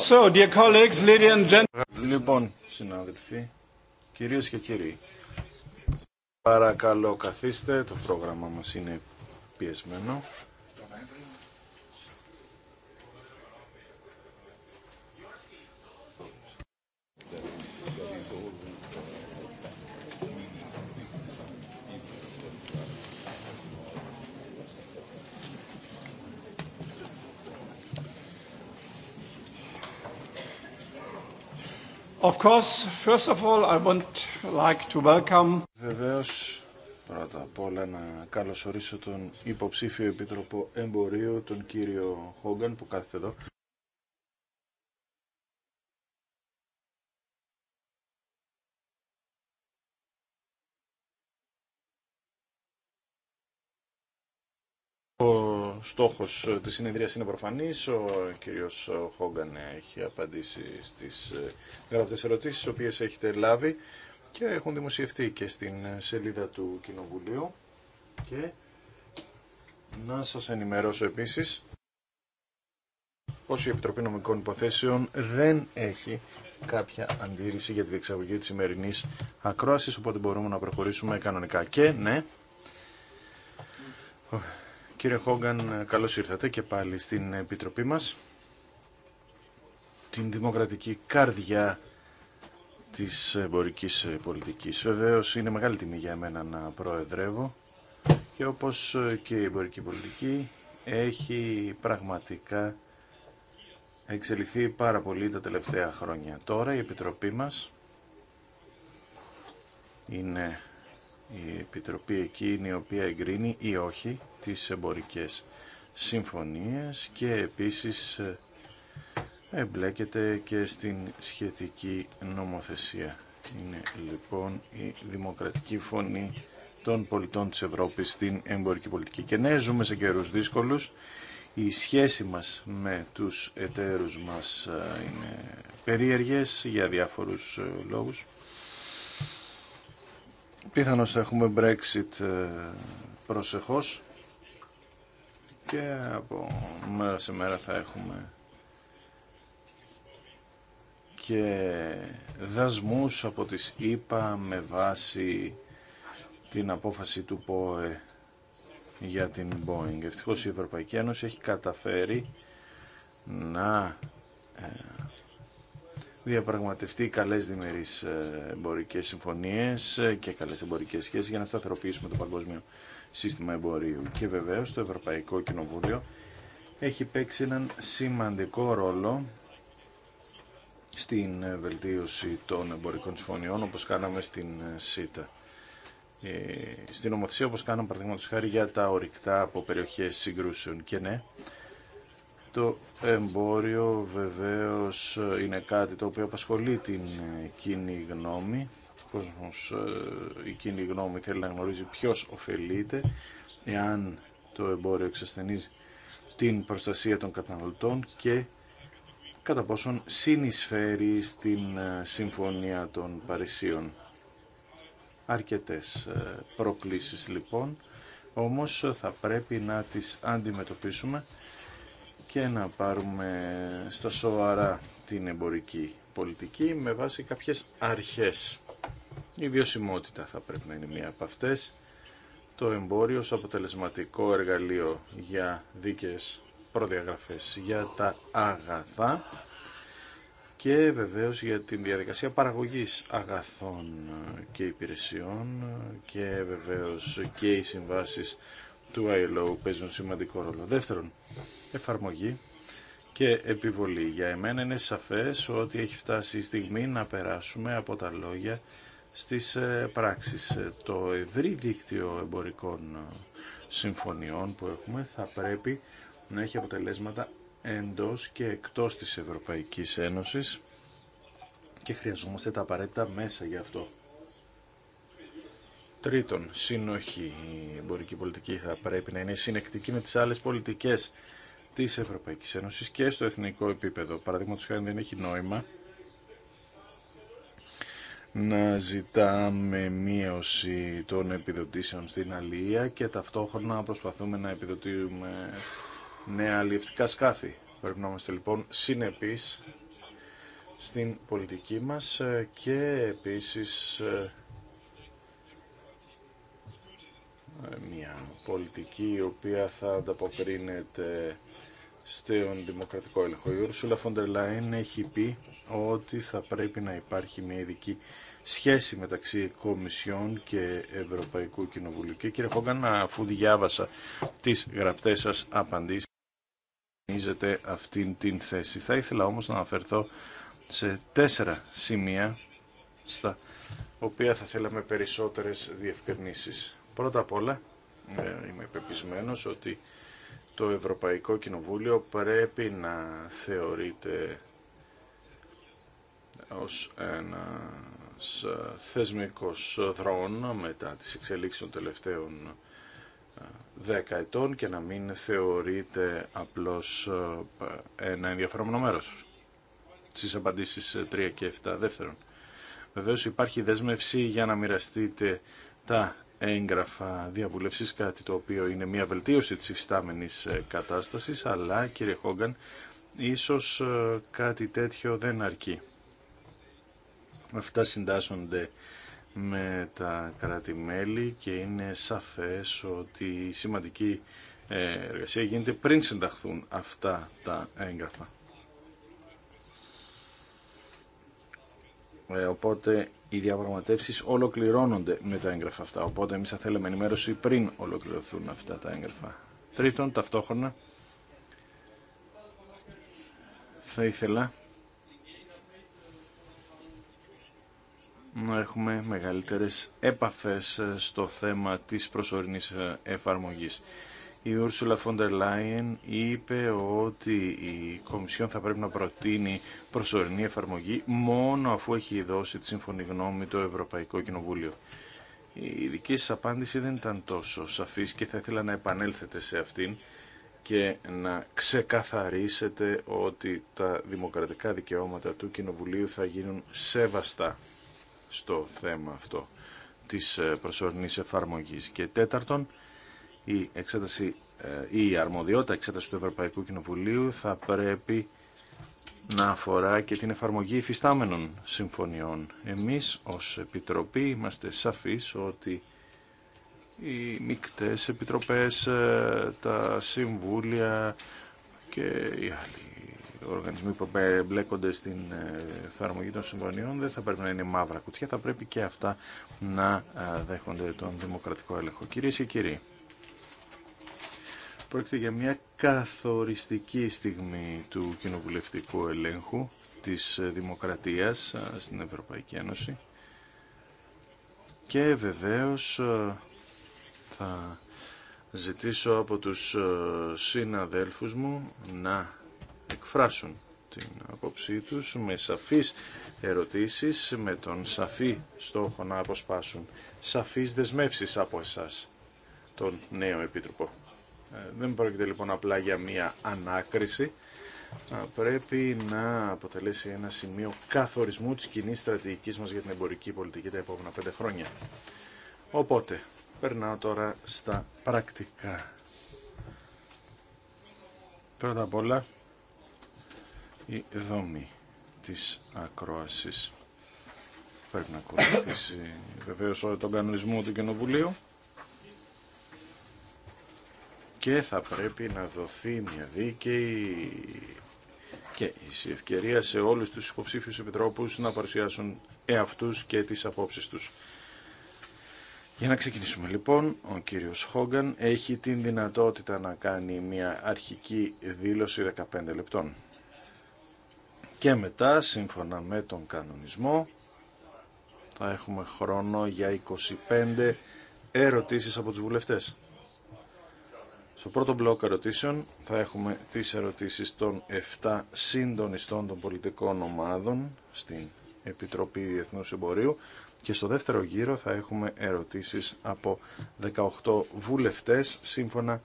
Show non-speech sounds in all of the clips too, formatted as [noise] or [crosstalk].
So, dear colleagues, ladies and gentlemen. Λοιπόν, συνάδελφοι, κυρίες και κύριοι, παρακαλώ καθίστε, το πρόγραμμα μας είναι πιεσμένο. Of first like to Βεβαίως, πρώτα απ' όλα να καλωσορίσω τον υποψήφιο Επίτροπο Εμπορίου, τον κύριο Χόγκαν που κάθεται εδώ. στόχος ε, της συνεδρίας είναι προφανής. Ο ε, κύριος ε, Χόγκαν έχει απαντήσει στις γραπτέ ερωτήσεις, τις οποίες έχετε λάβει και έχουν δημοσιευτεί και στην σελίδα του Κοινοβουλίου. Και να σας ενημερώσω επίσης πως η Επιτροπή Νομικών Υποθέσεων δεν έχει κάποια αντίρρηση για τη διεξαγωγή της σημερινή ακρόασης, οπότε μπορούμε να προχωρήσουμε κανονικά. Και ναι, Κύριε Χόγκαν, καλώς ήρθατε και πάλι στην Επιτροπή μας. Την δημοκρατική καρδιά της εμπορική πολιτικής. Βεβαίως είναι μεγάλη τιμή για μένα να προεδρεύω και όπως και η εμπορική πολιτική έχει πραγματικά εξελιχθεί πάρα πολύ τα τελευταία χρόνια. Τώρα η Επιτροπή μας είναι η Επιτροπή εκεί είναι η οποία εγκρίνει ή όχι τις εμπορικές συμφωνίες και επίσης ε, εμπλέκεται και στην σχετική νομοθεσία. Είναι λοιπόν η δημοκρατική φωνή των πολιτών της Ευρώπης στην εμπορική πολιτική. Και ναι, ζούμε σε καιρούς δύσκολους. Η σχέση μας με τους εταίρους μας ε, είναι περίεργες για διάφορους ε, λόγους. Πιθανώς θα έχουμε Brexit ε, προσεχώς και από μέρα σε μέρα θα έχουμε και δασμούς από τις ΕΠΑ με βάση την απόφαση του ΠΟΕ για την Boeing. Ευτυχώς η Ευρωπαϊκή Ένωση έχει καταφέρει να ε, διαπραγματευτεί καλές διμερείς ε, εμπορικές συμφωνίες ε, και καλές εμπορικές σχέσεις για να σταθεροποιήσουμε το παγκόσμιο σύστημα εμπορίου. Και βεβαίως το Ευρωπαϊκό Κοινοβούλιο έχει παίξει έναν σημαντικό ρόλο στην ε, βελτίωση των εμπορικών συμφωνιών όπως κάναμε στην ΣΥΤΑ. Στην ομοθεσία όπως κάναμε παραδείγματος χάρη για τα ορυκτά από περιοχές συγκρούσεων και ναι, το εμπόριο βεβαίως είναι κάτι το οποίο απασχολεί την ε, κοινή γνώμη. Ο κόσμος, ε, η κοινή γνώμη θέλει να γνωρίζει ποιος ωφελείται, εάν το εμπόριο εξασθενίζει την προστασία των καταναλωτών και κατά πόσον συνεισφέρει στην ε, Συμφωνία των Παρισίων. Αρκετές προκλήσεις λοιπόν, όμως θα πρέπει να τις αντιμετωπίσουμε και να πάρουμε στα σοβαρά την εμπορική πολιτική με βάση κάποιες αρχές. Η βιωσιμότητα θα πρέπει να είναι μία από αυτές. Το εμπόριο ως αποτελεσματικό εργαλείο για δίκαιες προδιαγραφές για τα αγαθά και βεβαίως για την διαδικασία παραγωγής αγαθών και υπηρεσιών και βεβαίως και οι συμβάσεις του ILO παίζουν σημαντικό ρόλο. Δεύτερον, εφαρμογή και επιβολή. Για εμένα είναι σαφές ότι έχει φτάσει η στιγμή να περάσουμε από τα λόγια στις ε, πράξεις. Το ευρύ δίκτυο εμπορικών ε, συμφωνιών που έχουμε θα πρέπει να έχει αποτελέσματα εντός και εκτός της Ευρωπαϊκής Ένωσης και χρειαζόμαστε τα απαραίτητα μέσα γι' αυτό. Τρίτον, συνοχή. Η εμπορική πολιτική θα πρέπει να είναι συνεκτική με τις άλλες πολιτικές της Ευρωπαϊκής Ένωσης και στο εθνικό επίπεδο. Παραδείγματο χάρη δεν έχει νόημα να ζητάμε μείωση των επιδοτήσεων στην αλία και ταυτόχρονα προσπαθούμε να επιδοτήσουμε νέα αλληλευτικά σκάφη. Πρέπει να είμαστε λοιπόν συνεπείς στην πολιτική μας και επίσης ε, μια πολιτική η οποία θα ανταποκρίνεται στον δημοκρατικό έλεγχο. Η Ούρσουλα Φοντερ Λάιν έχει πει ότι θα πρέπει να υπάρχει μια ειδική σχέση μεταξύ Κομισιόν και Ευρωπαϊκού Κοινοβουλίου. Και κύριε Χόγκαν, αφού διάβασα τις γραπτές σας απαντήσεις, νομίζετε αυτήν την θέση. Θα ήθελα όμως να αναφερθώ σε τέσσερα σημεία στα οποία θα θέλαμε περισσότερες διευκρινήσεις. Πρώτα απ' όλα, ε, είμαι πεπισμένος ότι το Ευρωπαϊκό Κοινοβούλιο πρέπει να θεωρείται ως ένα ε, θεσμικός δρόν μετά τις εξελίξεις των τελευταίων ε, δέκα ετών και να μην θεωρείται απλώς ε, ένα ενδιαφέρον μέρος στις απαντήσεις 3 και 7 δεύτερον. Βεβαίως υπάρχει δέσμευση για να μοιραστείτε τα έγγραφα διαβούλευσης, κάτι το οποίο είναι μια βελτίωση της υφιστάμενης ε, κατάστασης, αλλά κύριε Χόγκαν, ίσως ε, κάτι τέτοιο δεν αρκεί. Αυτά συντάσσονται με τα κράτη-μέλη και είναι σαφές ότι η σημαντική ε, εργασία γίνεται πριν συνταχθούν αυτά τα έγγραφα. Οπότε οι διαπραγματεύσεις ολοκληρώνονται με τα έγγραφα αυτά, οπότε εμείς θα θέλαμε ενημέρωση πριν ολοκληρωθούν αυτά τα έγγραφα. Τρίτον, ταυτόχρονα, θα ήθελα να έχουμε μεγαλύτερες έπαφες στο θέμα της προσωρινής εφαρμογής η Ursula von der είπε ότι η Κομισιόν θα πρέπει να προτείνει προσωρινή εφαρμογή μόνο αφού έχει δώσει τη σύμφωνη γνώμη το Ευρωπαϊκό Κοινοβούλιο. Η δική σας απάντηση δεν ήταν τόσο σαφής και θα ήθελα να επανέλθετε σε αυτήν και να ξεκαθαρίσετε ότι τα δημοκρατικά δικαιώματα του Κοινοβουλίου θα γίνουν σεβαστά στο θέμα αυτό της ε, προσωρινής εφαρμογής. Και τέταρτον, η, εξέταση, ε, η αρμοδιότητα εξέταση του Ευρωπαϊκού Κοινοβουλίου θα πρέπει να αφορά και την εφαρμογή υφιστάμενων συμφωνιών. Εμείς ως Επιτροπή είμαστε σαφείς ότι οι μικτές επιτροπές, ε, τα συμβούλια και οι άλλοι οργανισμοί που μπλέκονται στην ε, εφαρμογή των συμφωνιών δεν θα πρέπει να είναι μαύρα κουτιά, θα πρέπει και αυτά να δέχονται τον δημοκρατικό έλεγχο. Κυρίε και κύριοι. Πρόκειται για μια καθοριστική στιγμή του κοινοβουλευτικού ελέγχου της δημοκρατίας στην Ευρωπαϊκή Ένωση και βεβαίως θα ζητήσω από τους συναδέλφους μου να εκφράσουν την απόψή τους με σαφείς ερωτήσεις, με τον σαφή στόχο να αποσπάσουν σαφείς δεσμεύσεις από εσάς, τον νέο Επίτροπο. Ε, δεν πρόκειται λοιπόν απλά για μία ανάκριση. Πρέπει να αποτελέσει ένα σημείο καθορισμού της κοινή στρατηγικής μας για την εμπορική πολιτική τα επόμενα πέντε χρόνια. Οπότε, περνάω τώρα στα πρακτικά. Πρώτα απ' όλα, η δομή της ακρόασης πρέπει να ακολουθήσει βεβαίως όλο τον κανονισμό του Κοινοβουλίου και θα πρέπει να δοθεί μια δίκαιη και η ευκαιρία σε όλους τους υποψήφιους επιτρόπους να παρουσιάσουν εαυτούς και τις απόψεις τους. Για να ξεκινήσουμε λοιπόν, ο κύριος Χόγκαν έχει την δυνατότητα να κάνει μια αρχική δήλωση 15 λεπτών. Και μετά, σύμφωνα με τον κανονισμό, θα έχουμε χρόνο για 25 ερωτήσεις από τους βουλευτές. Στο πρώτο μπλοκ ερωτήσεων θα έχουμε τις ερωτήσεις των 7 συντονιστών των πολιτικών ομάδων στην Επιτροπή Διεθνούς Εμπορίου και στο δεύτερο γύρο θα έχουμε ερωτήσεις από 18 βουλευτές σύμφωνα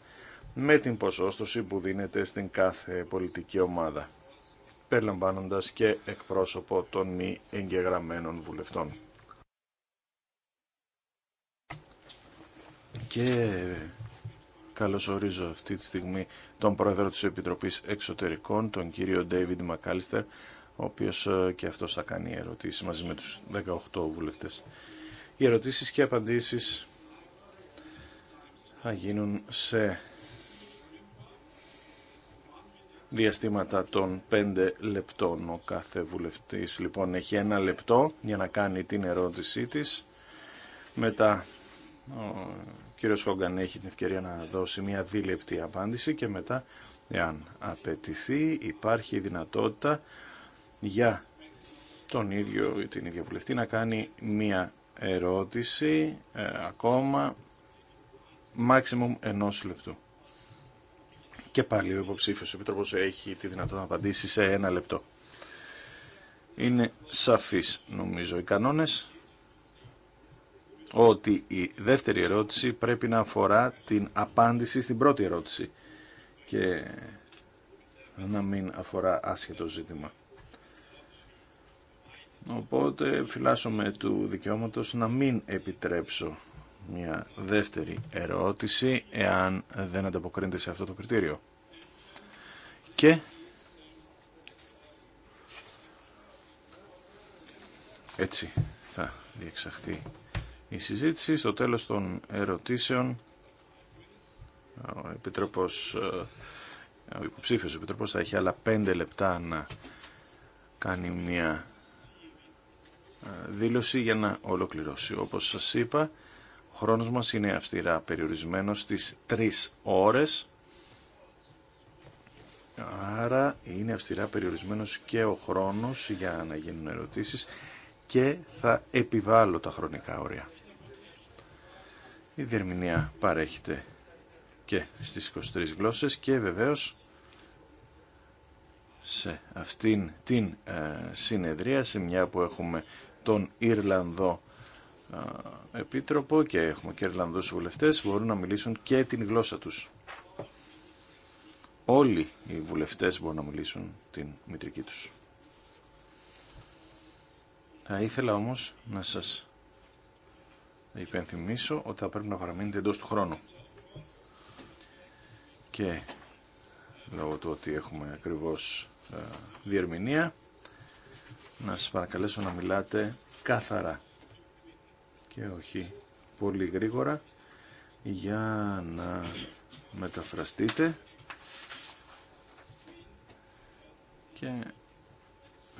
με την ποσόστοση που δίνεται στην κάθε πολιτική ομάδα περιλαμβάνοντας και εκπρόσωπο των μη εγγεγραμμένων βουλευτών. Και Καλωσορίζω αυτή τη στιγμή τον πρόεδρο της Επιτροπής Εξωτερικών, τον κύριο Ντέιβιντ Μακάλιστερ, ο οποίος ε, και αυτός θα κάνει ερωτήσεις μαζί με τους 18 βουλευτές. Οι ερωτήσεις και απαντήσεις θα γίνουν σε διαστήματα των 5 λεπτών. Ο κάθε βουλευτής λοιπόν έχει ένα λεπτό για να κάνει την ερώτησή της. Μετά Κύριο Χόγκαν έχει την ευκαιρία να δώσει μια δίλεπτη απάντηση και μετά, εάν απαιτηθεί, υπάρχει δυνατότητα για τον ίδιο ή την ίδια βουλευτή να κάνει μια ερώτηση ε, ακόμα maximum ενός λεπτού. Και πάλι ο υποψήφιος επίτροπος έχει τη δυνατότητα να απαντήσει σε ένα λεπτό. Είναι σαφής νομίζω οι κανόνες ότι η δεύτερη ερώτηση πρέπει να αφορά την απάντηση στην πρώτη ερώτηση και να μην αφορά άσχετο ζήτημα. Οπότε φυλάσσομαι του δικαιώματος να μην επιτρέψω μια δεύτερη ερώτηση εάν δεν ανταποκρίνεται σε αυτό το κριτήριο. Και έτσι θα διεξαχθεί η συζήτηση. Στο τέλος των ερωτήσεων, ο, Επιτροπός, ε, ο υποψήφιος Επιτροπός θα έχει άλλα πέντε λεπτά να κάνει μια ε, δήλωση για να ολοκληρώσει. Όπως σας είπα, ο χρόνος μας είναι αυστηρά περιορισμένος στις 3 ώρες. Άρα είναι αυστηρά περιορισμένος και ο χρόνος για να γίνουν ερωτήσεις και θα επιβάλλω τα χρονικά όρια. Η διερμηνία παρέχεται και στις 23 γλώσσες και βεβαίως σε αυτήν την ε, συνεδρία, σε μια που έχουμε τον Ιρλανδό ε, Επίτροπο και έχουμε και Ιρλανδούς βουλευτές, μπορούν να μιλήσουν και την γλώσσα τους. Όλοι οι βουλευτές μπορούν να μιλήσουν την μητρική τους. Θα ήθελα όμως να σας υπενθυμίσω ότι θα πρέπει να παραμείνετε εντός του χρόνου. Και λόγω του ότι έχουμε ακριβώς ε, διερμηνία, να σας παρακαλέσω να μιλάτε κάθαρα και όχι πολύ γρήγορα για να μεταφραστείτε και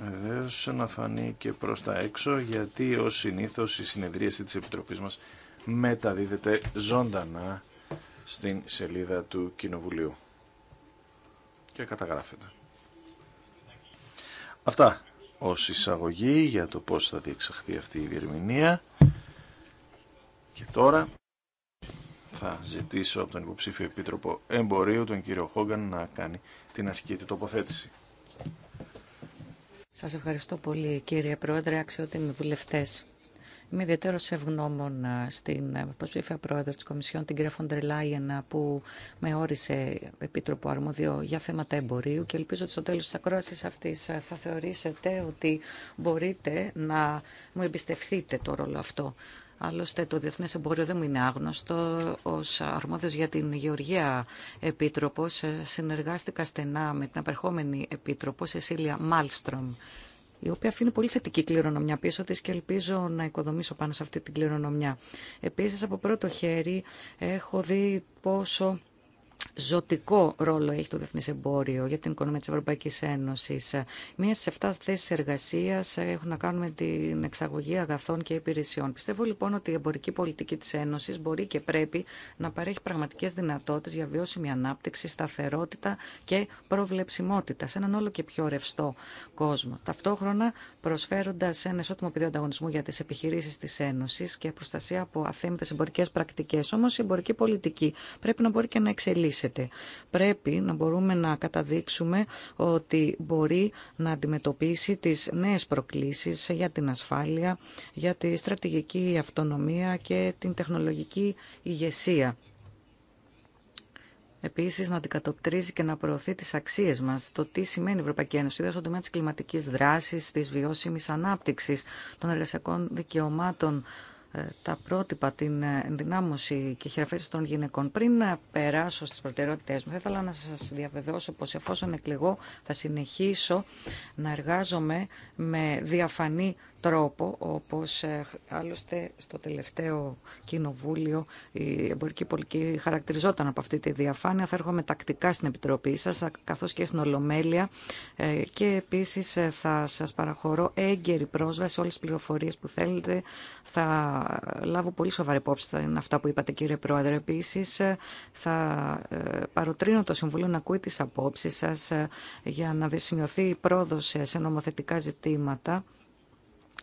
βεβαίω να φανεί και προς τα έξω γιατί ω συνήθω η συνεδρίαση της Επιτροπής μας μεταδίδεται ζωντανά στην σελίδα του Κοινοβουλίου και καταγράφεται. Αυτά ως εισαγωγή για το πώς θα διεξαχθεί αυτή η διερμηνία και τώρα θα ζητήσω από τον υποψήφιο Επίτροπο Εμπορίου, τον κύριο Χόγκαν, να κάνει την αρχική του τοποθέτηση. Σας ευχαριστώ πολύ κύριε Πρόεδρε, αξιότιμοι βουλευτές. Είμαι ιδιαίτερο ευγνώμων στην υποψήφια πρόεδρο τη Κομισιόν, την κυρία Φοντερ που με όρισε επίτροπο αρμόδιο για θέματα εμπορίου και ελπίζω ότι στο τέλο τη ακρόαση αυτή θα θεωρήσετε ότι μπορείτε να μου εμπιστευτείτε το ρόλο αυτό. Άλλωστε το διεθνέ εμπόριο δεν μου είναι άγνωστο. Ω αρμόδιο για την Γεωργία Επίτροπος ε, συνεργάστηκα στενά με την απερχόμενη Επίτροπο Σεσίλια Μάλστρομ η οποία αφήνει πολύ θετική κληρονομιά πίσω τη και ελπίζω να οικοδομήσω πάνω σε αυτή την κληρονομιά. Επίσης από πρώτο χέρι έχω δει πόσο ζωτικό ρόλο έχει το διεθνές εμπόριο για την οικονομία της Ευρωπαϊκής Ένωσης. Μία στις 7 θέσεις εργασίας έχουν να κάνουν με την εξαγωγή αγαθών και υπηρεσιών. Πιστεύω λοιπόν ότι η εμπορική πολιτική της Ένωσης μπορεί και πρέπει να παρέχει πραγματικές δυνατότητες για βιώσιμη ανάπτυξη, σταθερότητα και προβλεψιμότητα σε έναν όλο και πιο ρευστό κόσμο. Ταυτόχρονα προσφέροντας ένα ισότιμο πεδίο ανταγωνισμού για τις επιχειρήσεις της Ένωσης και προστασία από αθέμητες εμπορικές πρακτικές. Όμως η εμπορική πολιτική πρέπει να μπορεί και να εξελίσσει Πρέπει να μπορούμε να καταδείξουμε ότι μπορεί να αντιμετωπίσει τις νέες προκλήσεις για την ασφάλεια, για τη στρατηγική αυτονομία και την τεχνολογική ηγεσία. Επίσης, να αντικατοπτρίζει και να προωθεί τις αξίες μας, το τι σημαίνει η Ευρωπαϊκή Ένωση, στον τομέα της κλιματικής δράσης, της βιώσιμης ανάπτυξης, των εργασιακών δικαιωμάτων, ε, τα πρότυπα, την ε, ενδυνάμωση και χειραφέτηση των γυναικών. Πριν ε, περάσω στις προτεραιότητές μου, θα ήθελα να σας διαβεβαιώσω πως εφόσον εκλεγώ θα συνεχίσω να εργάζομαι με διαφανή τρόπο, όπως ε, άλλωστε στο τελευταίο κοινοβούλιο η εμπορική πολιτική χαρακτηριζόταν από αυτή τη διαφάνεια. Θα έρχομαι τακτικά στην Επιτροπή σας, καθώς και στην Ολομέλεια ε, και επίσης ε, θα σας παραχωρώ έγκαιρη πρόσβαση σε όλες τις πληροφορίες που θέλετε. Θα λάβω πολύ σοβαρή υπόψη αυτά που είπατε κύριε Πρόεδρε. Επίσης θα παροτρύνω το Συμβουλίο να ακούει τις απόψεις σας για να σημειωθεί η πρόοδος σε νομοθετικά ζητήματα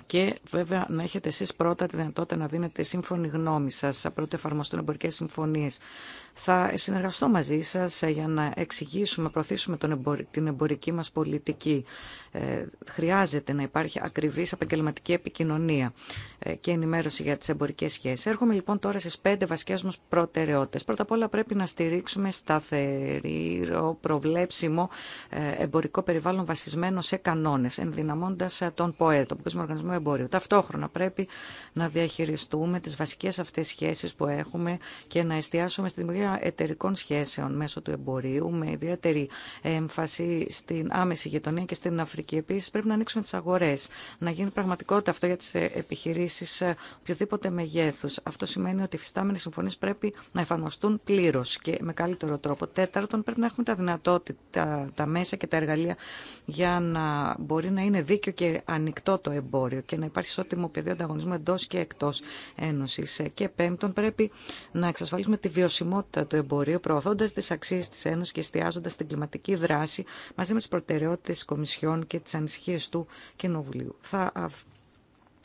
και βέβαια να έχετε εσεί πρώτα τη δυνατότητα να δίνετε σύμφωνη γνώμη σας πρώτα εφαρμοστούν εμπορικέ συμφωνίε. Θα συνεργαστώ μαζί σα ε, για να εξηγήσουμε, προωθήσουμε τον την εμπορική μα πολιτική. Ε, χρειάζεται να υπάρχει ακριβή επαγγελματική επικοινωνία ε, και ενημέρωση για τι εμπορικέ σχέσει. Έρχομαι λοιπόν τώρα στι πέντε βασικέ μα προτεραιότητες. Πρώτα απ' όλα πρέπει να στηρίξουμε σταθερή, προβλέψιμο ε, εμπορικό περιβάλλον βασισμένο σε κανόνε, ενδυναμώντα τον ΠΟΕ, τον Οργανισμό με εμπόριο. Ταυτόχρονα πρέπει να διαχειριστούμε τις βασικές αυτές σχέσεις που έχουμε και να εστιάσουμε στη δημιουργία εταιρικών σχέσεων μέσω του εμπορίου με ιδιαίτερη έμφαση στην άμεση γειτονία και στην Αφρική. Επίσης πρέπει να ανοίξουμε τις αγορές, να γίνει πραγματικότητα αυτό για τις επιχειρήσεις οποιοδήποτε μεγέθους. Αυτό σημαίνει ότι οι φυστάμενες συμφωνίες πρέπει να εφαρμοστούν πλήρω και με καλύτερο τρόπο. Τέταρτον, πρέπει να έχουμε τα δυνατότητα, τα μέσα και τα εργαλεία για να μπορεί να είναι δίκαιο και ανοιχτό το εμπόριο και να υπάρχει ισότιμο πεδίο ανταγωνισμού εντό και εκτό Ένωση. Και πέμπτον, πρέπει να εξασφαλίσουμε τη βιωσιμότητα του εμπορίου, προωθώντα τι αξίε τη Ένωση και εστιάζοντα την κλιματική δράση μαζί με τι προτεραιότητε τη Κομισιόν και τι ανησυχίε του Κοινοβουλίου. Θα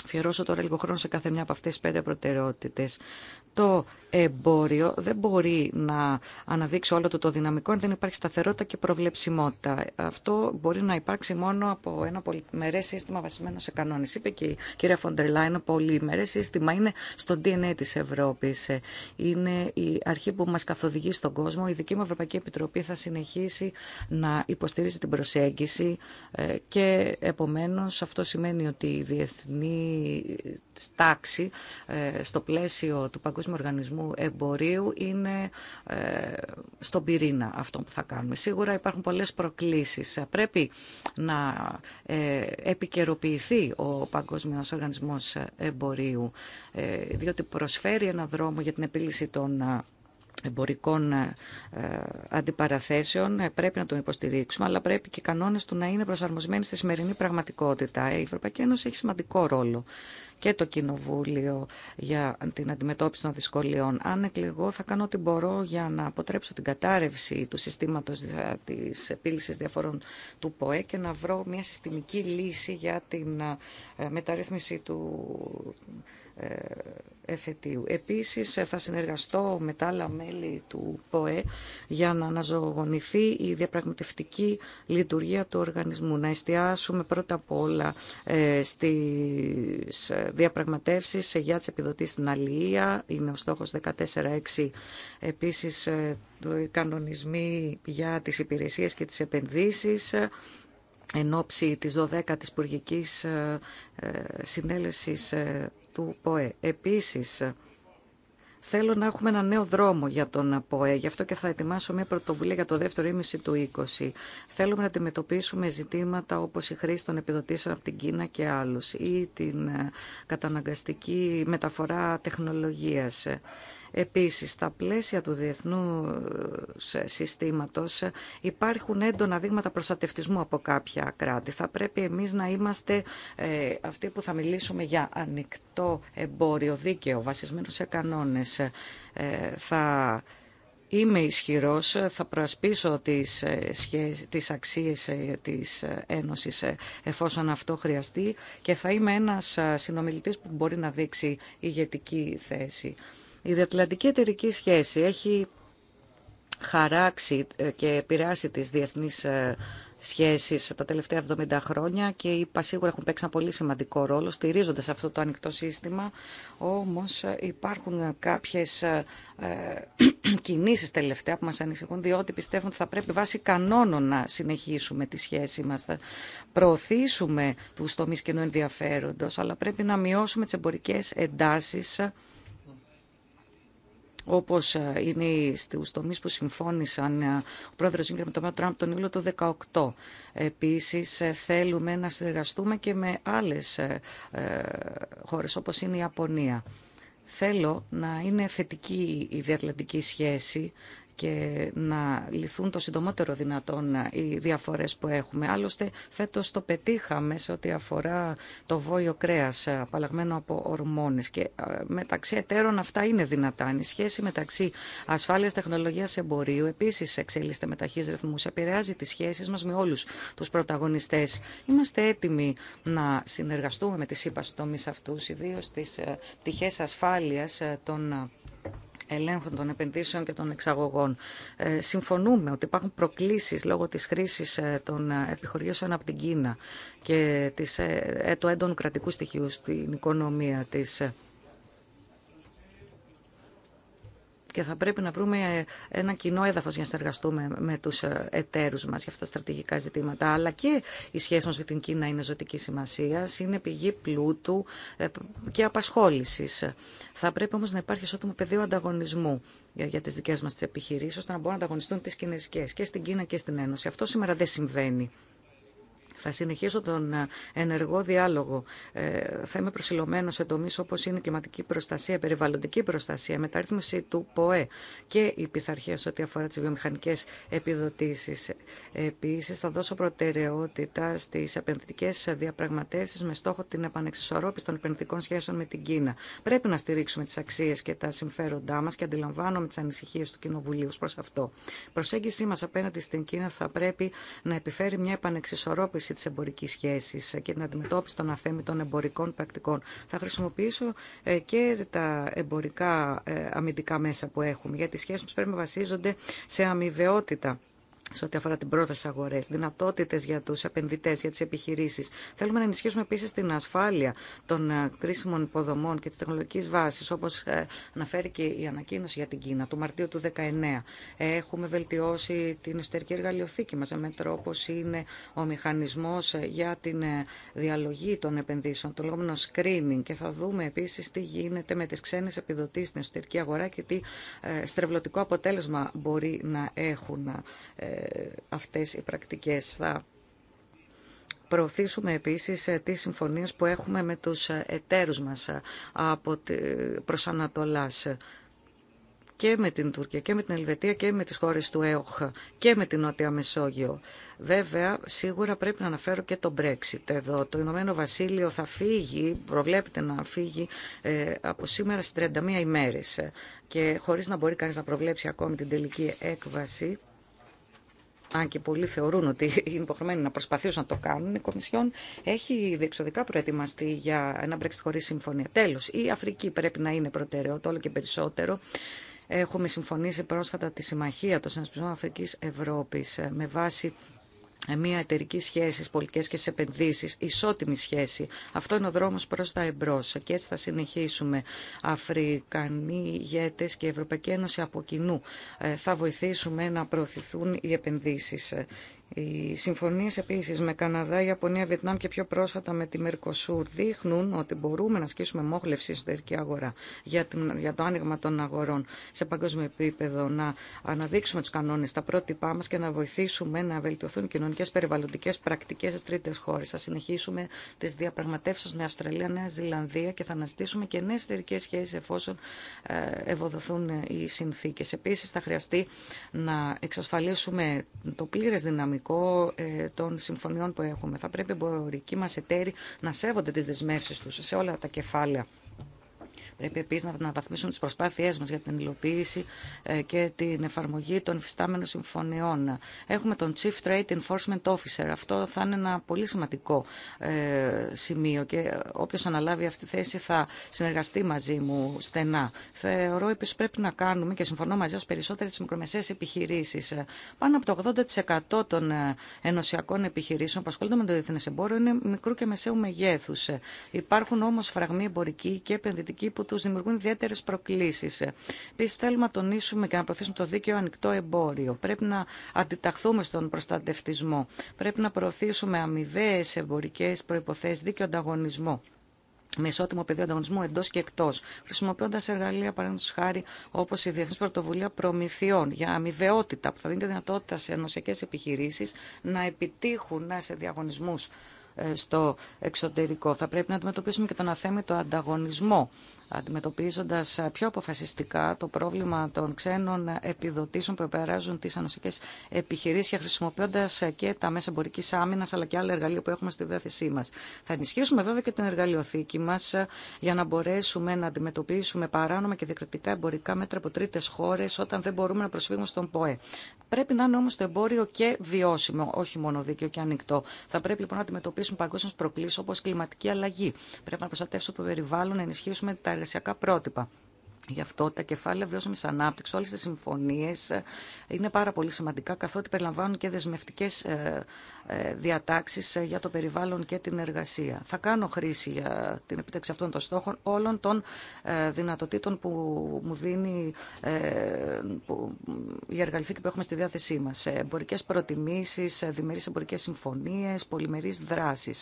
αφιερώσω τώρα λίγο χρόνο σε κάθε μια από αυτέ τι πέντε προτεραιότητε το εμπόριο δεν μπορεί να αναδείξει όλο το, το δυναμικό αν δεν υπάρχει σταθερότητα και προβλεψιμότητα. Αυτό μπορεί να υπάρξει μόνο από ένα πολυμερέ σύστημα βασισμένο σε κανόνε. Είπε και η κυρία Φοντρελά, ένα πολυμερέ σύστημα είναι στο DNA τη Ευρώπη. Είναι η αρχή που μα καθοδηγεί στον κόσμο. Η δική μου Ευρωπαϊκή Επιτροπή θα συνεχίσει να υποστηρίζει την προσέγγιση ε, και επομένω αυτό σημαίνει ότι η διεθνή τάξη ε, στο πλαίσιο του παγκόσμιου Παγκόσμιου Οργανισμού Εμπορίου είναι ε, στον πυρήνα αυτό που θα κάνουμε. Σίγουρα υπάρχουν πολλές προκλήσεις. Πρέπει να ε, επικαιροποιηθεί ο Παγκόσμιος Οργανισμός Εμπορίου, ε, διότι προσφέρει ένα δρόμο για την επίλυση των εμπορικών ε, ε, αντιπαραθέσεων ε, πρέπει να τον υποστηρίξουμε, αλλά πρέπει και οι κανόνε του να είναι προσαρμοσμένοι στη σημερινή πραγματικότητα. Η Ευρωπαϊκή Ένωση έχει σημαντικό ρόλο και το Κοινοβούλιο για την αντιμετώπιση των δυσκολιών. Αν εκλεγώ, θα κάνω ό,τι μπορώ για να αποτρέψω την κατάρρευση του συστήματος της επίλυσης διαφορών του ΠΟΕ και να βρω μια συστημική λύση για την μεταρρύθμιση του εφετίου. Επίσης ε, θα συνεργαστώ με τα άλλα μέλη του ΠΟΕ για να αναζωογονηθεί η διαπραγματευτική λειτουργία του οργανισμού. Να εστιάσουμε πρώτα απ' όλα ε, στις ε, διαπραγματεύσεις για τις επιδοτήσεις στην αλληλεία. Είναι ο στόχος 14.6. Επίσης το κανονισμοί για τις υπηρεσίες και τις επενδύσεις εν ώψη της 12ης Υπουργικής Συνέλεσης του ΠΟΕ. Επίσης, θέλω να έχουμε ένα νέο δρόμο για τον ΠΟΕ. Γι' αυτό και θα ετοιμάσω μια πρωτοβουλία για το δεύτερο ήμιση του 20. Θέλουμε να αντιμετωπίσουμε ζητήματα όπως η χρήση των επιδοτήσεων από την Κίνα και άλλους ή την ε, καταναγκαστική μεταφορά τεχνολογίας Επίσης, στα πλαίσια του διεθνού ε, συστήματος ε, υπάρχουν έντονα δείγματα προστατευτισμού από κάποια κράτη. Θα πρέπει εμείς να είμαστε ε, αυτοί που θα μιλήσουμε για ανοιχτό εμπόριο δίκαιο βασισμένο σε κανόνες. Θα είμαι ισχυρός, θα προασπίσω τις, σχέσεις, τις αξίες της Ένωσης εφόσον αυτό χρειαστεί και θα είμαι ένας συνομιλητής που μπορεί να δείξει ηγετική θέση. Η διατλαντική εταιρική σχέση έχει χαράξει ε, και επηρεάσει τις διεθνείς ε, σχέσεις τα τελευταία 70 χρόνια και οι σίγουρα έχουν παίξει ένα πολύ σημαντικό ρόλο στηρίζοντας αυτό το ανοιχτό σύστημα. Όμως ε, υπάρχουν κάποιες [clears throat] κινήσεις τελευταία που μας ανησυχούν διότι πιστεύουν ότι θα πρέπει βάσει κανόνων να συνεχίσουμε τη σχέση μας. Θα προωθήσουμε τους τομείς κοινού ενδιαφέροντος αλλά πρέπει να μειώσουμε τις εμπορικές εντάσεις όπως ε, είναι στους τομεί που συμφώνησαν ε, ο πρόεδρος Ζήγκερ με τον Τραμπ τον Ιούλιο του 2018. Επίσης ε, θέλουμε να συνεργαστούμε και με άλλες χώρε όπως είναι η Ιαπωνία. Θέλω να είναι θετική η διατλαντική σχέση και να λυθούν το συντομότερο δυνατόν οι διαφορές που έχουμε. Άλλωστε, φέτος το πετύχαμε σε ό,τι αφορά το βόλιο κρέας απαλλαγμένο από ορμόνες και μεταξύ εταίρων αυτά είναι δυνατά. Η σχέση μεταξύ ασφάλειας τεχνολογίας εμπορίου επίσης εξελίσσεται με ταχύς ρυθμούς, επηρεάζει τις σχέσεις μας με όλους τους πρωταγωνιστές. Είμαστε έτοιμοι να συνεργαστούμε με τις τομείς αυτούς, ιδίως τις ε, τυχέ ασφάλειας ε, των ελέγχων των επενδύσεων και των εξαγωγών. Ε, συμφωνούμε ότι υπάρχουν προκλήσεις λόγω της χρήσης ε, των ε, επιχορηγήσεων από την Κίνα και της, του έντονου κρατικού στοιχείου στην οικονομία της. και θα πρέπει να βρούμε ένα κοινό έδαφο για να συνεργαστούμε με τους ε, εταίρου μας για αυτά τα στρατηγικά ζητήματα. Αλλά και η σχέση μας με την Κίνα είναι ζωτική σημασία, είναι πηγή πλούτου ε, και απασχόλησης. Θα πρέπει όμως να υπάρχει ισότιμο πεδίο ανταγωνισμού για τις δικές μας επιχειρήσεις, ώστε να μπορούν να ανταγωνιστούν τι κινέζικες και στην Κίνα και στην Ένωση. Αυτό σήμερα δεν συμβαίνει. Θα συνεχίσω τον ε, ενεργό διάλογο. Ε, θα είμαι προσιλωμένο σε τομεί όπω είναι η κλιματική προστασία, περιβαλλοντική προστασία, μεταρρύθμιση του ΠΟΕ και η πειθαρχία σε ό,τι αφορά τι βιομηχανικέ επιδοτήσει. Επίση, θα δώσω προτεραιότητα στι επενδυτικέ διαπραγματεύσει με στόχο την επανεξισορρόπηση των επενδυτικών σχέσεων με την Κίνα. Πρέπει να στηρίξουμε τι αξίε και τα συμφέροντά μα και αντιλαμβάνομαι τι ανησυχίε του Κοινοβουλίου προ αυτό. Η προσέγγιση μα απέναντι στην Κίνα θα πρέπει να επιφέρει μια επανεξισορρόπηση Τη εμπορική σχέση ε, και την αντιμετώπιση των αθέμητων εμπορικών πρακτικών. Θα χρησιμοποιήσω ε, και τα εμπορικά ε, αμυντικά μέσα που έχουμε, γιατί οι σχέσεις μας πρέπει να βασίζονται σε αμοιβαιότητα σε ό,τι αφορά την πρόταση αγορέ, δυνατότητε για του επενδυτέ, για τι επιχειρήσει. Θέλουμε να ενισχύσουμε επίση την ασφάλεια των ε, κρίσιμων υποδομών και τη τεχνολογική βάση, όπω ε, αναφέρει και η ανακοίνωση για την Κίνα του Μαρτίου του 2019. Έχουμε βελτιώσει την εσωτερική εργαλειοθήκη μα ε, με τρόπο είναι ο μηχανισμό για την διαλογή των επενδύσεων, το λεγόμενο screening. Και θα δούμε επίση τι γίνεται με τι ξένε επιδοτήσει στην εσωτερική αγορά και τι στρεβλωτικό αποτέλεσμα μπορεί να έχουν αυτές οι πρακτικές. Θα προωθήσουμε επίσης ε, τις συμφωνίες που έχουμε με τους ε, εταίρους μας ε, από, προς Ανατολάς και με την Τουρκία και με την Ελβετία και με τις χώρες του ΕΟΧ και με την Νότια Μεσόγειο. Βέβαια, σίγουρα πρέπει να αναφέρω και το Brexit εδώ. Το Ηνωμένο Βασίλειο θα φύγει, προβλέπεται να φύγει από σήμερα στις 31 ημέρες και χωρίς να μπορεί κανείς να προβλέψει ακόμη την τελική έκβαση αν και πολλοί θεωρούν ότι είναι υποχρεωμένοι να προσπαθήσουν να το κάνουν, η Κομισιόν έχει διεξοδικά προετοιμαστεί για ένα Brexit χωρί συμφωνία. Τέλο, η Αφρική πρέπει να είναι προτεραιότητα όλο και περισσότερο. Έχουμε συμφωνήσει πρόσφατα τη Συμμαχία των Συνασπισμών Αφρικής Ευρώπης ε, με βάση ε, μια εταιρική σχέση στις και στις επενδύσεις, ισότιμη σχέση. Αυτό είναι ο δρόμος προς τα εμπρός και έτσι θα συνεχίσουμε. Αφρικανοί ηγέτες και η Ευρωπαϊκή Ένωση από κοινού ε, θα βοηθήσουμε να προωθηθούν οι επενδύσεις. Οι συμφωνίε επίση με Καναδά, Ιαπωνία, Βιετνάμ και πιο πρόσφατα με τη Μερκοσούρ δείχνουν ότι μπορούμε να ασκήσουμε μόχλευση στην εσωτερική αγορά για, την, για το άνοιγμα των αγορών σε παγκόσμιο επίπεδο, να αναδείξουμε του κανόνε τα πρότυπά μα και να βοηθήσουμε να βελτιωθούν κοινωνικέ περιβαλλοντικέ πρακτικέ στι τρίτε χώρε. Θα συνεχίσουμε τι διαπραγματεύσει με Αυστραλία, Νέα Ζηλανδία και θα αναζητήσουμε και νέε εταιρικέ σχέσει εφόσον ε, ευοδοθούν ε, οι συνθήκε. Επίση θα χρειαστεί να εξασφαλίσουμε το πλήρε δυναμικό ε, των συμφωνιών που έχουμε. Θα πρέπει οι εμπορικοί μα εταίροι να σέβονται τι δεσμεύσει του σε όλα τα κεφάλαια Πρέπει επίση να αναβαθμίσουμε τι προσπάθειέ μα για την υλοποίηση ε, και την εφαρμογή των υφιστάμενων συμφωνιών. Έχουμε τον Chief Trade Enforcement Officer. Αυτό θα είναι ένα πολύ σημαντικό ε, σημείο και όποιο αναλάβει αυτή τη θέση θα συνεργαστεί μαζί μου στενά. Θεωρώ επίση πρέπει να κάνουμε και συμφωνώ μαζί σα περισσότερε τι μικρομεσαίε επιχειρήσει. Ε, πάνω από το 80% των ενωσιακών επιχειρήσεων που ασχολούνται με το διεθνέ εμπόριο είναι μικρού και μεσαίου μεγέθου. Υπάρχουν όμω φραγμοί εμπορικοί και επενδυτικοί που του δημιουργούν ιδιαίτερε προκλήσει. Επίση, θέλουμε να τονίσουμε και να προωθήσουμε το δίκαιο ανοιχτό εμπόριο. Πρέπει να αντιταχθούμε στον προστατευτισμό. Πρέπει να προωθήσουμε αμοιβαίε εμπορικέ προποθέσει, δίκαιο ανταγωνισμό με ισότιμο πεδίο ανταγωνισμού εντό και εκτό, χρησιμοποιώντα εργαλεία παραδείγματο χάρη όπω η Διεθνή Πρωτοβουλία Προμηθειών για αμοιβαιότητα που θα δίνει τη δυνατότητα σε ενωσιακέ επιχειρήσει να επιτύχουν σε διαγωνισμού ε, στο εξωτερικό. Θα πρέπει να αντιμετωπίσουμε και τον αθέμητο ανταγωνισμό αντιμετωπίζοντας πιο αποφασιστικά το πρόβλημα των ξένων επιδοτήσεων που επεράζουν τις ανοσικές επιχειρήσεις και χρησιμοποιώντας και τα μέσα εμπορική άμυνας αλλά και άλλα εργαλεία που έχουμε στη διάθεσή μας. Θα ενισχύσουμε βέβαια και την εργαλειοθήκη μας για να μπορέσουμε να αντιμετωπίσουμε παράνομα και διακριτικά εμπορικά μέτρα από τρίτες χώρες όταν δεν μπορούμε να προσφύγουμε στον ΠΟΕ. Πρέπει να είναι όμως το εμπόριο και βιώσιμο, όχι μόνο δίκαιο και ανοιχτό. Θα πρέπει λοιπόν να αντιμετωπίσουμε παγκόσμιες προκλήσεις όπως κλιματική αλλαγή. Πρέπει να προστατεύσουμε το περιβάλλον, να ενισχύσουμε τα εργασιακά πρότυπα. Γι' αυτό τα κεφάλαια βιώσιμη ανάπτυξη, όλε τι συμφωνίε ε, είναι πάρα πολύ σημαντικά, καθότι περιλαμβάνουν και δεσμευτικέ ε, ε, διατάξει για το περιβάλλον και την εργασία. Θα κάνω χρήση για την επίτευξη αυτών των στόχων όλων των δυνατοτήτων που μου δίνει η εργαλειοφυκή που έχουμε στη διάθεσή μα. Εμπορικέ προτιμήσει, διμερεί εμπορικέ συμφωνίε, πολυμερεί δράσει.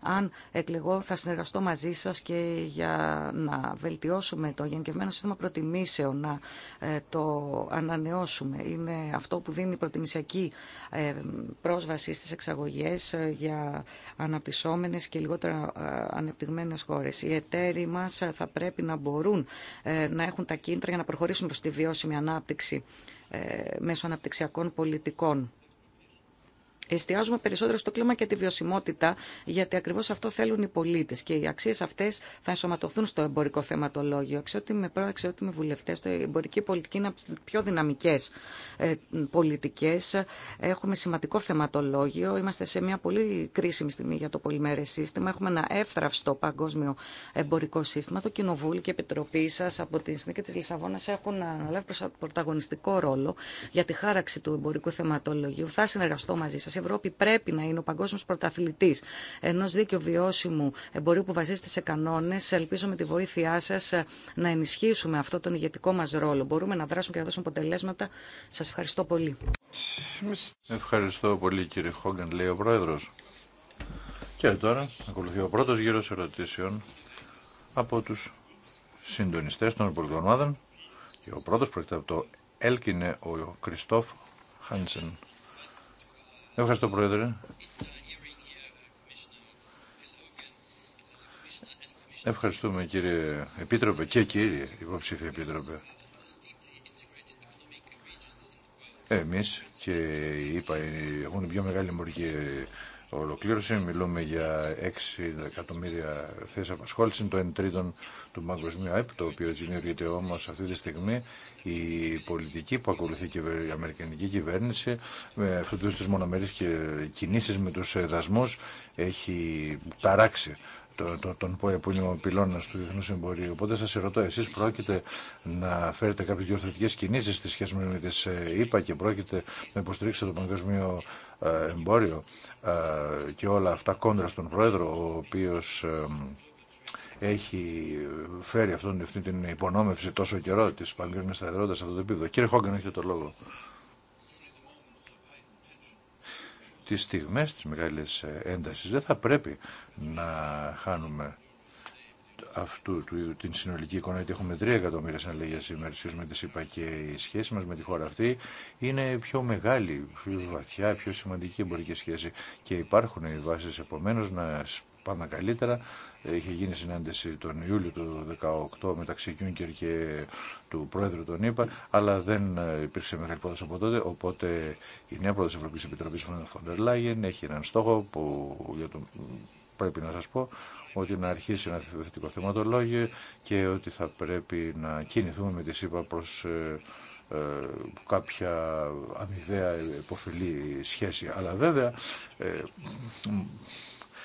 Αν εκλεγώ, θα συνεργαστώ μαζί σα και για να βελτιώσουμε το γενικευμένο σύστημα προτιμήσεων να ε, το ανανεώσουμε. Είναι αυτό που δίνει προτιμησιακή ε, πρόσβαση στις εξαγωγές ε, για αναπτυσσόμενες και λιγότερα ανεπτυγμένες χώρες. Οι εταίροι μας θα πρέπει να μπορούν να έχουν τα κίνητρα για να προχωρήσουν προς τη βιώσιμη ανάπτυξη μέσω αναπτυξιακών πολιτικών εστιάζουμε περισσότερο στο κλίμα και τη βιωσιμότητα, γιατί ακριβώ αυτό θέλουν οι πολίτε. Και οι αξίε αυτέ θα ενσωματωθούν στο εμπορικό θεματολόγιο. Αξιότιμοι ότι με βουλευτέ, η εμπορική πολιτική είναι από τι πιο δυναμικέ ε, πολιτικέ. Έχουμε σημαντικό θεματολόγιο. Είμαστε σε μια πολύ κρίσιμη στιγμή για το πολυμέρε σύστημα. Έχουμε ένα εύθραυστο παγκόσμιο εμπορικό σύστημα. Το Κοινοβούλιο και η Επιτροπή σα από την Συνδίκη τη Λισαβόνα έχουν αναλάβει πρωταγωνιστικό ρόλο για τη χάραξη του εμπορικού θεματολογίου. Θα συνεργαστώ μαζί σα η Ευρώπη πρέπει να είναι ο παγκόσμιο πρωταθλητή ενό δίκαιου βιώσιμου εμπορίου που βασίζεται σε κανόνε. Ελπίζω με τη βοήθειά σα να ενισχύσουμε αυτό τον ηγετικό μα ρόλο. Μπορούμε να δράσουμε και να δώσουμε αποτελέσματα. Σα ευχαριστώ πολύ. Ευχαριστώ πολύ κύριε Χόγκεν, λέει ο πρόεδρο. Και τώρα ακολουθεί ο πρώτο γύρο ερωτήσεων από του συντονιστέ των πολιτικών ομάδων. Και ο πρώτο πρόκειται από το έλκυνε ο Κριστόφ Χάνσεν. Ευχαριστώ, Πρόεδρε. Ευχαριστούμε, κύριε Επίτροπε και κύριε υποψήφιοι Επίτροπε. Εμείς και οι έχουν πιο μεγάλη μορική Ολοκλήρωση, Μιλούμε για 6 εκατομμύρια θέσει απασχόληση, το 1 τρίτον του παγκοσμίου ΑΕΠ, το οποίο δημιουργείται όμω αυτή τη στιγμή η πολιτική που ακολουθεί η Αμερικανική κυβέρνηση με αυτού του μονομερεί κινήσει με του δασμού έχει ταράξει το, τον ΠΟΕ που είναι ο πυλώνα του Διεθνού Εμπορίου. Οπότε σα ρωτώ, εσεί πρόκειται να φέρετε κάποιε διορθωτικέ κινήσει στη σχέση με τι ΗΠΑ ε, και πρόκειται να υποστηρίξετε το παγκόσμιο ε, εμπόριο ε, και όλα αυτά κόντρα στον Πρόεδρο, ο οποίο έχει φέρει αυτή την υπονόμευση τόσο καιρό τη παγκόσμια σταθερότητα σε αυτό το επίπεδο. Κύριε Χόγκεν, έχετε το λόγο. τις στιγμές της μεγάλης έντασης. Δεν θα πρέπει να χάνουμε αυτού του, την συνολική εικόνα, γιατί έχουμε 3 εκατομμύρια συναλλαγέ σήμερα με τη είπα και η σχέση μας με τη χώρα αυτή είναι πιο μεγάλη, πιο βαθιά, πιο σημαντική εμπορική σχέση. Και υπάρχουν οι βάσεις επομένως να πάμε καλύτερα. Είχε γίνει συνάντηση τον Ιούλιο του 2018 μεταξύ Γιούνκερ και του Πρόεδρου των ΗΠΑ, αλλά δεν ε, υπήρξε μεγάλη πρόταση από τότε. Οπότε η νέα πρόταση Ευρωπαϊκή Επιτροπή Φοντερ Λάγεν έχει έναν στόχο που για τον πρέπει να σας πω ότι να αρχίσει ένα θετικό θεματολόγιο και ότι θα πρέπει να κινηθούμε με τη ΣΥΠΑ προς ε, ε, κάποια αμοιβαία υποφιλή σχέση. Αλλά βέβαια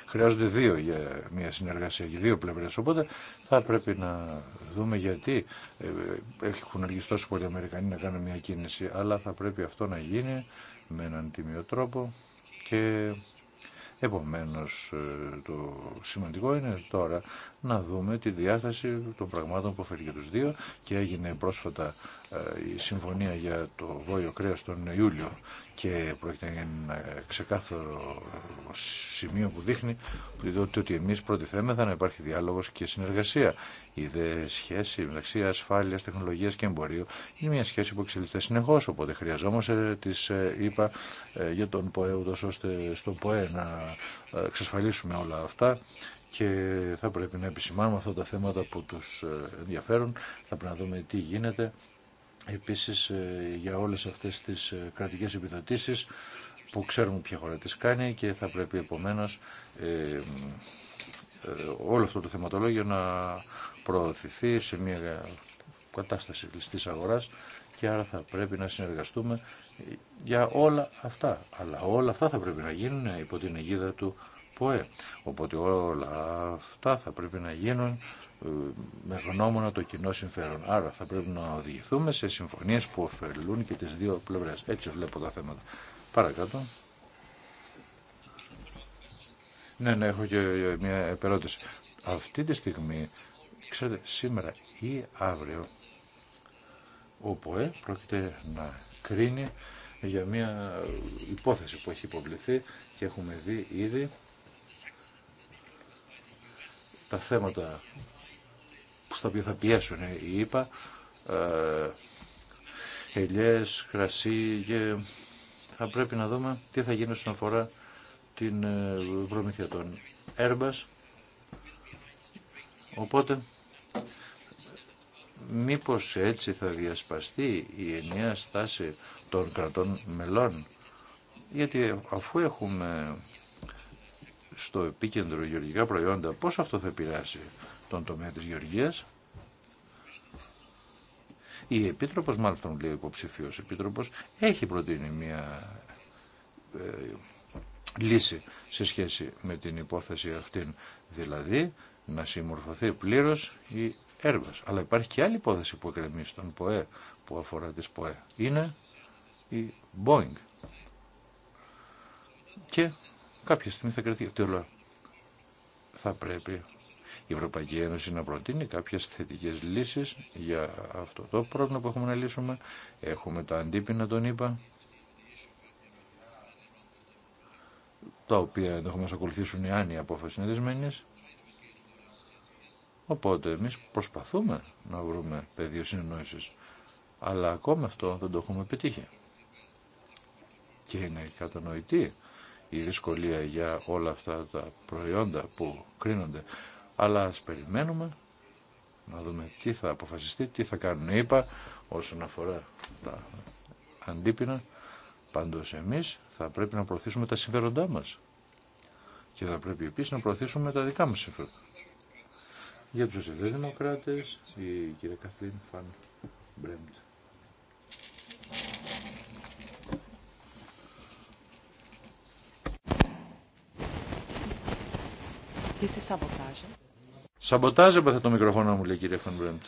χρειάζονται δύο για μια συνεργασία και δύο πλευρές. Οπότε θα πρέπει να δούμε γιατί ε, έχουν αργήσει τόσο πολλοί Αμερικανοί να κάνουν μια κίνηση, αλλά θα πρέπει αυτό να γίνει με έναν τιμιο τρόπο και Επομένως, ε, το σημαντικό είναι τώρα να δούμε τη διάσταση των πραγμάτων που φέρει για τους δύο και έγινε πρόσφατα ε, η συμφωνία για το βόλιο κρέας τον Ιούλιο και πρόκειται για ένα ξεκάθαρο σημείο που δείχνει ότι εμείς προτιθέμεθα να υπάρχει διάλογος και συνεργασία. Η δε σχέση μεταξύ ασφάλειας, τεχνολογίας και εμπορίου είναι μια σχέση που εξελίσσεται συνεχώς, οπότε χρειαζόμαστε τις ε, είπα ε, για τον ΠΟΕ, ούτως ώστε στον ΠΟΕ να εξασφαλίσουμε όλα αυτά και θα πρέπει να επισημάνουμε αυτά τα θέματα που τους ενδιαφέρουν. Θα πρέπει να δούμε τι γίνεται Επίσης ε, για όλες αυτές τις ε, κρατικές επιδοτήσεις που ξέρουμε ποια χώρα τις κάνει και θα πρέπει επομένως ε, ε, όλο αυτό το θεματολόγιο να προωθηθεί σε μια κατάσταση κλειστής αγοράς και άρα θα πρέπει να συνεργαστούμε για όλα αυτά. Αλλά όλα αυτά θα πρέπει να γίνουν υπό την αιγίδα του ΠΟΕ. Οπότε όλα αυτά θα πρέπει να γίνουν με γνώμονα το κοινό συμφέρον. Άρα θα πρέπει να οδηγηθούμε σε συμφωνίες που ωφελούν και τις δύο πλευρές. Έτσι βλέπω τα θέματα. Παρακάτω. Ναι, ναι, έχω και μια επερώτηση. Αυτή τη στιγμή, ξέρετε, σήμερα ή αύριο, ο ΠΟΕ πρόκειται να κρίνει για μια υπόθεση που έχει υποβληθεί και έχουμε δει ήδη τα θέματα στα οποία θα πιέσουν οι ε, ΙΠΑ, ε, ελιές, κρασί και θα πρέπει να δούμε τι θα γίνει όσον αφορά την ε, προμήθεια των Οπότε, μήπως έτσι θα διασπαστεί η ενιαία στάση των κρατών μελών. Γιατί αφού έχουμε στο επίκεντρο γεωργικά προϊόντα, πώς αυτό θα επηρεάσει τον τομέα της γεωργίας. Η Επίτροπος, μάλλον τον λέει ο υποψηφίος Επίτροπος, έχει προτείνει μια ε, λύση σε σχέση με την υπόθεση αυτήν, δηλαδή να συμμορφωθεί πλήρως η έργος. Αλλά υπάρχει και άλλη υπόθεση που εκκρεμεί στον ΠΟΕ, που αφορά τις ΠΟΕ. Είναι η Boeing. Και κάποια στιγμή θα κρατήσει αυτή Θα πρέπει η Ευρωπαϊκή Ένωση να προτείνει κάποιες θετικές λύσεις για αυτό το πρόβλημα που έχουμε να λύσουμε. Έχουμε τα αντίπεινα, τον είπα, τα οποία ενδεχομένω ακολουθήσουν οι άνοιοι είναι δεσμένες. Οπότε εμείς προσπαθούμε να βρούμε πεδίο συνεννόησης, αλλά ακόμα αυτό δεν το έχουμε πετύχει. Και είναι κατανοητή η δυσκολία για όλα αυτά τα προϊόντα που κρίνονται αλλά ας περιμένουμε να δούμε τι θα αποφασιστεί, τι θα κάνουν οι όσον αφορά τα αντίπεινα. Πάντως εμείς θα πρέπει να προωθήσουμε τα συμφέροντά μας και θα πρέπει επίσης να προωθήσουμε τα δικά μας συμφέροντα. Για τους Σοσιαλιστές Δημοκράτες, η κυρία Καθλίν Φαν Μπρέμπτ. This Σαμποτάζε πάθε το μικροφώνο μου, λέει η κυρία Φανμπρέμπτ.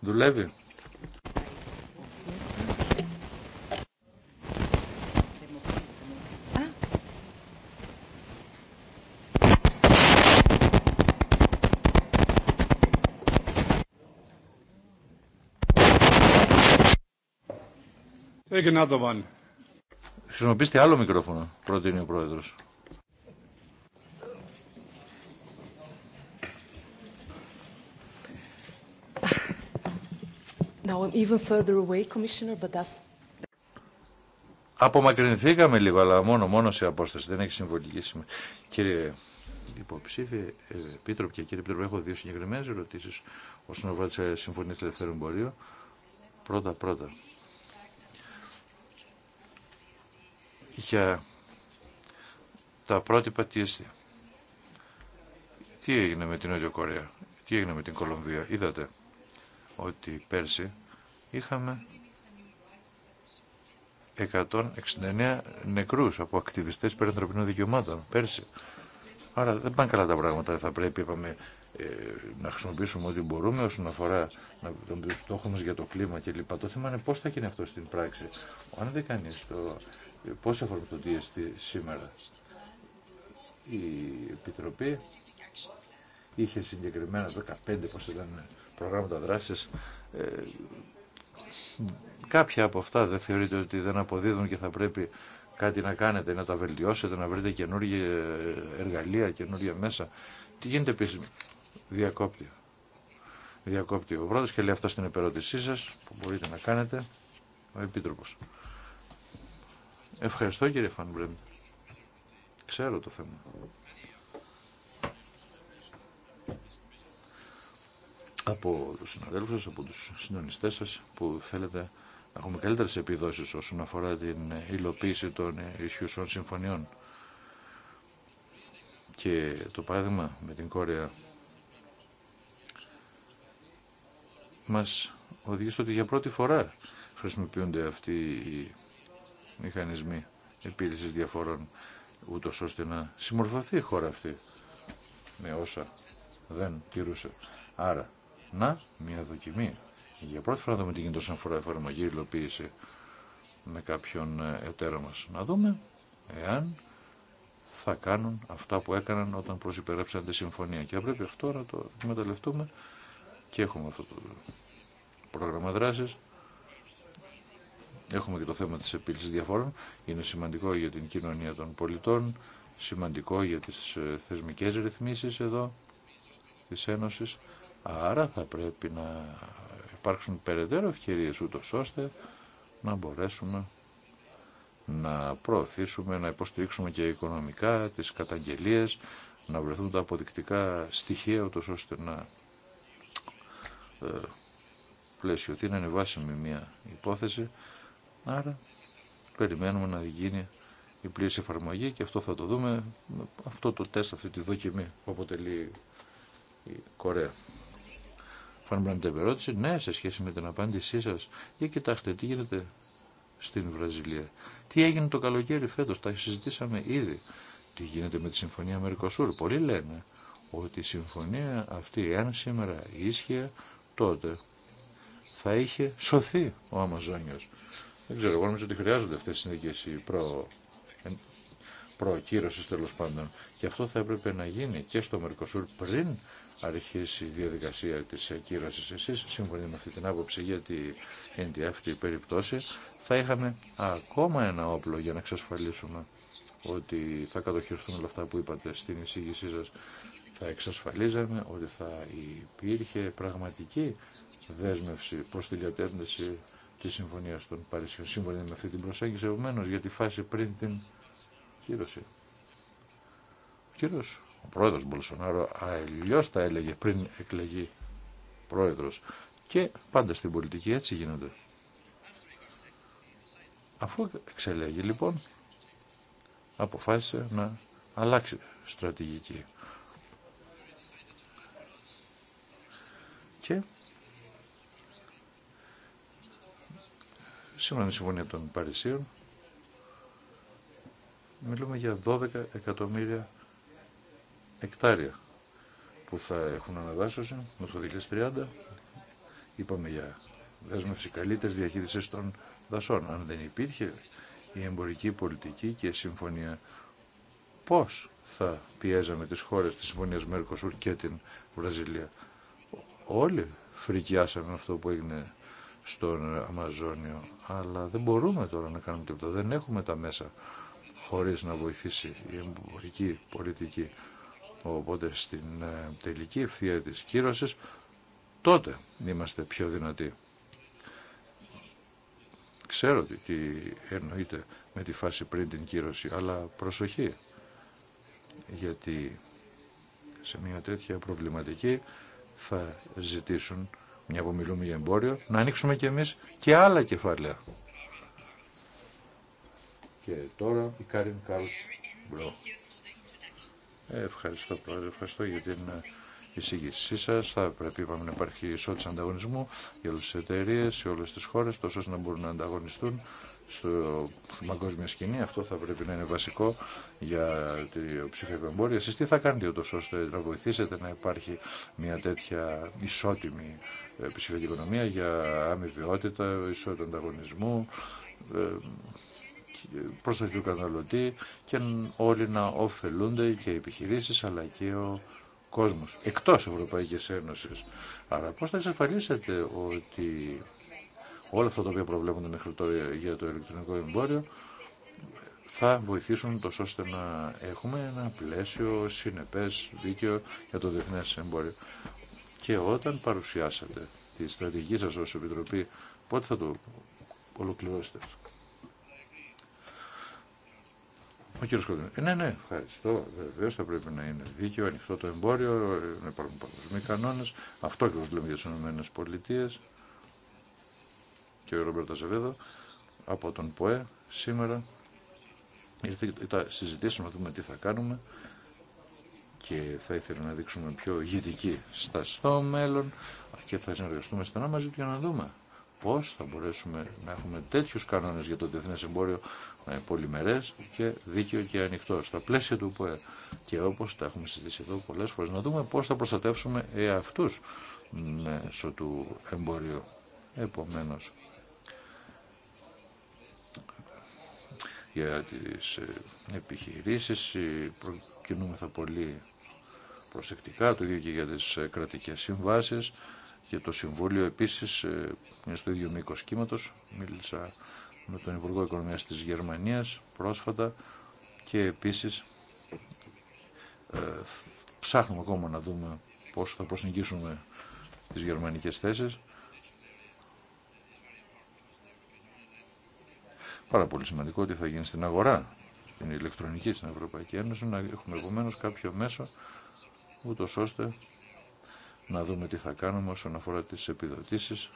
Δουλεύει. another one. Χρησιμοποιήστε άλλο μικρόφωνο, προτείνει ο πρόεδρος. Now even further away, Commissioner, but that's... Απομακρυνθήκαμε λίγο, αλλά μόνο, μόνο σε απόσταση. Δεν έχει συμβολική σημασία. Κύριε υποψήφιε ε, επίτροπε και κύριε επίτροπε, έχω δύο συγκεκριμένε ερωτήσει όσον αφορά τι ε, συμφωνίε ελευθέρου εμπορίου. Πρώτα, πρώτα. Για τα πρότυπα TST. Τι έγινε με την Νότια Κορέα, τι έγινε με την Κολομβία, είδατε ότι πέρσι είχαμε 169 νεκρούς από ακτιβιστές περί ανθρωπινών δικαιωμάτων πέρσι. Άρα δεν πάνε καλά τα πράγματα. Θα πρέπει είπαμε, ε, να χρησιμοποιήσουμε ό,τι μπορούμε όσον αφορά τον στόχο μα για το κλίμα κλπ. Το θέμα είναι πώ θα γίνει αυτό στην πράξη. Αν δεν κάνει το ε, πώς το DST σήμερα. Η Επιτροπή είχε συγκεκριμένα 15 πώ ήταν προγράμματα δράσης, ε, κάποια από αυτά δεν θεωρείτε ότι δεν αποδίδουν και θα πρέπει κάτι να κάνετε, να τα βελτιώσετε, να βρείτε καινούργια εργαλεία, καινούργια μέσα. Τι γίνεται επίσης, διακόπτει. Διακόπτει ο πρώτος και λέει αυτά στην επερώτησή σας που μπορείτε να κάνετε, ο Επίτροπος. Ευχαριστώ κύριε Φανμπρέμ Ξέρω το θέμα. από τους συναδέλφους σας, από τους συντονιστές σας που θέλετε να έχουμε καλύτερες επιδόσεις όσον αφορά την υλοποίηση των ισχυωσών συμφωνιών. Και το παράδειγμα με την Κόρεα μας οδηγεί στο ότι για πρώτη φορά χρησιμοποιούνται αυτοί οι μηχανισμοί επίλυσης διαφορών ούτως ώστε να συμμορφωθεί η χώρα αυτή με όσα δεν τηρούσε. Άρα να, μια δοκιμή. Για πρώτη φορά δούμε τι γίνεται όσον αφορά εφαρμογή υλοποίηση με κάποιον ε, εταίρο μας. Να δούμε εάν θα κάνουν αυτά που έκαναν όταν προσυπερέψαν τη συμφωνία. Και πρέπει αυτό να το μεταλλευτούμε και έχουμε αυτό το πρόγραμμα δράσης. Έχουμε και το θέμα της επίλυσης διαφόρων. Είναι σημαντικό για την κοινωνία των πολιτών, σημαντικό για τις ε, θεσμικές ρυθμίσεις εδώ της Ένωσης Άρα θα πρέπει να υπάρξουν περαιτέρω ευκαιρίε ούτω ώστε να μπορέσουμε να προωθήσουμε, να υποστηρίξουμε και οικονομικά τις καταγγελίες, να βρεθούν τα αποδεικτικά στοιχεία ούτω ώστε να ε, πλαισιωθεί, να είναι βάσιμη μια υπόθεση. Άρα περιμένουμε να γίνει η πλήρης εφαρμογή και αυτό θα το δούμε. Αυτό το τεστ, αυτή τη δοκιμή που αποτελεί η Κορέα. Φανμπραντεύ ερώτησε, ναι, σε σχέση με την απάντησή σα Για κοιτάξτε, τι γίνεται στην Βραζιλία. Τι έγινε το καλοκαίρι φέτο, τα συζητήσαμε ήδη. Τι γίνεται με τη Συμφωνία Μερικοσούρ. Πολλοί λένε ότι η συμφωνία αυτή, εάν σήμερα ίσχυε, τότε θα είχε σωθεί ο Αμαζόνιο. Δεν ξέρω, εγώ νομίζω ότι χρειάζονται αυτέ οι συνδικές οι προ... προκύρωσης τέλος πάντων. Και αυτό θα έπρεπε να γίνει και στο Μερικοσούρ πριν αρχίσει η διαδικασία της ακύρωση Εσείς σύμφωνα με αυτή την άποψη γιατί εν τη αυτή η περιπτώση θα είχαμε ακόμα ένα όπλο για να εξασφαλίσουμε ότι θα κατοχυρωθούν όλα αυτά που είπατε στην εισήγησή σας. Θα εξασφαλίζαμε ότι θα υπήρχε πραγματική δέσμευση προς την κατεύθυνση τη Συμφωνία των Παρισιών. Σύμφωνα με αυτή την προσέγγιση, επομένω για τη φάση πριν την κύρωση. Κύριος ο πρόεδρος Μπολσονάρο αλλιώ τα έλεγε πριν εκλεγεί πρόεδρος. Και πάντα στην πολιτική έτσι γίνονται. Αφού εξελέγει λοιπόν, αποφάσισε να αλλάξει στρατηγική. Και σήμερα με συμφωνία των Παρισίων μιλούμε για 12 εκατομμύρια εκτάρια που θα έχουν αναδάσωση Με το 2030. Είπαμε για δέσμευση καλύτερη διαχείριση των δασών. Αν δεν υπήρχε η εμπορική πολιτική και η συμφωνία, πώς θα πιέζαμε τις χώρες της συμφωνίας Μέρκοσουρ και την Βραζιλία. Όλοι φρικιάσαμε αυτό που έγινε στον Αμαζόνιο, αλλά δεν μπορούμε τώρα να κάνουμε τίποτα. Δεν έχουμε τα μέσα χωρίς να βοηθήσει η εμπορική πολιτική. Οπότε στην ε, τελική ευθεία της κύρωσης τότε είμαστε πιο δυνατοί. Ξέρω τι εννοείται με τη φάση πριν την κύρωση, αλλά προσοχή. Γιατί σε μια τέτοια προβληματική θα ζητήσουν, μια που μιλούμε για εμπόριο, να ανοίξουμε κι εμείς και άλλα κεφάλαια. Και τώρα η Κάριν Κάρλς Μπρο. Ευχαριστώ πρόεδρε, ευχαριστώ για την ε, εισήγησή σα. Θα πρέπει να υπάρχει ισότητα ανταγωνισμού για όλε τι εταιρείε, σε όλε τι χώρε, τόσο ώστε να μπορούν να ανταγωνιστούν στο παγκόσμια σκηνή. Αυτό θα πρέπει να είναι βασικό για το ψηφιακή εμπόριο. Εσεί τι θα κάνετε ούτως ώστε να βοηθήσετε να υπάρχει μια τέτοια ισότιμη ε, ψηφιακή οικονομία για αμοιβαιότητα, ισότητα ανταγωνισμού, ε, προς του καταναλωτή και όλοι να ωφελούνται και οι επιχειρήσεις αλλά και ο κόσμος εκτός Ευρωπαϊκής Ένωσης. Άρα πώς θα εξασφαλίσετε ότι όλα αυτά τα οποία προβλέπονται μέχρι τώρα για το ηλεκτρονικό εμπόριο θα βοηθήσουν τόσο ώστε να έχουμε ένα πλαίσιο συνεπές δίκαιο για το διεθνέ εμπόριο. Και όταν παρουσιάσατε τη στρατηγική σας ως Επιτροπή, πότε θα το ολοκληρώσετε Ο κύριο ε, Ναι, ναι, ευχαριστώ. Βεβαίω θα πρέπει να είναι δίκαιο, ανοιχτό το εμπόριο, να υπάρχουν παγκοσμίοι κανόνε. Αυτό και ακριβώ λέμε για τι ΗΠΑ. Και ο Ρομπέρτα Ζεβέδο από τον ΠΟΕ σήμερα ήρθε και τα συζητήσαμε να δούμε τι θα κάνουμε και θα ήθελα να δείξουμε πιο ηγετική στάση στο μέλλον και θα συνεργαστούμε στενά μαζί του για να δούμε πώς θα μπορέσουμε να έχουμε τέτοιους κανόνες για το διεθνές εμπόριο ε, πολυμερές και δίκαιο και ανοιχτό στα πλαίσια του ΠΟΕ και όπως τα έχουμε συζητήσει εδώ πολλές φορές να δούμε πώς θα προστατεύσουμε εαυτούς μέσω του εμπορίου. Επομένως, για τις ε, επιχειρήσεις ε, προκινούμεθα πολύ προσεκτικά, το ίδιο και για τις κρατικές συμβάσεις και το Συμβούλιο επίσης στο ίδιο μήκος κύματος, μίλησα με τον Υπουργό Οικονομίας της Γερμανίας πρόσφατα και επίσης ε, ψάχνουμε ακόμα να δούμε πώς θα προσεγγίσουμε τις γερμανικές θέσεις. Πάρα πολύ σημαντικό ότι θα γίνει στην αγορά, την ηλεκτρονική στην Ευρωπαϊκή Ένωση, να έχουμε επομένω κάποιο μέσο, ούτως ώστε να δούμε τι θα κάνουμε όσον αφορά τις επιδοτήσεις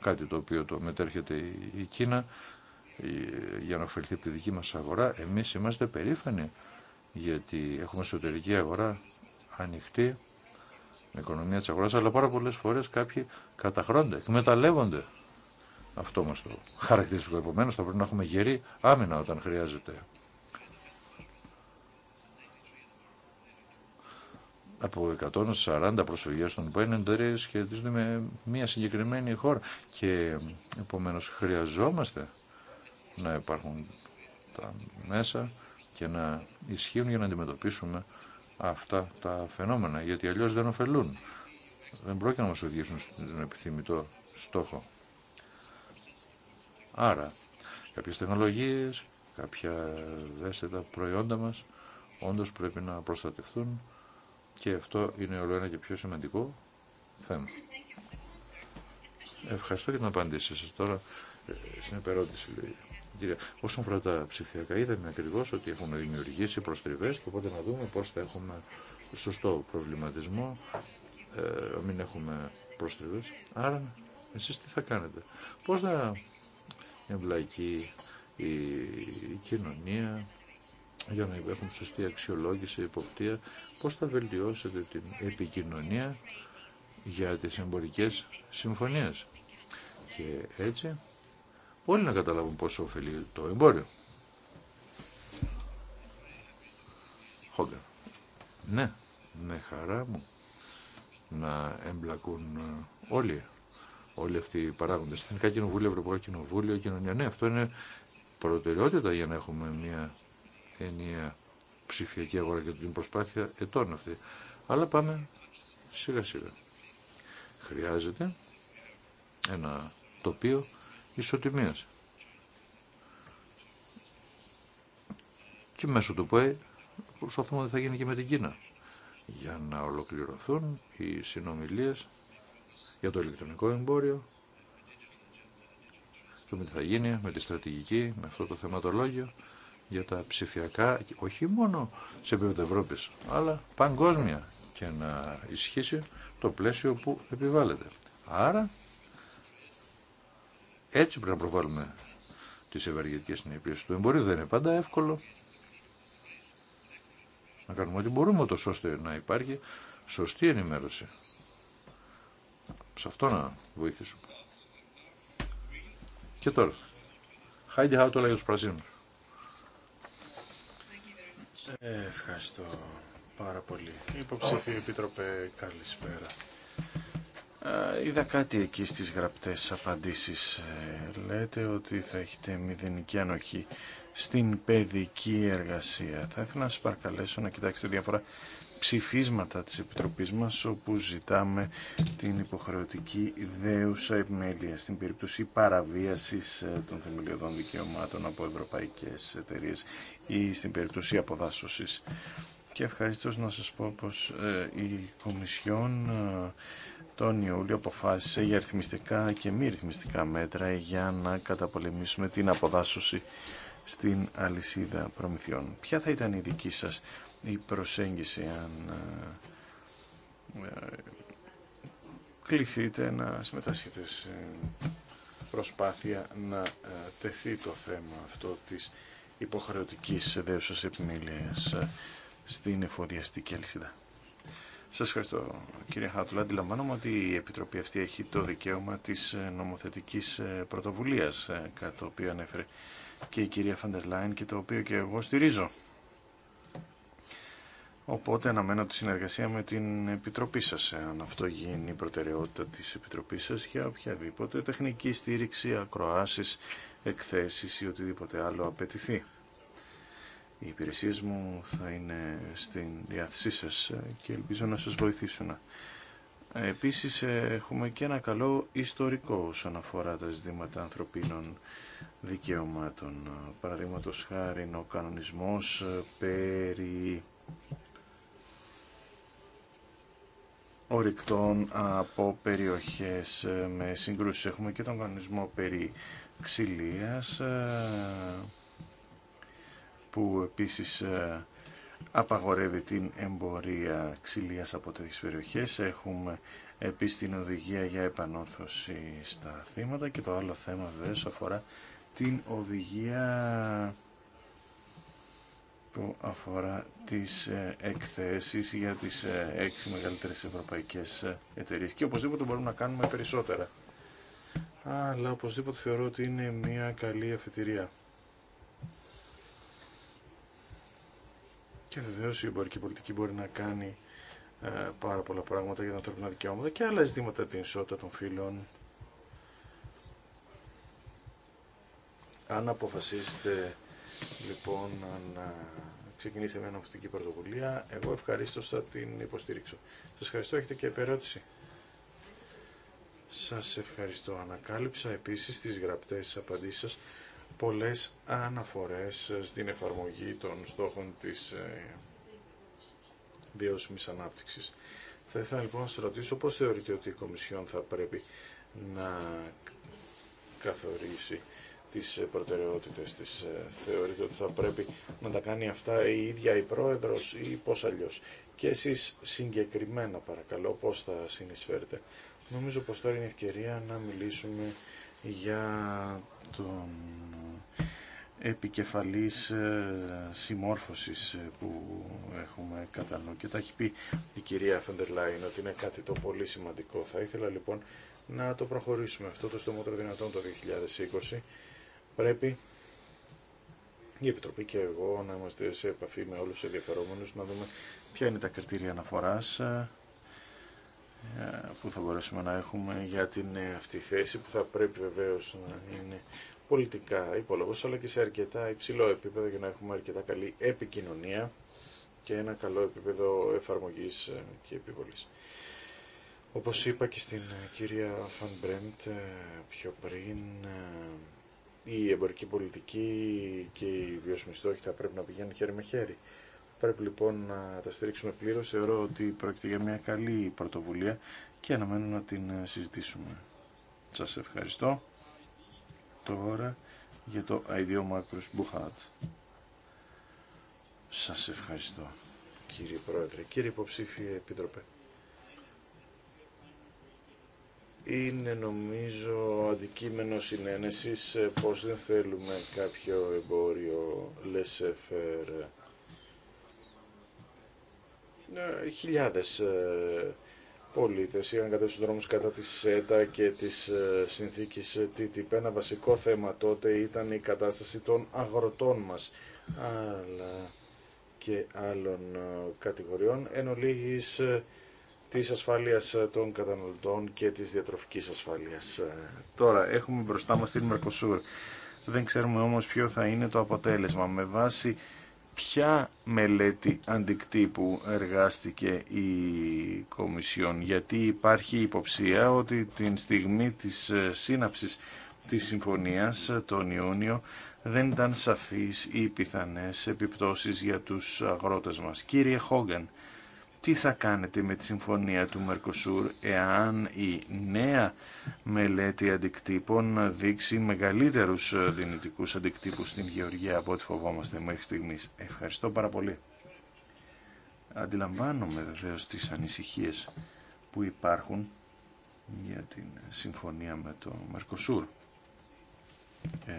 κάτι το οποίο το μετέρχεται η Κίνα για να ωφεληθεί από τη δική μας αγορά. Εμείς είμαστε περήφανοι γιατί έχουμε εσωτερική αγορά ανοιχτή, με οικονομία της αγοράς, αλλά πάρα πολλές φορές κάποιοι καταχρώνται, εκμεταλλεύονται αυτό μας το χαρακτηριστικό. Επομένως θα πρέπει να έχουμε γερή άμυνα όταν χρειάζεται. από 140 προσφυγέ των εταιρείε σχετίζονται με μια συγκεκριμένη χώρα και επομένως χρειαζόμαστε να υπάρχουν τα μέσα και να ισχύουν για να αντιμετωπίσουμε αυτά τα φαινόμενα γιατί αλλιώς δεν ωφελούν δεν πρόκειται να μας οδηγήσουν στον επιθυμητό στόχο άρα κάποιες τεχνολογίες κάποια δέστετα προϊόντα μα όντω πρέπει να προστατευτούν και αυτό είναι όλο ένα και πιο σημαντικό θέμα. Ευχαριστώ για την απάντησή σας. Τώρα ε, στην επερώτηση λέει. Κύριε, όσον αφορά τα ψηφιακά, είδαμε ακριβώ ότι έχουν δημιουργήσει προστριβέ και οπότε να δούμε πώ θα έχουμε σωστό προβληματισμό, ε, μην έχουμε προστριβέ. Άρα, εσεί τι θα κάνετε, πώ θα εμπλακεί η, η κοινωνία, για να έχουμε σωστή αξιολόγηση, υποπτία, πώς θα βελτιώσετε την επικοινωνία για τις εμπορικές συμφωνίες. Και έτσι όλοι να καταλάβουν πόσο ωφελεί το εμπόριο. Ναι, με χαρά μου να εμπλακούν όλοι, όλοι αυτοί οι παράγοντες. Εθνικά Κοινοβούλια, Ευρωπαϊκό Κοινοβούλιο, Κοινωνία. Ναι, αυτό είναι προτεραιότητα για να έχουμε μια ενιαία ψηφιακή αγορά και την προσπάθεια ετών αυτή. Αλλά πάμε σιγά σιγά. Χρειάζεται ένα τοπίο ισοτιμίας. Και μέσω του ΠΟΕ προσπαθούμε ότι θα γίνει και με την Κίνα. Για να ολοκληρωθούν οι συνομιλίες για το ηλεκτρονικό εμπόριο, με τι θα γίνει με τη στρατηγική, με αυτό το θεματολόγιο για τα ψηφιακά, όχι μόνο σε επίπεδο Ευρώπη, αλλά παγκόσμια και να ισχύσει το πλαίσιο που επιβάλλεται. Άρα, έτσι πρέπει να προβάλλουμε τις ευεργετικές συνέπειες του εμπορίου. Δεν είναι πάντα εύκολο να κάνουμε ό,τι μπορούμε το ώστε να υπάρχει σωστή ενημέρωση. Σε αυτό να βοηθήσουμε. Και τώρα, Χάιντι Χάουτολα για ε, ευχαριστώ πάρα πολύ. Υποψήφιοι Επίτροπε, καλησπέρα. Είδα κάτι εκεί στις γραπτές απαντήσεις. Ε, λέτε ότι θα έχετε μηδενική ανοχή στην παιδική εργασία. Θα ήθελα να σας παρακαλέσω να κοιτάξετε διάφορα ψηφίσματα της Επιτροπής μας όπου ζητάμε την υποχρεωτική δέουσα επιμέλεια στην περίπτωση παραβίασης ε, των θεμελιωδών δικαιωμάτων από ευρωπαϊκές εταιρείες ή στην περίπτωση αποδάσωσης. Και ευχαριστώ να σας πω πως ε, η Κομισιόν ε, τον Ιούλιο αποφάσισε για ρυθμιστικά και μη ρυθμιστικά μέτρα για να καταπολεμήσουμε την αποδάσωση στην αλυσίδα προμηθειών. Ποια θα ήταν η δική σας η προσέγγιση αν ε, ε, κληθείτε να συμμετάσχετε σε προσπάθεια να ε, τεθεί το θέμα αυτό της υποχρεωτικής δέουσας επιμήλειας στην εφοδιαστική αλυσίδα. Σας ευχαριστώ κύριε Χάτουλα. Αντιλαμβάνομαι ότι η Επιτροπή αυτή έχει το δικαίωμα της νομοθετικής πρωτοβουλίας, κατά το οποίο ανέφερε και η κυρία Φαντερ Λάιν και το οποίο και εγώ στηρίζω. Οπότε αναμένω τη συνεργασία με την Επιτροπή σας, αν αυτό γίνει η προτεραιότητα της Επιτροπής σας για οποιαδήποτε τεχνική στήριξη, ακροάσεις, εκθέσεις ή οτιδήποτε άλλο απαιτηθεί. Οι υπηρεσίε μου θα είναι στην διάθεσή σας και ελπίζω να σας βοηθήσουν. Επίσης έχουμε και ένα καλό ιστορικό όσον αφορά τα ζητήματα ανθρωπίνων δικαιωμάτων. Παραδείγματο χάρη ο κανονισμός περί ορυκτών από περιοχές ε, με σύγκρουση. Έχουμε και τον κανονισμό περί ξυλίας ε, που επίσης ε, απαγορεύει την εμπορία ξυλίας από τέτοιες περιοχές. Έχουμε επίσης την οδηγία για επανόρθωση στα θύματα και το άλλο θέμα βέβαια αφορά την οδηγία αφορά τις ε, εκθέσεις για τις ε, έξι μεγαλύτερες ευρωπαϊκές ε, εταιρείες και οπωσδήποτε μπορούμε να κάνουμε περισσότερα. Αλλά οπωσδήποτε θεωρώ ότι είναι μια καλή αφετηρία. Και βεβαίω η εμπορική πολιτική μπορεί να κάνει πάρα πολλά πράγματα για τα ανθρώπινα δικαιώματα και άλλα ζητήματα την ισότητα των φίλων. Αν αποφασίσετε λοιπόν να ξεκινήσετε με νομοθετική πρωτοβουλία. Εγώ ευχαρίστω θα την υποστηρίξω. Σας ευχαριστώ. Έχετε και επερώτηση. Σας ευχαριστώ. Ανακάλυψα επίσης τι γραπτές απαντήσεις σα πολλές αναφορές στην εφαρμογή των στόχων της ε, βιώσιμη ανάπτυξη. Θα ήθελα λοιπόν να σας ρωτήσω πώς θεωρείτε ότι η Κομισιόν θα πρέπει να καθορίσει τις ε, προτεραιότητες της. Ε, θεωρείτε ότι θα πρέπει να τα κάνει αυτά η ίδια η πρόεδρος ή πώς αλλιώς. Και εσείς συγκεκριμένα παρακαλώ πώς θα συνεισφέρετε. Νομίζω πως τώρα είναι ευκαιρία να μιλήσουμε για τον επικεφαλής ε, συμμόρφωσης που έχουμε κατά νου. Και τα έχει πει η κυρία Φεντερλάιν ότι είναι κάτι το πολύ σημαντικό. Θα ήθελα λοιπόν να το προχωρήσουμε αυτό το στομότερο δυνατόν το 2020 πρέπει η Επιτροπή και εγώ να είμαστε σε επαφή με όλους τους ενδιαφερόμενους, να δούμε ποια είναι τα κριτήρια αναφοράς ε, που θα μπορέσουμε να έχουμε για την ε, αυτή θέση που θα πρέπει βεβαίως να είναι πολιτικά υπόλογος αλλά και σε αρκετά υψηλό επίπεδο για να έχουμε αρκετά καλή επικοινωνία και ένα καλό επίπεδο εφαρμογής ε, και επιβολής. Όπως είπα και στην κυρία Φαν πιο πριν, η εμπορική πολιτική και οι βιώσιμοι στόχοι θα πρέπει να πηγαίνουν χέρι με χέρι. Πρέπει λοιπόν να τα στηρίξουμε πλήρω. Θεωρώ ότι πρόκειται για μια καλή πρωτοβουλία και αναμένω να την συζητήσουμε. Σα ευχαριστώ. Τώρα για το IDO Macros Σας ευχαριστώ κύριε Πρόεδρε, κύριε Υποψήφιε Επίτροπε. είναι νομίζω αντικείμενο συνένεσης ε, πως δεν θέλουμε κάποιο εμπόριο λεσέφερ. Χιλιάδες ε, πολίτες είχαν κατά τους δρόμους κατά τη ΣΕΤΑ και της ε, συνθήκης TTIP. Ένα βασικό θέμα τότε ήταν η κατάσταση των αγροτών μας, αλλά και άλλων κατηγοριών. Εν της ασφάλειας ε, των καταναλωτών και της διατροφικής ασφάλειας. Ε, τώρα έχουμε μπροστά μας την Μερκοσούρ. Δεν ξέρουμε όμως ποιο θα είναι το αποτέλεσμα. Με βάση ποια μελέτη αντικτύπου εργάστηκε η Κομισιόν. Γιατί υπάρχει υποψία ότι την στιγμή της ε, σύναψης της συμφωνίας τον Ιούνιο δεν ήταν σαφείς οι πιθανές επιπτώσεις για τους αγρότες μας. Κύριε Χόγκαν, τι θα κάνετε με τη συμφωνία του Μερκοσούρ εάν η νέα μελέτη αντικτύπων δείξει μεγαλύτερους δυνητικούς αντικτύπους στην Γεωργία από ό,τι φοβόμαστε μέχρι στιγμής. Ευχαριστώ πάρα πολύ. Αντιλαμβάνομαι βέβαιως τις ανησυχίες που υπάρχουν για την συμφωνία με το Μερκοσούρ. Ε,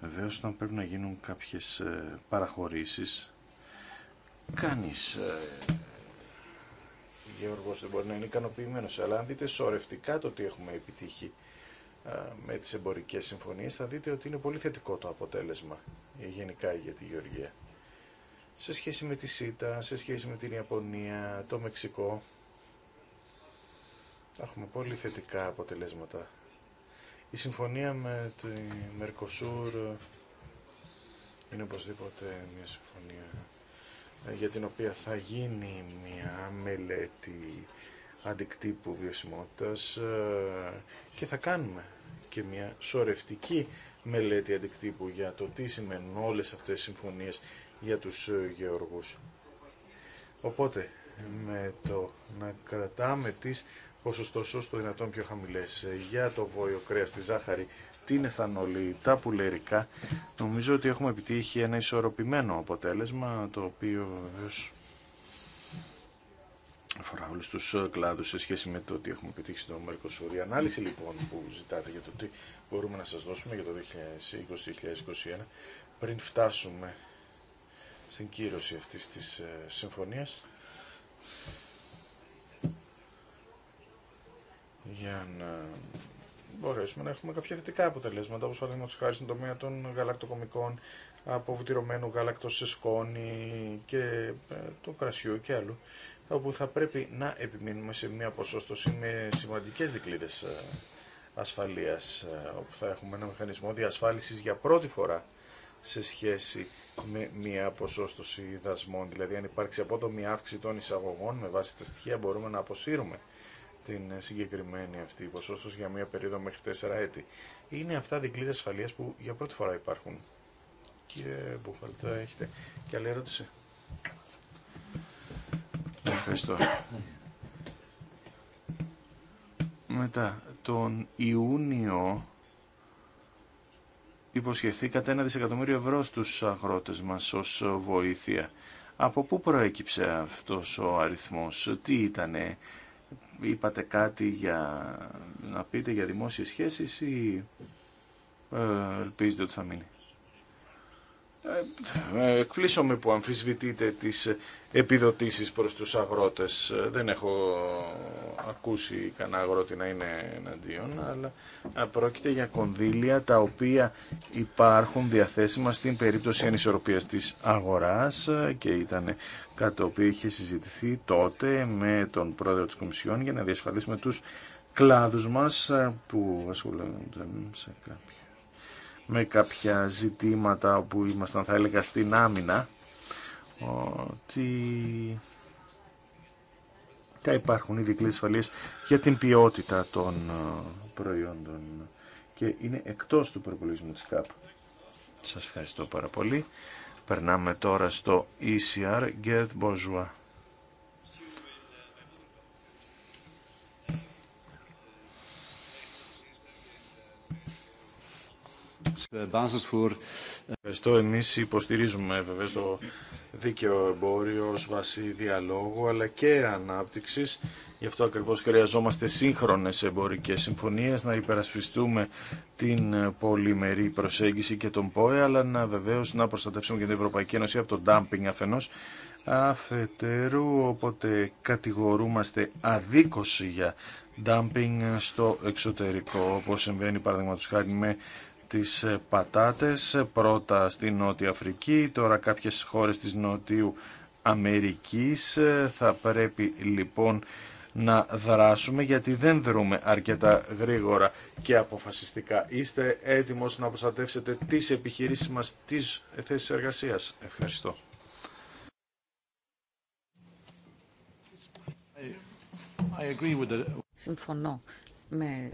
βεβαίως, πρέπει να γίνουν κάποιες ε, παραχωρήσεις Κανείς, ε, γεωργός δεν μπορεί να είναι ικανοποιημένο. Αλλά αν δείτε σωρευτικά το τι έχουμε επιτύχει ε, με τις εμπορικές συμφωνίες, θα δείτε ότι είναι πολύ θετικό το αποτέλεσμα ε, γενικά για τη Γεωργία. Σε σχέση με τη ΣΥΤΑ, σε σχέση με την Ιαπωνία, το Μεξικό, έχουμε πολύ θετικά αποτελέσματα. Η συμφωνία με τη Μερκοσούρ είναι οπωσδήποτε μια συμφωνία για την οποία θα γίνει μια μελέτη αντικτύπου βιωσιμότητας ε, και θα κάνουμε και μια σορευτική μελέτη αντικτύπου για το τι σημαίνουν όλες αυτές οι συμφωνίες για τους ε, γεωργούς. Οπότε, με το να κρατάμε τις ποσοστό στο δυνατόν πιο χαμηλές ε, για το βόλιο κρέας, τη ζάχαρη, την εθανολή, τα πουλερικά, νομίζω ότι έχουμε επιτύχει ένα ισορροπημένο αποτέλεσμα, το οποίο βεβαίως αφορά όλους τους ε, κλάδους σε σχέση με το ότι έχουμε επιτύχει στο Mercosur. Η ανάλυση λοιπόν που ζητάτε για το τι μπορούμε να σας δώσουμε για το 2020-2021 πριν φτάσουμε στην κύρωση αυτής της ε, συμφωνίας για να μπορέσουμε να έχουμε κάποια θετικά αποτελέσματα, όπως παραδείγματο χάρη στην τομέα των γαλακτοκομικών από βουτυρωμένο γάλακτο σε σκόνη και ε, το κρασίου και άλλο, όπου θα πρέπει να επιμείνουμε σε μια ποσόστοση με σημαντικές δικλίδες ε, ασφαλείας, ε, όπου θα έχουμε ένα μηχανισμό διασφάλισης για πρώτη φορά σε σχέση με μια ποσόστοση δασμών. Δηλαδή, αν υπάρξει απότομη αύξηση των εισαγωγών με βάση τα στοιχεία, μπορούμε να αποσύρουμε την ε, συγκεκριμένη αυτή ποσόστο για μια περίοδο μέχρι 4 έτη. Είναι αυτά δικλείδε ασφαλεία που για πρώτη φορά υπάρχουν. Κύριε Μπουφαλτά, ναι. έχετε και άλλη ερώτηση. Ευχαριστώ. Μετά, τον Ιούνιο υποσχεθήκατε ένα δισεκατομμύριο ευρώ στους αγρότες μας ως βοήθεια. Από πού προέκυψε αυτός ο αριθμός, τι ήτανε, είπατε κάτι για, να πείτε για δημόσιες σχέσεις ή ε, ελπίζετε ότι θα μείνει. Ε, ε, Εκπλήσω με που αμφισβητείτε τις επιδοτήσεις προς τους αγρότες. Ε, δεν έχω ακούσει κανένα αγρότη να είναι εναντίον, αλλά πρόκειται για κονδύλια τα οποία υπάρχουν διαθέσιμα στην περίπτωση ανισορροπίας της αγοράς και ήταν κάτι το οποίο είχε συζητηθεί τότε με τον πρόεδρο της Κομισιόν για να διασφαλίσουμε τους κλάδους μας που ασχολούνται σε κάποιο με κάποια ζητήματα όπου ήμασταν θα έλεγα στην άμυνα ότι θα υπάρχουν ήδη κλείς για την ποιότητα των ε, προϊόντων και είναι εκτός του προπολογισμού της ΚΑΠ. Σας ευχαριστώ πάρα πολύ. Περνάμε τώρα στο ECR Get Bourgeois. Ευχαριστώ. εμεί υποστηρίζουμε βέβαια το δίκαιο εμπόριο ως βασί διαλόγου αλλά και ανάπτυξης. Γι' αυτό ακριβώς χρειαζόμαστε σύγχρονες εμπορικές συμφωνίες, να υπερασπιστούμε την πολυμερή προσέγγιση και τον ΠΟΕ, αλλά να βεβαίως να προστατεύσουμε και την Ευρωπαϊκή Ένωση από τον ντάμπινγκ αφενός αφετέρου, όποτε κατηγορούμαστε αδίκωση για dumping στο εξωτερικό, όπως συμβαίνει παραδείγματος χάρη με τις ε, πατάτες, ε, πρώτα στη Νότια Αφρική, τώρα κάποιες χώρες της Νότιου Αμερικής. Ε, θα πρέπει λοιπόν να δράσουμε γιατί δεν δρούμε αρκετά γρήγορα και αποφασιστικά. Είστε έτοιμος να προστατεύσετε τις επιχειρήσεις μας, τις θέσεις εργασίας. Ευχαριστώ. Συμφωνώ με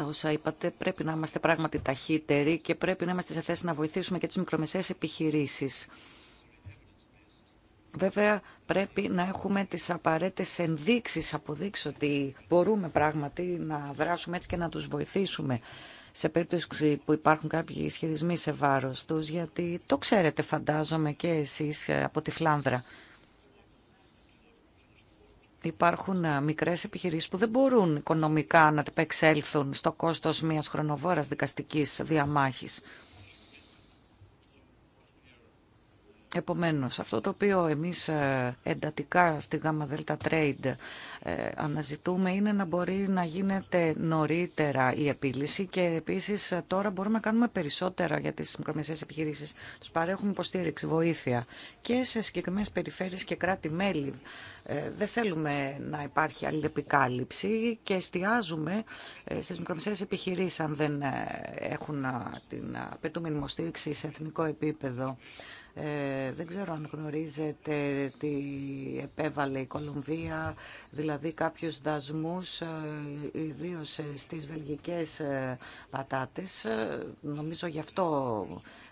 τα όσα είπατε. Πρέπει να είμαστε πράγματι ταχύτεροι και πρέπει να είμαστε σε θέση να βοηθήσουμε και τις μικρομεσαίες επιχειρήσεις. Βέβαια, πρέπει να έχουμε τις απαραίτητες ενδείξεις, αποδείξει ότι μπορούμε πράγματι να δράσουμε έτσι και να τους βοηθήσουμε σε περίπτωση που υπάρχουν κάποιοι ισχυρισμοί σε βάρος τους, γιατί το ξέρετε φαντάζομαι και εσείς ε, από τη Φλάνδρα Υπάρχουν ε, μικρές επιχειρήσεις που δεν μπορούν οικονομικά να επεξέλθουν στο κόστος μιας χρονοβόρας δικαστικής διαμάχης. Επομένως, αυτό το οποίο εμείς ε, εντατικά στη ΓΑΜΑ ΔΕΛΤΑ Trade ε, αναζητούμε είναι να μπορεί να γίνεται νωρίτερα η επίλυση και επίσης ε, τώρα μπορούμε να κάνουμε περισσότερα για τις μικρομεσαίες επιχειρήσεις. Τους παρέχουμε υποστήριξη, βοήθεια και σε συγκεκριμένε περιφέρειες και κράτη-μέλη. Δεν θέλουμε να υπάρχει αλληλεπικάλυψη και εστιάζουμε στις μικρομεσαίες επιχειρήσεις αν δεν έχουν την απαιτούμενη υποστήριξη σε εθνικό επίπεδο. Ε, δεν ξέρω αν γνωρίζετε τι επέβαλε η Κολομβία, δηλαδή κάποιους δασμούς, ε, ιδίως ε, στις βελγικές πατάτες. Νομίζω γι' αυτό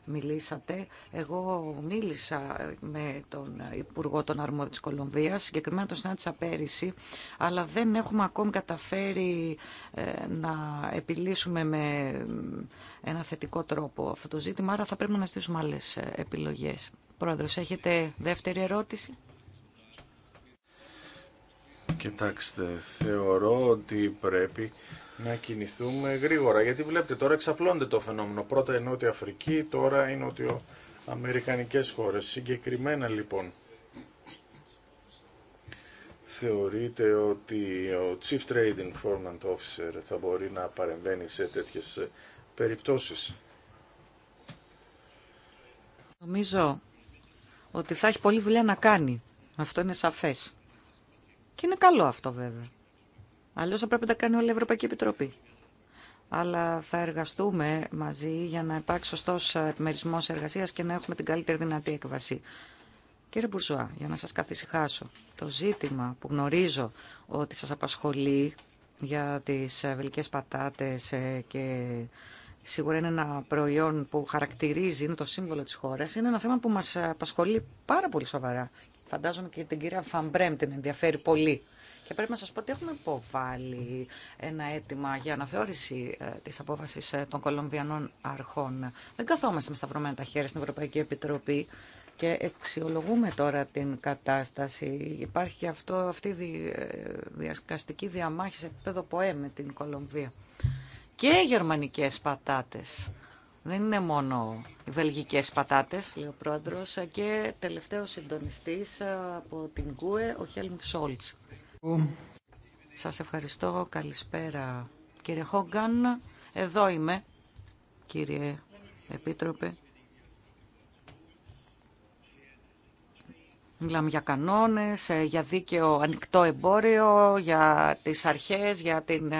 μιλήσατε. Εγώ μίλησα με τον Υπουργό των Αρμόδιων της Κολομβίας, συγκεκριμένα τον συνάντησα πέρυσι, αλλά δεν έχουμε ακόμη καταφέρει ε, να επιλύσουμε με ένα θετικό τρόπο αυτό το ζήτημα, άρα θα πρέπει να στήσουμε άλλες επιλογές. Πρόεδρος, έχετε δεύτερη ερώτηση. Κοιτάξτε, θεωρώ ότι πρέπει να κινηθούμε γρήγορα. Γιατί βλέπετε τώρα εξαπλώνεται το φαινόμενο. Πρώτα η ότι Αφρική, τώρα είναι οι Αμερικανικές χώρες. Συγκεκριμένα λοιπόν θεωρείτε ότι ο Chief Trading Informant Officer θα μπορεί να παρεμβαίνει σε τέτοιες περιπτώσεις. Νομίζω ότι θα έχει πολλή δουλειά να κάνει. Αυτό είναι σαφές. Και είναι καλό αυτό βέβαια. Αλλιώ θα πρέπει να τα κάνει όλη η Ευρωπαϊκή Επιτροπή. Αλλά θα εργαστούμε μαζί για να υπάρξει σωστό επιμερισμό εργασία και να έχουμε την καλύτερη δυνατή έκβαση. Κύριε Μπουρζουά, για να σα καθησυχάσω, το ζήτημα που γνωρίζω ότι σα απασχολεί για τι βελικέ πατάτε ε, και σίγουρα είναι ένα προϊόν που χαρακτηρίζει, είναι το σύμβολο τη χώρα, είναι ένα θέμα που μα απασχολεί πάρα πολύ σοβαρά. Φαντάζομαι και την κυρία Φαμπρέμ την ενδιαφέρει πολύ. Και πρέπει να σας πω ότι έχουμε υποβάλει ένα αίτημα για αναθεώρηση ε, της απόφασης ε, των Κολομβιανών αρχών. Δεν καθόμαστε με σταυρωμένα τα χέρια στην Ευρωπαϊκή Επιτροπή και εξιολογούμε τώρα την κατάσταση. Υπάρχει και αυτό, αυτή η ε, διασκαστική διαμάχη σε επίπεδο ΠΟΕ με την Κολομβία. Και οι γερμανικές πατάτες. Δεν είναι μόνο οι βελγικές πατάτες, λέει ο πρόεδρος, και τελευταίος συντονιστής από την ΚΟΕ, ο Χέλμουντ Σόλτς. Σας ευχαριστώ. Καλησπέρα κύριε Χόγκαν. Εδώ είμαι κύριε Επίτροπε. Μιλάμε για κανόνες, για δίκαιο ανοιχτό εμπόριο, για τις αρχές, για την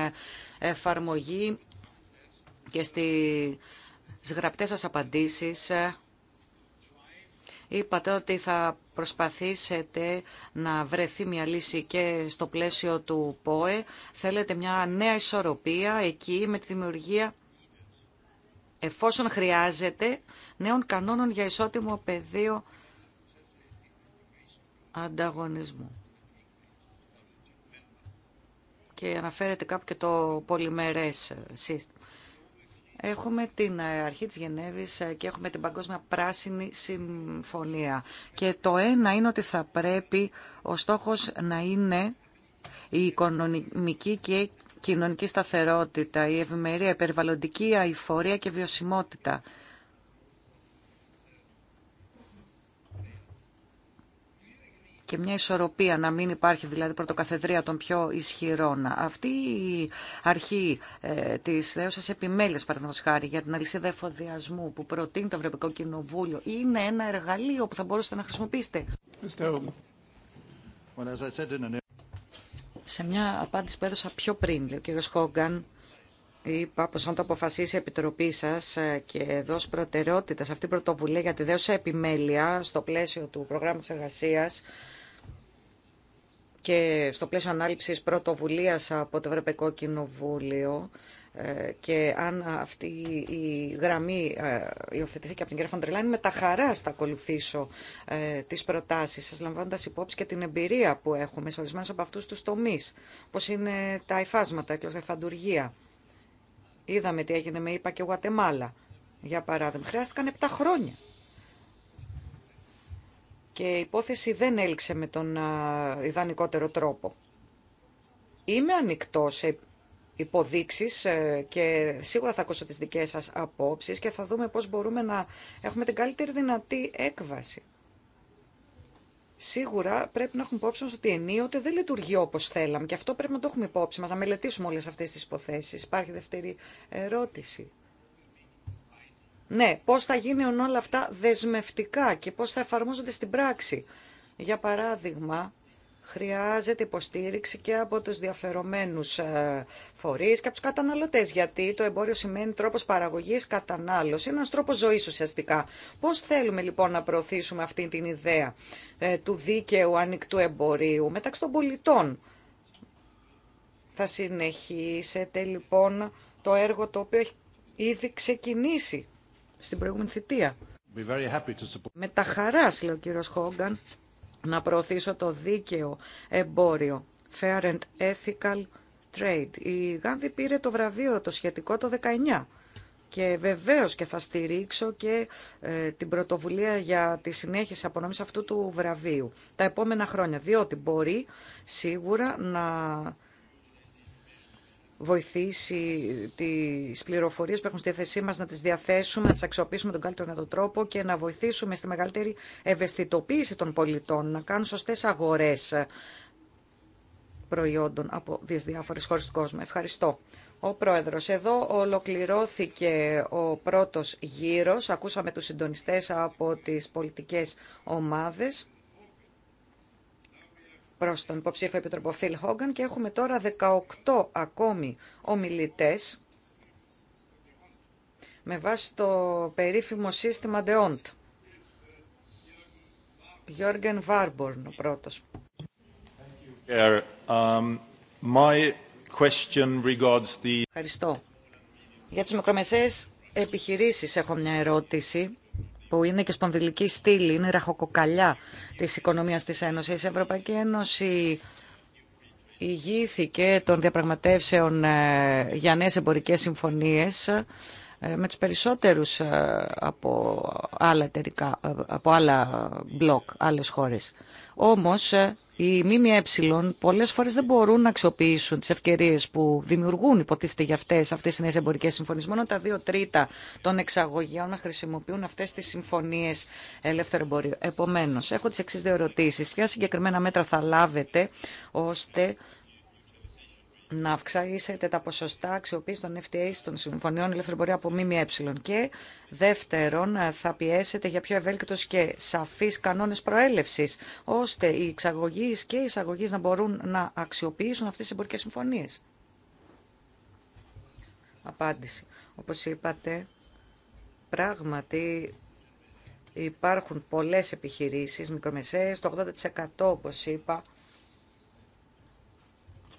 εφαρμογή και στη γραπτές σας απαντήσεις Είπατε ότι θα προσπαθήσετε να βρεθεί μια λύση και στο πλαίσιο του ΠΟΕ. Θέλετε μια νέα ισορροπία εκεί με τη δημιουργία εφόσον χρειάζεται νέων κανόνων για ισότιμο πεδίο ανταγωνισμού. Και αναφέρεται κάπου και το πολυμερές σύστημα. Έχουμε την ε, αρχή της Γενέβης ε, και έχουμε την Παγκόσμια Πράσινη Συμφωνία. Και το ένα είναι ότι θα πρέπει ο στόχος να είναι η οικονομική και κοινωνική σταθερότητα, η ευημερία, η περιβαλλοντική αηφορία και βιωσιμότητα. και μια ισορροπία να μην υπάρχει δηλαδή πρωτοκαθεδρία των πιο ισχυρών. Αυτή η αρχή ε, τη δέουσα επιμέλεια, παραδείγματο χάρη, για την αλυσίδα εφοδιασμού που προτείνει το Ευρωπαϊκό Κοινοβούλιο, είναι ένα εργαλείο που θα μπορούσατε να χρησιμοποιήσετε. Σε μια απάντηση που έδωσα πιο πριν, λέει ο κύριο Χόγκαν, είπα πω αν το αποφασίσει η Επιτροπή σα ε, και δώσει προτεραιότητα σε αυτή την πρωτοβουλία για τη δέωση επιμέλεια στο πλαίσιο του προγράμματο εργασία και στο πλαίσιο ανάληψης πρωτοβουλίας από το Ευρωπαϊκό Κοινοβούλιο ε, και αν αυτή η γραμμή ε, υιοθετηθεί και από την κυρία Φοντρελάν, με τα χαρά θα ακολουθήσω τι ε, τις προτάσεις σας, λαμβάνοντας υπόψη και την εμπειρία που έχουμε σε ορισμένου από αυτού του τομεί. όπω είναι τα υφάσματα και τα Είδαμε τι έγινε με ΙΠΑ και Γουατεμάλα, για παράδειγμα. Χρειάστηκαν 7 χρόνια και η υπόθεση δεν έλξε με τον ιδανικότερο τρόπο. Είμαι ανοιχτό σε υποδείξεις ε, και σίγουρα θα ακούσω τις δικές σας απόψεις και θα δούμε πώς μπορούμε να έχουμε την καλύτερη δυνατή έκβαση. Σίγουρα πρέπει να έχουμε υπόψη μας ότι ενίοτε δεν λειτουργεί όπως θέλαμε και αυτό πρέπει να το έχουμε υπόψη μας, να μελετήσουμε όλες αυτές τις υποθέσεις. Υπάρχει δεύτερη ερώτηση. Ναι, πώς θα γίνουν όλα αυτά δεσμευτικά και πώς θα εφαρμόζονται στην πράξη. Για παράδειγμα, χρειάζεται υποστήριξη και από τους διαφερομένους ε, φορείς και από τους καταναλωτές, γιατί το εμπόριο σημαίνει τρόπος παραγωγής κατανάλωση, ένας τρόπος ζωής ουσιαστικά. Πώς θέλουμε λοιπόν να προωθήσουμε αυτή την ιδέα ε, του δίκαιου ανοιχτού εμπορίου μεταξύ των πολιτών. Θα συνεχίσετε λοιπόν το έργο το οποίο έχει ήδη ξεκινήσει στην προηγούμενη θητεία. Με τα χαρά, λέει ο κύριος Χόγκαν, να προωθήσω το δίκαιο εμπόριο. Fair and ethical trade. Η Γάνδη πήρε το βραβείο το σχετικό το 19 και βεβαίως και θα στηρίξω και ε, την πρωτοβουλία για τη συνέχιση απονομής αυτού του βραβείου τα επόμενα χρόνια, διότι μπορεί σίγουρα να βοηθήσει τις πληροφορίες που έχουν στη θέση μας να τις διαθέσουμε, να τις αξιοποιήσουμε τον καλύτερο δυνατό τρόπο και να βοηθήσουμε στη μεγαλύτερη ευαισθητοποίηση των πολιτών, να κάνουν σωστές αγορές προϊόντων από τις διάφορες χώρες του κόσμου. Ευχαριστώ. Ο Πρόεδρος, εδώ ολοκληρώθηκε ο πρώτος γύρος. Ακούσαμε τους συντονιστές από τις πολιτικές ομάδες. Προ τον υποψήφιο Επιτροπό Φιλ Χόγκαν και έχουμε τώρα 18 ακόμη ομιλητές με βάση το περίφημο σύστημα DEONT. Γιώργεν Βάρμπορν ο πρώτος. Um, Ευχαριστώ. Για τις μικρομεσαίες επιχειρήσεις έχω μια ερώτηση που είναι και σπονδυλική στήλη, είναι ραχοκοκαλιά της οικονομίας της Ένωσης. Η Ευρωπαϊκή Ένωση ηγήθηκε των διαπραγματεύσεων ε, για νέες εμπορικές συμφωνίες ε, με τους περισσότερους ε, από άλλα, εταιρικά, ε, από άλλα μπλοκ, άλλες χώρες. Όμως οι ΜΜΕ πολλές φορές δεν μπορούν να αξιοποιήσουν τις ευκαιρίες που δημιουργούν υποτίθεται για αυτές, αυτές τις νέες εμπορικές συμφωνίες. Μόνο τα δύο τρίτα των εξαγωγιών να χρησιμοποιούν αυτές τις συμφωνίες ελεύθερο εμπορίου. Επομένως, έχω τις εξής δύο ερωτήσεις. Ποια συγκεκριμένα μέτρα θα λάβετε ώστε να αυξήσετε τα ποσοστά αξιοποίηση των FTA των Συμφωνιών Ελεύθερη Πορεία από ΜΜΕ. Και δεύτερον, θα πιέσετε για πιο ευέλικτο και σαφεί κανόνε προέλευση, ώστε οι εξαγωγεί και οι εισαγωγεί να μπορούν να αξιοποιήσουν αυτέ τι εμπορικέ συμφωνίε. Απάντηση. Όπω είπατε, πράγματι υπάρχουν πολλές επιχειρήσεις, μικρομεσαίες, το 80% όπως είπα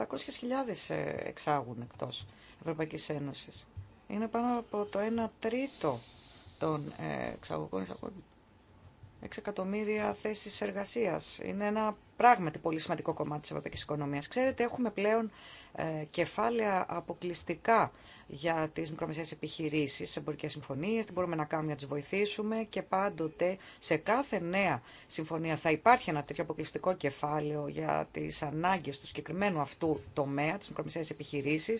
700.000 ε, εξάγουν εκτός Ευρωπαϊκής Ένωσης. Είναι πάνω από το 1 τρίτο των ε, εξαγωγών εισαγωγών 6 εκατομμύρια θέσεις εργασίας. Είναι ένα πράγματι πολύ σημαντικό κομμάτι τη Ευρωπαϊκή οικονομίας. Ξέρετε, έχουμε πλέον ε, κεφάλαια αποκλειστικά για τις μικρομεσαίες επιχειρήσεις, εμπορικέ συμφωνίε. τι μπορούμε να κάνουμε για να τι βοηθήσουμε και πάντοτε σε κάθε νέα συμφωνία θα υπάρχει ένα τέτοιο αποκλειστικό κεφάλαιο για τι ανάγκε του συγκεκριμένου αυτού τομέα, τι μικρομεσαίε επιχειρήσει.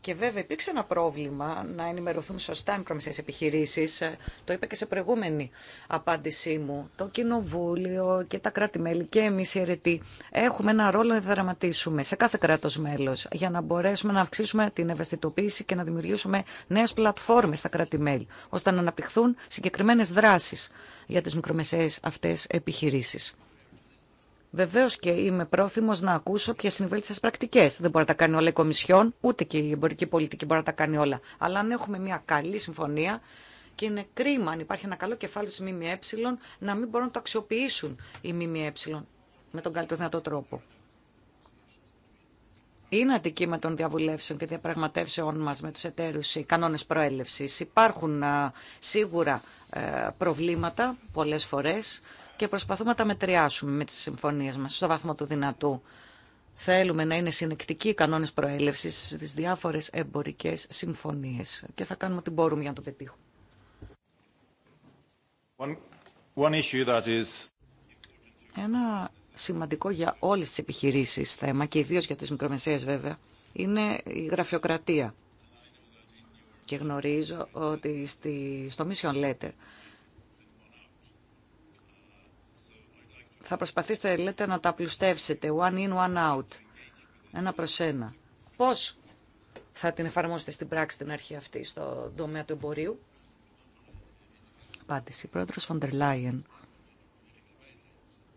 Και βέβαια υπήρξε ένα πρόβλημα να ενημερωθούν σωστά οι μικρομεσαίες επιχειρήσεις. Το είπα και σε προηγούμενη απάντησή μου. Το Κοινοβούλιο και τα κράτη-μέλη και εμεί, οι αιρετοί έχουμε ένα ρόλο να δραματίσουμε σε κάθε κράτο μέλο, για να μπορέσουμε να αυξήσουμε την ευαισθητοποίηση και να δημιουργήσουμε νέε πλατφόρμες στα κράτη-μέλη ώστε να αναπτυχθούν συγκεκριμένε δράσει για τι μικρομεσαίε αυτέ επιχειρήσει. Βεβαίω και είμαι πρόθυμο να ακούσω ποιε είναι οι βέλτιστε πρακτικές. Δεν μπορεί να τα κάνει όλα η Κομισιόν, ούτε και η εμπορική πολιτική μπορεί να τα κάνει όλα. Αλλά αν έχουμε μια καλή συμφωνία και είναι κρίμα αν υπάρχει ένα καλό κεφάλαιο στη ΜΜΕ να μην μπορούν να το αξιοποιήσουν οι ΜΜΕ με τον καλύτερο δυνατό τρόπο. Είναι αντικείμενο των διαβουλεύσεων και διαπραγματεύσεών μα με του εταίρου οι κανόνε προέλευση. Υπάρχουν σίγουρα ε, προβλήματα πολλέ φορέ και προσπαθούμε να τα μετριάσουμε με τις συμφωνίες μας στο βαθμό του δυνατού. Θέλουμε να είναι συνεκτικοί οι κανόνες προέλευσης στις διάφορες εμπορικές συμφωνίες και θα κάνουμε ό,τι μπορούμε για να το πετύχουμε. Ένα σημαντικό για όλες τις επιχειρήσεις θέμα και ιδίως για τις μικρομεσαίες βέβαια είναι η γραφειοκρατία. Και γνωρίζω ότι στη, στο Mission Letter θα προσπαθήσετε λέτε να τα πλουστεύσετε one in, one out, ένα προς ένα. Πώς θα την εφαρμόσετε στην πράξη την αρχή αυτή στο τομέα του εμπορίου. Απάντηση. Πρόεδρος Φοντερ Λάιεν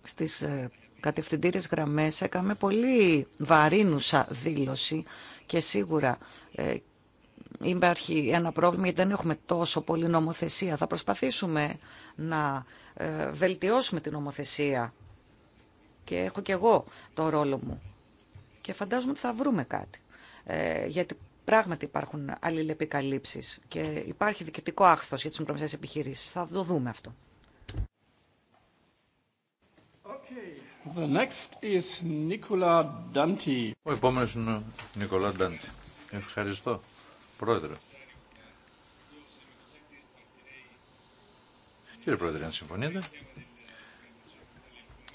στις ε, κατευθυντήριες γραμμές έκαμε πολύ βαρύνουσα δήλωση και σίγουρα ε, υπάρχει ένα πρόβλημα γιατί δεν έχουμε τόσο πολύ νομοθεσία. Θα προσπαθήσουμε να ε, βελτιώσουμε την νομοθεσία και έχω και εγώ το ρόλο μου. Και φαντάζομαι ότι θα βρούμε κάτι. Ε, γιατί πράγματι υπάρχουν αλληλεπικαλύψεις και υπάρχει δικαιωτικό άχθος για τις μικρομεσαίες επιχειρήσεις. Θα το δούμε αυτό. The next is Nicola Ο επόμενος είναι ο Νικολά Ντάντι. Ευχαριστώ. Πρόεδρε. Κύριε Πρόεδρε, αν συμφωνείτε,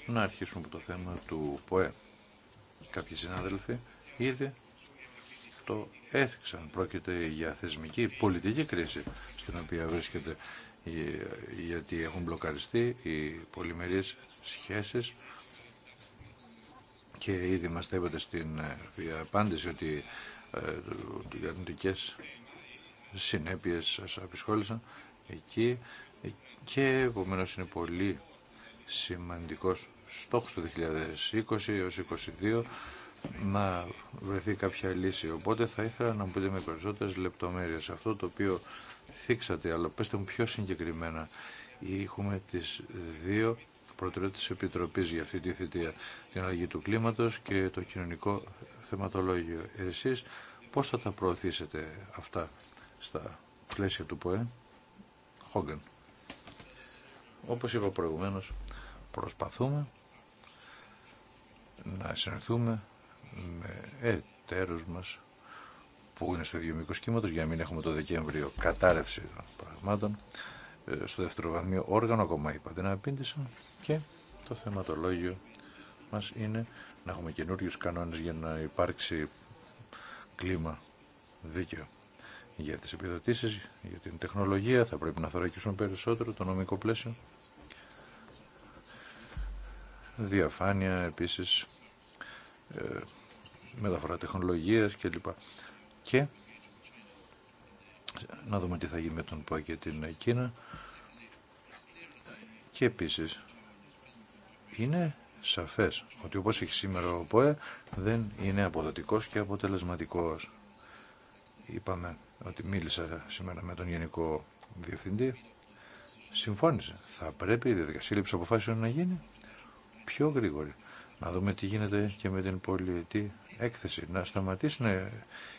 να αρχίσουμε από το θέμα του ΠΟΕ. Κάποιοι συνάδελφοι ήδη το έθιξαν. Πρόκειται για θεσμική πολιτική κρίση στην οποία βρίσκεται γιατί έχουν μπλοκαριστεί οι πολυμερείς σχέσεις και ήδη μας είπατε στην ε, απάντηση ότι ε, οι αρνητικές συνέπειες σας απεισχόλησαν εκεί ε, και επομένω είναι πολύ σημαντικός στόχος του 2020 έω 2022 να βρεθεί κάποια λύση. Οπότε θα ήθελα να μου πείτε με περισσότερες λεπτομέρειες αυτό το οποίο θίξατε, αλλά πέστε μου πιο συγκεκριμένα. Έχουμε τις δύο προτεραιότητα της Επιτροπής για αυτή τη θητεία, την αλλαγή του κλίματος και το κοινωνικό θεματολόγιο. Εσείς πώς θα τα προωθήσετε αυτά στα πλαίσια του ΠΟΕ, Χόγκεν. Όπως είπα προηγουμένως, προσπαθούμε να συνεχθούμε με εταίρους μας που είναι στο ίδιο μήκος κύματος για να μην έχουμε το Δεκέμβριο κατάρρευση των πραγμάτων στο δεύτερο βαθμίο όργανο, ακόμα είπατε να απήντησαν και το θεματολόγιο μας είναι να έχουμε καινούριου κανόνες για να υπάρξει κλίμα δίκαιο για τις επιδοτήσεις, για την τεχνολογία, θα πρέπει να θωρακίσουν περισσότερο το νομικό πλαίσιο. Διαφάνεια επίσης, ε, μεταφορά τεχνολογίας κλπ. Και να δούμε τι θα γίνει με τον ΠΟΕ και την Κίνα. Και επίσης είναι σαφές ότι όπως έχει σήμερα ο ΠΟΕ δεν είναι αποδοτικός και αποτελεσματικός. Είπαμε ότι μίλησα σήμερα με τον Γενικό Διευθυντή. Συμφώνησε. Θα πρέπει η διαδικασία λήψη αποφάσεων να γίνει πιο γρήγορη να δούμε τι γίνεται και με την πολιτική έκθεση. Να σταματήσει να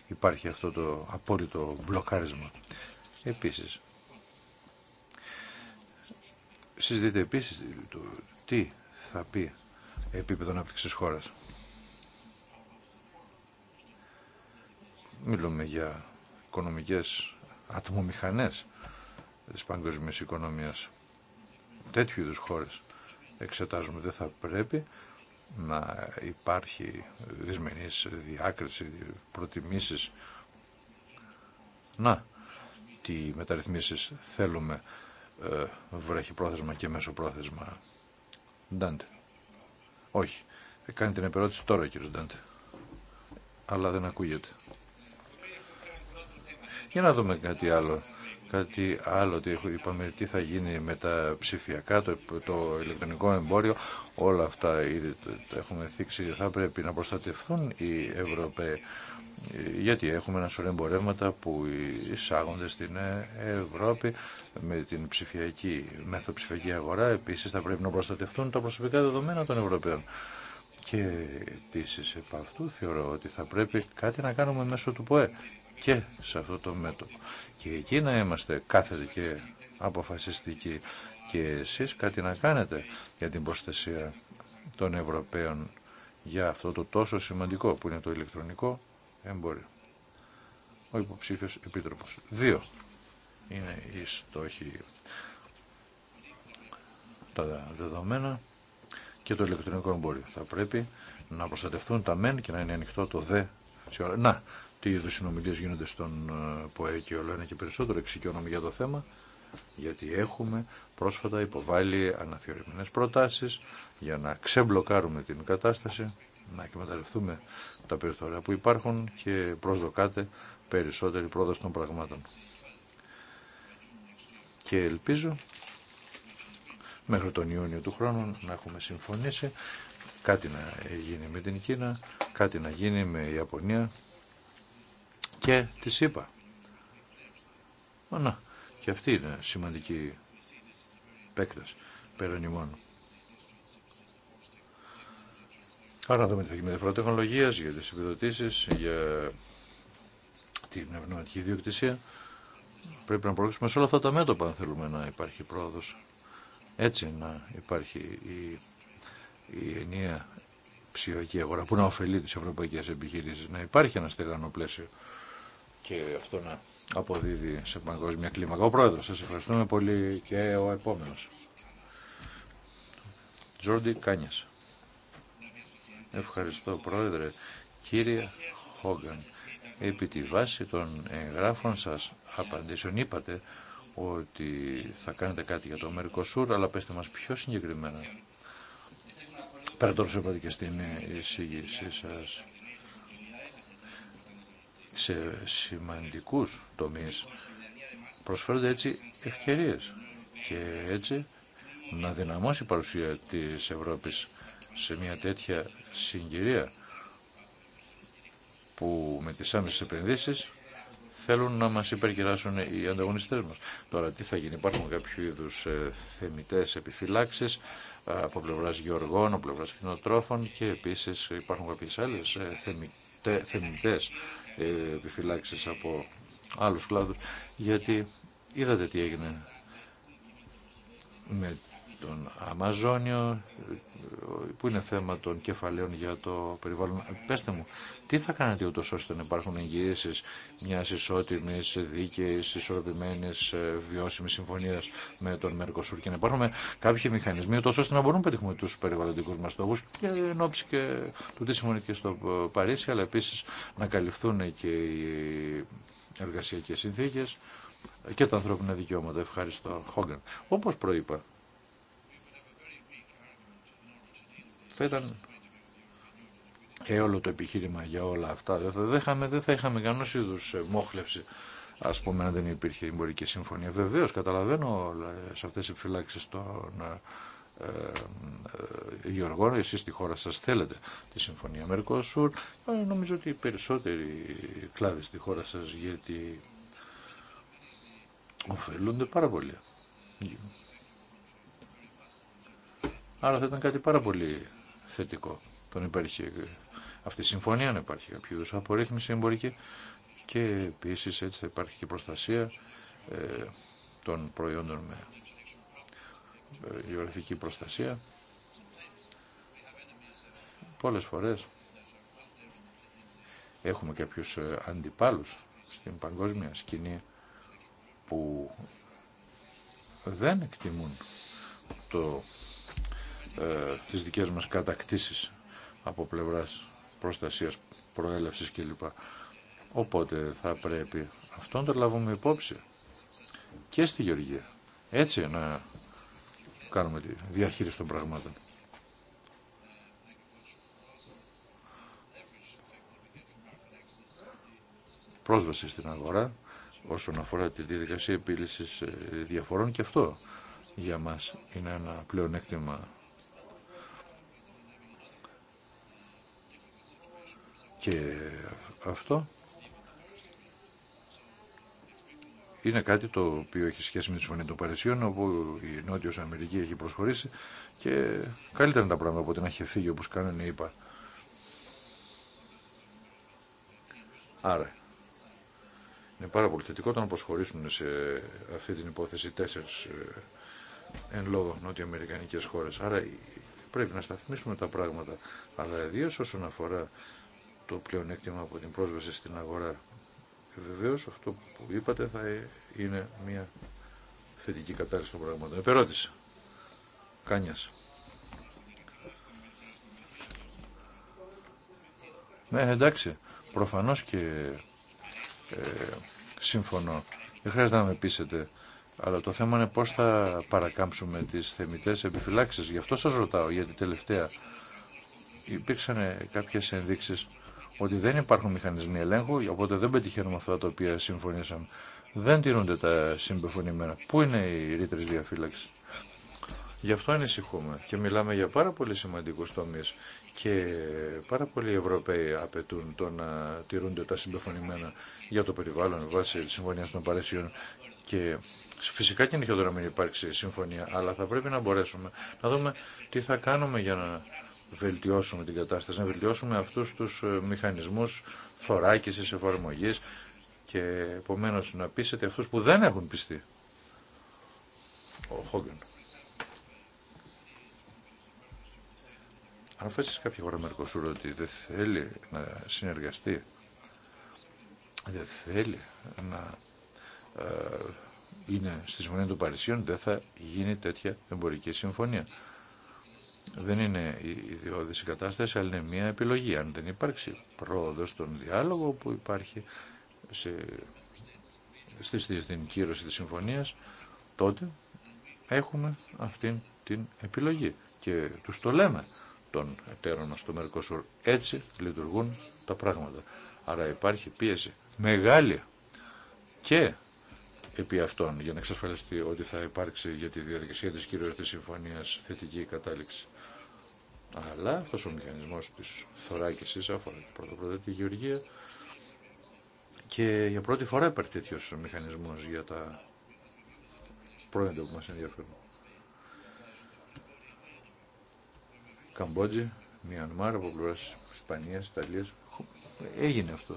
υπάρχει αυτό το απόλυτο μπλοκάρισμα. Επίσης, συζητείτε επίσης το τι θα πει επίπεδο ανάπτυξης χώρας. Μιλούμε για οικονομικές ατμομηχανές της παγκοσμίας οικονομίας. Τέτοιου είδους χώρες εξετάζουμε. Δεν θα πρέπει να υπάρχει δυσμενής διάκριση, προτιμήσεις. Να, τι μεταρρυθμίσεις θέλουμε ε, βραχυπρόθεσμα και μεσοπρόθεσμα. Ντάντε. Όχι. Ε, κάνει την επερώτηση τώρα ο Ντάντε. Αλλά δεν ακούγεται. Για να δούμε κάτι άλλο κάτι άλλο, τι είπαμε, τι θα γίνει με τα ψηφιακά, το, το ηλεκτρονικό εμπόριο, όλα αυτά ήδη τα έχουμε θίξει, θα πρέπει να προστατευθούν οι Ευρωπαίοι. Γιατί έχουμε ένα σωρό εμπορεύματα που εισάγονται στην Ευρώπη με την ψηφιακή, μεθοψηφιακή αγορά. Επίσης θα πρέπει να προστατευτούν τα προσωπικά δεδομένα των Ευρωπαίων. Και επίση επ' αυτού θεωρώ ότι θα πρέπει κάτι να κάνουμε μέσω του ΠΟΕ και σε αυτό το μέτωπο. Και εκεί να είμαστε κάθετοι και αποφασιστικοί και εσείς κάτι να κάνετε για την προστασία των Ευρωπαίων για αυτό το τόσο σημαντικό που είναι το ηλεκτρονικό εμπόριο. Ο υποψήφιος επίτροπος. Δύο είναι οι στόχοι τα δεδομένα και το ηλεκτρονικό εμπόριο. Θα πρέπει να προστατευτούν τα μεν και να είναι ανοιχτό το δε. Να, τι είδου συνομιλίε γίνονται στον ε, ΠΟΕ και όλο ένα και περισσότερο εξοικειώνομαι για το θέμα, γιατί έχουμε πρόσφατα υποβάλει αναθεωρημένες προτάσεις για να ξεμπλοκάρουμε την κατάσταση, να εκμεταλλευτούμε τα περιθώρια που υπάρχουν και προσδοκάτε περισσότερη πρόοδος των πραγμάτων. Και ελπίζω μέχρι τον Ιούνιο του χρόνου να έχουμε συμφωνήσει κάτι να γίνει με την Κίνα, κάτι να γίνει με η Ιαπωνία και τη ΣΥΠΑ. Να, και αυτή είναι σημαντική παίκτας πέραν ημών. Άρα να δούμε τι θα γίνει με τη τεχνολογία, για τις επιδοτήσεις, για την πνευματική ιδιοκτησία. Πρέπει να προχωρήσουμε σε όλα αυτά τα μέτωπα αν θέλουμε να υπάρχει πρόοδος. Έτσι να υπάρχει η, η ενιαία ψηφιακή αγορά που να ωφελεί τις ευρωπαϊκές επιχειρήσεις. Να υπάρχει ένα στεγανό πλαίσιο και αυτό να αποδίδει σε παγκόσμια κλίμακα. Ο πρόεδρος, σας ευχαριστούμε πολύ και ο επόμενος. Τζόρντι Κάνιας. Ευχαριστώ πρόεδρε. Κύριε Χόγκαν, επί τη βάση των εγγράφων σας απαντήσεων είπατε ότι θα κάνετε κάτι για το Μερικοσούρ, αλλά πέστε μας πιο συγκεκριμένα. Πέρα τώρα είπατε και στην εισήγησή σας σε σημαντικούς τομείς. Προσφέρονται έτσι ευκαιρίες και έτσι να δυναμώσει η παρουσία της Ευρώπης σε μια τέτοια συγκυρία που με τις άμεσες επενδύσεις θέλουν να μας υπερκυράσουν οι ανταγωνιστές μας. Τώρα τι θα γίνει, υπάρχουν κάποιου είδου ε, θεμητές επιφυλάξεις ε, από πλευρά γεωργών, από πλευρά κοινοτρόφων και επίσης υπάρχουν κάποιες άλλες ε, θεμητές επιφυλάξεις από άλλους κλάδους, γιατί είδατε τι έγινε με τον Αμαζόνιο, που είναι θέμα των κεφαλαίων για το περιβάλλον. Πέστε μου, τι θα κάνετε ούτω ώστε να υπάρχουν εγγυήσει μια ισότιμη, δίκαιη, ισορροπημένη, ε, βιώσιμη συμφωνία με τον Μερκοσούρ και να υπάρχουν κάποιοι μηχανισμοί ούτω ώστε να μπορούμε να πετύχουμε του περιβαλλοντικού μα στόχου και εν και του τι συμφωνήθηκε στο Παρίσι, αλλά επίση να καλυφθούν και οι εργασιακέ συνθήκε και τα ανθρώπινα δικαιώματα. Ευχαριστώ, Χόγκαν. Όπω προείπα, θα ήταν ε, όλο το επιχείρημα για όλα αυτά. Δεν θα, είχαμε, δεν θα είχαμε κανένα είδου ε, μόχλευση, α πούμε, αν δεν υπήρχε η εμπορική συμφωνία. Βεβαίω, καταλαβαίνω σε αυτέ τι επιφυλάξει των ε, ε, ε Γεωργών, εσεί στη χώρα σα θέλετε τη συμφωνία Μερκοσούρ. Νομίζω ότι οι περισσότεροι κλάδοι στη χώρα σα γιατί ωφελούνται πάρα πολύ. Άρα θα ήταν κάτι πάρα πολύ θετικό. Τον υπάρχει ε, αυτή η συμφωνία, να υπάρχει κάποιο είδου απορρίθμιση εμπορική και επίση έτσι θα υπάρχει και προστασία ε, των προϊόντων με ε, γεωγραφική προστασία. Πολλές φορές έχουμε κάποιους αντιπάλους στην παγκόσμια σκηνή που δεν εκτιμούν το ε, τις δικές μας κατακτήσεις από πλευράς προστασίας, προέλευσης κλπ. Οπότε θα πρέπει να το λάβουμε υπόψη και στη Γεωργία. Έτσι να κάνουμε τη διαχείριση των πραγμάτων. Πρόσβαση στην αγορά όσον αφορά τη διαδικασία επίλυσης ε, διαφορών και αυτό για μας είναι ένα πλεονέκτημα Και αυτό είναι κάτι το οποίο έχει σχέση με τη Συμφωνία των Παρισιών, όπου η Νότιος Αμερική έχει προσχωρήσει και καλύτερα είναι τα πράγματα από ότι να έχει φύγει όπως κάνουν οι Άρα, είναι πάρα πολύ θετικό να προσχωρήσουν σε αυτή την υπόθεση τέσσερις ε, εν λόγω νότιοαμερικανικές χώρες. Άρα πρέπει να σταθμίσουμε τα πράγματα. Αλλά ιδίω όσον αφορά το πλεονέκτημα από την πρόσβαση στην αγορά. Και αυτό που είπατε θα είναι μια θετική κατάρρευση των πραγμάτων. Επερώτηση. Κάνιας. Ναι, εντάξει. Προφανώς και ε, συμφωνώ. Δεν χρειάζεται να με πείσετε. Αλλά το θέμα είναι πώς θα παρακάμψουμε τις θεμητές επιφυλάξεις. Γι' αυτό σας ρωτάω, γιατί τελευταία υπήρξαν κάποιες ενδείξεις ότι δεν υπάρχουν μηχανισμοί ελέγχου, οπότε δεν πετυχαίνουμε αυτά τα οποία συμφωνήσαμε. Δεν τηρούνται τα συμπεφωνημένα. Πού είναι οι ρήτρε διαφύλαξη. Γι' αυτό ανησυχούμε και μιλάμε για πάρα πολύ σημαντικού τομεί και πάρα πολλοί Ευρωπαίοι απαιτούν το να τηρούνται τα συμπεφωνημένα για το περιβάλλον βάσει τη Συμφωνία των Παρασίων και φυσικά και είναι να μην υπάρξει συμφωνία, αλλά θα πρέπει να μπορέσουμε να δούμε τι θα κάνουμε για να βελτιώσουμε την κατάσταση, να βελτιώσουμε αυτούς τους ε, μηχανισμούς θωράκισης, εφαρμογής και επομένως να πείσετε αυτούς που δεν έχουν πιστεί. Ο Χόγκεν. Αν φέσεις κάποια χώρα Μερκοσούρ ότι δεν θέλει να συνεργαστεί, δεν θέλει να ε, είναι στη Συμφωνία του Παρισίων, δεν θα γίνει τέτοια εμπορική συμφωνία. Δεν είναι ιδιώδης η κατάσταση, αλλά είναι μια επιλογή. Αν δεν υπάρξει πρόοδο στον διάλογο που υπάρχει σε, στη, στην κύρωση της συμφωνίας, τότε έχουμε αυτήν την επιλογή. Και τους το λέμε των εταίρων μας στο Μερκοσούρ. Έτσι λειτουργούν τα πράγματα. Άρα υπάρχει πίεση μεγάλη και επί αυτών για να εξασφαλιστεί ότι θα υπάρξει για τη διαδικασία της κυρίως της συμφωνίας θετική κατάληξη. Αλλά αυτός ο μηχανισμός της θωράκισης αφορά πρώτα πρώτα γεωργία και για πρώτη φορά υπάρχει τέτοιος μηχανισμός για τα πρόεδρα που μας ενδιαφέρουν. Καμπότζη, Μιανμάρ, από πλευρά Ισπανία, Ιταλία. Έγινε αυτό.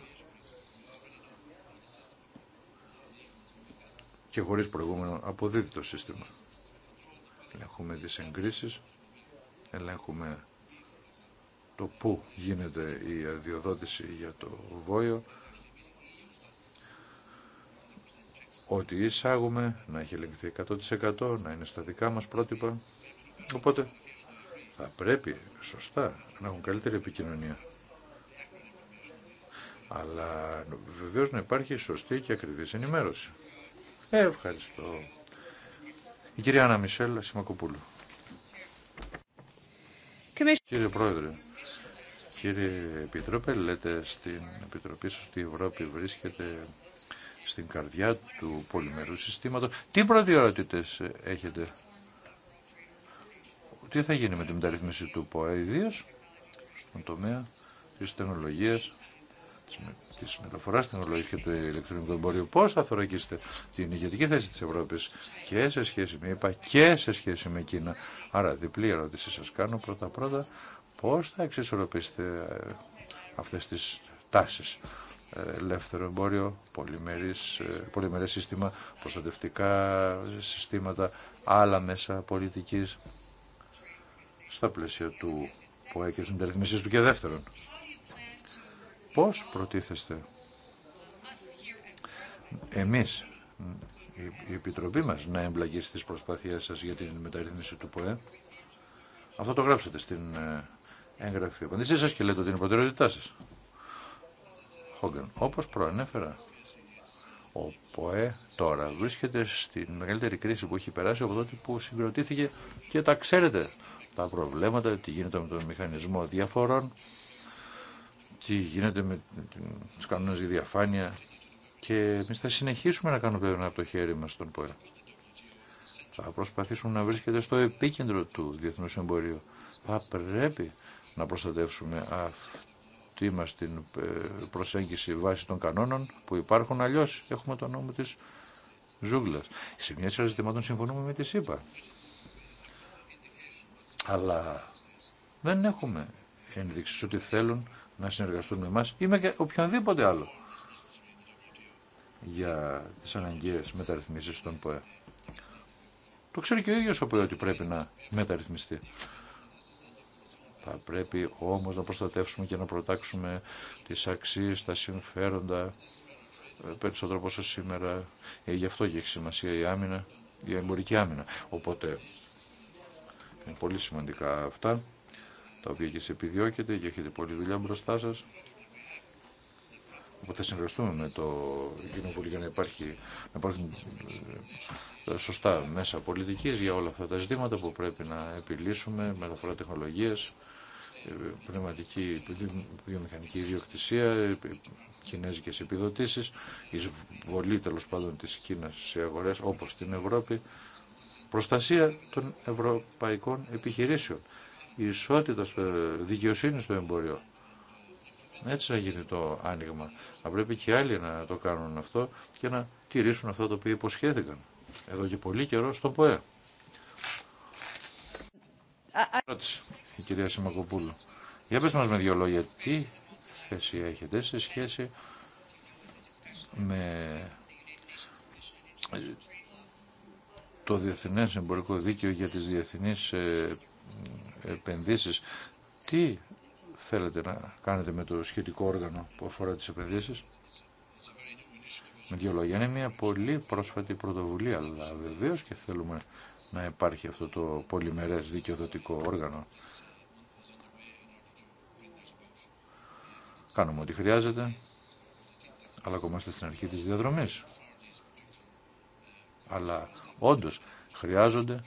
Και χωρίς προηγούμενο αποδίδει το σύστημα. Έχουμε τις εγκρίσεις ελέγχουμε το πού γίνεται η αδειοδότηση για το βόλιο, ότι εισάγουμε, να έχει ελεγχθεί 100%, να είναι στα δικά μας πρότυπα. Οπότε θα πρέπει σωστά να έχουν καλύτερη επικοινωνία. Αλλά βεβαίως να υπάρχει σωστή και ακριβή ενημέρωση. Ε, ευχαριστώ. Η κυρία Άννα Μισέλ Σιμακοπούλου. Κύριε Πρόεδρε, κύριε Επιτρόπε, λέτε στην Επιτροπή σας ότι η Ευρώπη βρίσκεται στην καρδιά του πολυμερού συστήματος. Τι προτεραιότητες έχετε, τι θα γίνει με τη μεταρρύθμιση του ΠΟΕΙΔΙΟΣ στον τομέα της τεχνολογίας τη μεταφορά τεχνολογία και του ηλεκτρονικού εμπορίου, πώ θα θωρακίσετε την ηγετική θέση τη Ευρώπη και σε σχέση με ΕΠΑ και σε σχέση με Κίνα. Άρα, διπλή ερώτηση σα κάνω πρώτα-πρώτα, πώ θα εξισορροπήσετε ε, αυτέ τι τάσει ε, ελεύθερο εμπόριο, ε, πολυμερέ σύστημα, προστατευτικά συστήματα, άλλα μέσα πολιτική στα πλαίσια του που έχει τα του και δεύτερον. Πώς προτίθεστε εμείς, η Επιτροπή μας, να εμπλαγεί στις προσπάθειές σας για την μεταρρύθμιση του ΠΟΕ. Αυτό το γράψετε στην ε, έγγραφη απαντήσή σας και λέτε ότι είναι προτεραιότητά σας. Χόγκεν, όπως προανέφερα, ο ΠΟΕ τώρα βρίσκεται στη μεγαλύτερη κρίση που έχει περάσει από τότε που συγκροτήθηκε και τα ξέρετε τα προβλήματα, τι γίνεται με τον μηχανισμό διαφορών, τι γίνεται με τους κανόνες για διαφάνεια και εμεί θα συνεχίσουμε να κάνουμε πέρα από το χέρι μας τον ΠΟΕ. Θα προσπαθήσουμε να βρίσκεται στο επίκεντρο του διεθνούς εμπορίου. Θα πρέπει να προστατεύσουμε αυτή μας την ε, προσέγγιση βάσει των κανόνων που υπάρχουν. Αλλιώς έχουμε τον νόμο της ζούγκλας. Σε μια σειρά ζητημάτων συμφωνούμε με τη ΣΥΠΑ. Αλλά δεν έχουμε ενδείξεις ότι θέλουν να συνεργαστούν με εμά ή με οποιονδήποτε άλλο για τι αναγκαίε μεταρρυθμίσει στον ΠΟΕ. Το ξέρει και ο ίδιο ο ΠΟΕ ότι πρέπει να μεταρρυθμιστεί. Θα πρέπει όμως να προστατεύσουμε και να προτάξουμε τις αξίες, τα συμφέροντα, ε, περισσότερο από όσο σήμερα. Ε, γι' αυτό και έχει σημασία η άμυνα, η εμπορική άμυνα. Οπότε είναι πολύ σημαντικά αυτά τα οποία και σε επιδιώκετε και έχετε πολλή δουλειά μπροστά σας. Οπότε συνεργαστούμε με το Κοινοβούλιο για να, υπάρχει, να υπάρχουν ε, σωστά μέσα πολιτικής για όλα αυτά τα ζητήματα που πρέπει να επιλύσουμε με αφορά τεχνολογίες, ε, πνευματική βιομηχανική ιδιοκτησία, κινέζικες επιδοτήσεις, εισβολή τέλο πάντων της Κίνας σε αγορές όπως στην Ευρώπη, προστασία των ευρωπαϊκών επιχειρήσεων ισότητα, στο δικαιοσύνη στο εμπόριο. Έτσι να γίνει το άνοιγμα. Θα πρέπει και άλλοι να το κάνουν αυτό και να τηρήσουν αυτό το οποίο υποσχέθηκαν. Εδώ και πολύ καιρό στον ΠΟΕ. Ρώτησε η κυρία Σιμακοπούλου. Για πες μας με δύο λόγια, τι θέση έχετε σε σχέση με το διεθνές εμπορικό δίκαιο για τις διεθνείς ε, επενδύσεις. Τι θέλετε να κάνετε με το σχετικό όργανο που αφορά τις επενδύσεις. Με δύο λόγια, είναι μια πολύ πρόσφατη πρωτοβουλία, αλλά βεβαίω και θέλουμε να υπάρχει αυτό το πολυμερές δικαιοδοτικό όργανο. Κάνουμε ό,τι χρειάζεται, αλλά ακόμα είμαστε στην αρχή της διαδρομής. Αλλά όντως χρειάζονται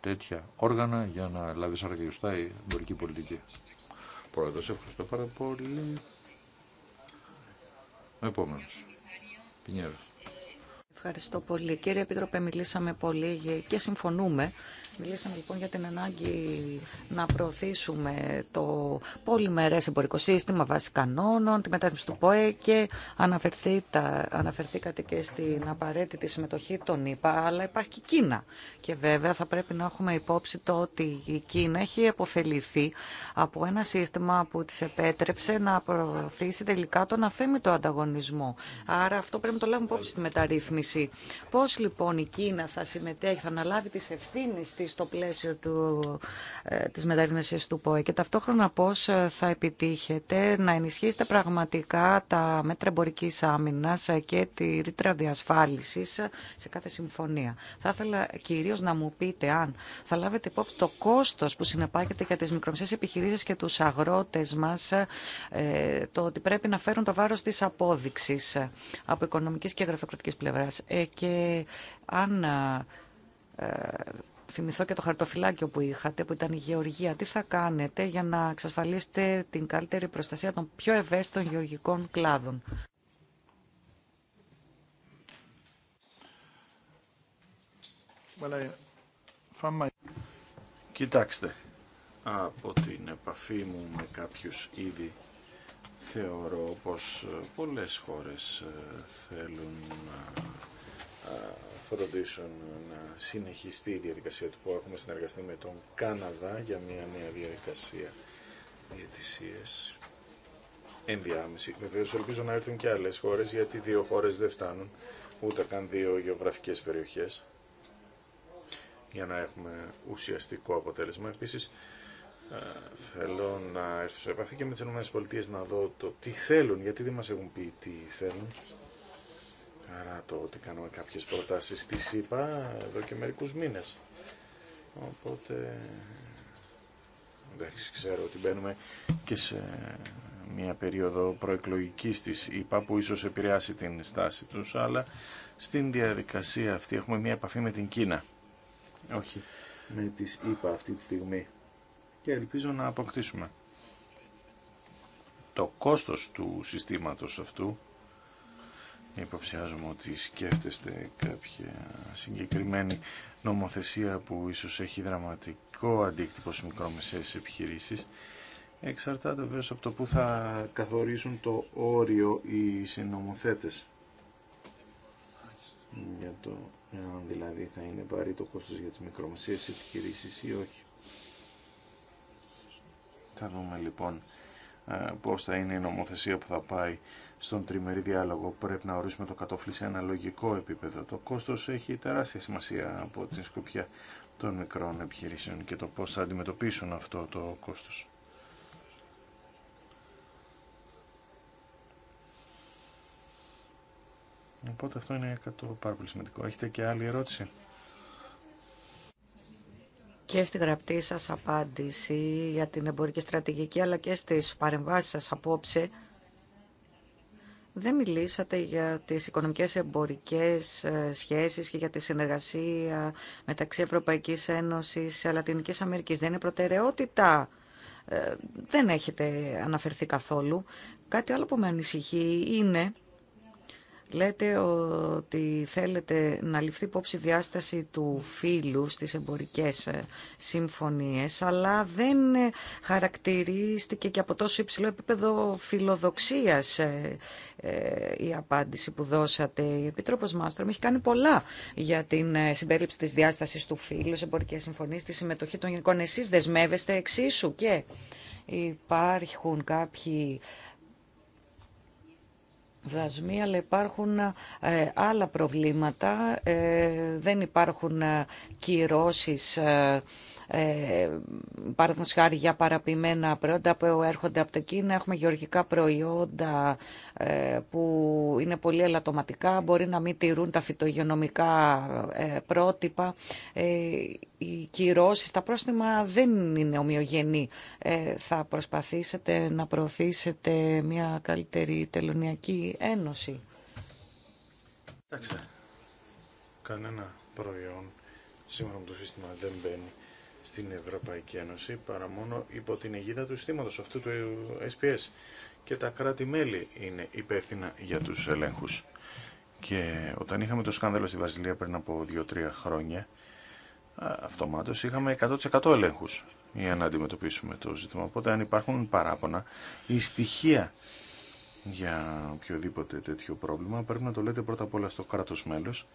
τέτοια όργανα για να λάβει σαρακιουστά η εμπορική πολιτική. Πρόεδρος, ευχαριστώ πάρα πολύ. επόμενος. Πινιέρα. Ευχαριστώ πολύ. Κύριε Επίτροπε, μιλήσαμε πολύ και συμφωνούμε Μιλήσαμε λοιπόν για την ανάγκη να προωθήσουμε το πολυμερές εμπορικό σύστημα βάσει κανόνων, τη μεταρρύθμιση του ΠΟΕ και αναφερθήκατε και στην απαραίτητη συμμετοχή των ΗΠΑ, αλλά υπάρχει και η Κίνα. Και βέβαια θα πρέπει να έχουμε υπόψη το ότι η Κίνα έχει επωφεληθεί από ένα σύστημα που της επέτρεψε να προωθήσει τελικά τον αθέμητο ανταγωνισμό. Άρα αυτό πρέπει να το λάβουμε υπόψη στη μεταρρύθμιση. Πώς λοιπόν η Κίνα θα συμμετέχει, θα αναλάβει τις ευθύνες τη, στο πλαίσιο του, ε, της μεταρρύθμισης του ΠΟΕ και ταυτόχρονα πώς ε, θα επιτύχετε να ενισχύσετε πραγματικά τα μέτρα εμπορική άμυνα ε, και τη ρήτρα διασφάλιση σε κάθε συμφωνία. Θα ήθελα κυρίω να μου πείτε αν θα λάβετε υπόψη το κόστο που συνεπάγεται για τι μικρομεσαίες επιχειρήσει και του αγρότε μα το ότι πρέπει να φέρουν το βάρο τη απόδειξη από οικονομική και γραφειοκρατική πλευρά. και αν θυμηθώ και το χαρτοφυλάκιο που είχατε, που ήταν η γεωργία. Τι θα κάνετε για να εξασφαλίσετε την καλύτερη προστασία των πιο ευαίσθητων γεωργικών κλάδων. Κοιτάξτε, από την επαφή μου με κάποιους ήδη θεωρώ πως ε, πολλές χώρες ε, θέλουν να ε, φροντίσουν να συνεχιστεί η διαδικασία του που έχουμε συνεργαστεί με τον Καναδά για μια νέα διαδικασία διαιτησίες ενδιάμεση. Βεβαίω ελπίζω να έρθουν και άλλες χώρες γιατί δύο χώρες δεν φτάνουν ούτε καν δύο γεωγραφικές περιοχές για να έχουμε ουσιαστικό αποτέλεσμα. Επίσης ε, θέλω να έρθω σε επαφή και με τις ΗΠΑ να δω το τι θέλουν γιατί δεν μας έχουν πει τι θέλουν Άρα το ότι κάνουμε κάποιες προτάσεις στη ΣΥΠΑ εδώ και μερικούς μήνες. Οπότε, εντάξει, ξέρω ότι μπαίνουμε και σε μια περίοδο προεκλογική της Ιπά που ίσως επηρεάσει την στάση τους, αλλά στην διαδικασία αυτή έχουμε μια επαφή με την Κίνα. Όχι με τις Ιπά αυτή τη στιγμή. Και ελπίζω να αποκτήσουμε. Το κόστος του συστήματος αυτού υποψιάζομαι ότι σκέφτεστε κάποια συγκεκριμένη νομοθεσία που ίσως έχει δραματικό αντίκτυπο στις μικρομεσαίες επιχειρήσεις. Εξαρτάται βέβαια από το που θα καθορίσουν το όριο οι συνομοθέτες. Για το αν δηλαδή θα είναι βαρύ το κόστος για τις μικρομεσαίες επιχειρήσεις ή όχι. Θα δούμε λοιπόν ε, πώς θα είναι η νομοθεσία που θα πάει στον τριμερή διάλογο πρέπει να ορίσουμε το κατόφλι σε ένα λογικό επίπεδο. Το κόστος έχει τεράστια σημασία από την σκοπιά των μικρών επιχειρήσεων και το πώς θα αντιμετωπίσουν αυτό το κόστος. Οπότε αυτό είναι κάτι πάρα πολύ σημαντικό. Έχετε και άλλη ερώτηση. Και στη γραπτή σας απάντηση για την εμπορική στρατηγική αλλά και στις παρεμβάσεις σας απόψε δεν μιλήσατε για τις οικονομικές εμπορικές ε, σχέσεις και για τη συνεργασία μεταξύ Ευρωπαϊκής Ένωσης και Λατινικής Αμερικής. Δεν είναι προτεραιότητα. Ε, δεν έχετε αναφερθεί καθόλου. Κάτι άλλο που με ανησυχεί είναι Λέτε ότι θέλετε να ληφθεί υπόψη διάσταση του φύλου στις εμπορικές ε, συμφωνίες, αλλά δεν ε, χαρακτηρίστηκε και από τόσο υψηλό επίπεδο φιλοδοξίας ε, η απάντηση που δώσατε. Η Επίτροπος Μάστρομ έχει κάνει πολλά για την συμπερίληψη της διάστασης του φύλου σε εμπορικές συμφωνίες, τη συμμετοχή των γενικών. Εσείς δεσμεύεστε εξίσου και υπάρχουν κάποιοι αλλά υπάρχουν ε, άλλα προβλήματα. Ε, δεν υπάρχουν ε, κυρώσεις ε, παραδείγματος χάρη για παραποιημένα προϊόντα που έρχονται από το Κίνα. Έχουμε γεωργικά προϊόντα ε, που είναι πολύ ελαττωματικά, μπορεί να μην τηρούν τα φυτογενομικά ε, πρότυπα. Ε, οι κυρώσει τα πρόστιμα δεν είναι ομοιογενή. Ε, θα προσπαθήσετε να προωθήσετε μια καλύτερη τελωνιακή ένωση. κανένα προϊόν σήμερα με το σύστημα δεν μπαίνει στην Ευρωπαϊκή Ένωση παρά μόνο υπό την αιγίδα του συστήματος αυτού του SPS και τα κράτη-μέλη είναι υπεύθυνα για τους ελέγχους. Και όταν είχαμε το σκάνδαλο στη Βασιλεία πριν από 2-3 χρόνια, αυτομάτως είχαμε 100% ελέγχους για να αντιμετωπίσουμε το ζήτημα. Οπότε αν υπάρχουν παράπονα ή στοιχεία για οποιοδήποτε τέτοιο πρόβλημα, πρέπει να το λέτε πρώτα απ' όλα στο κράτος μέλος,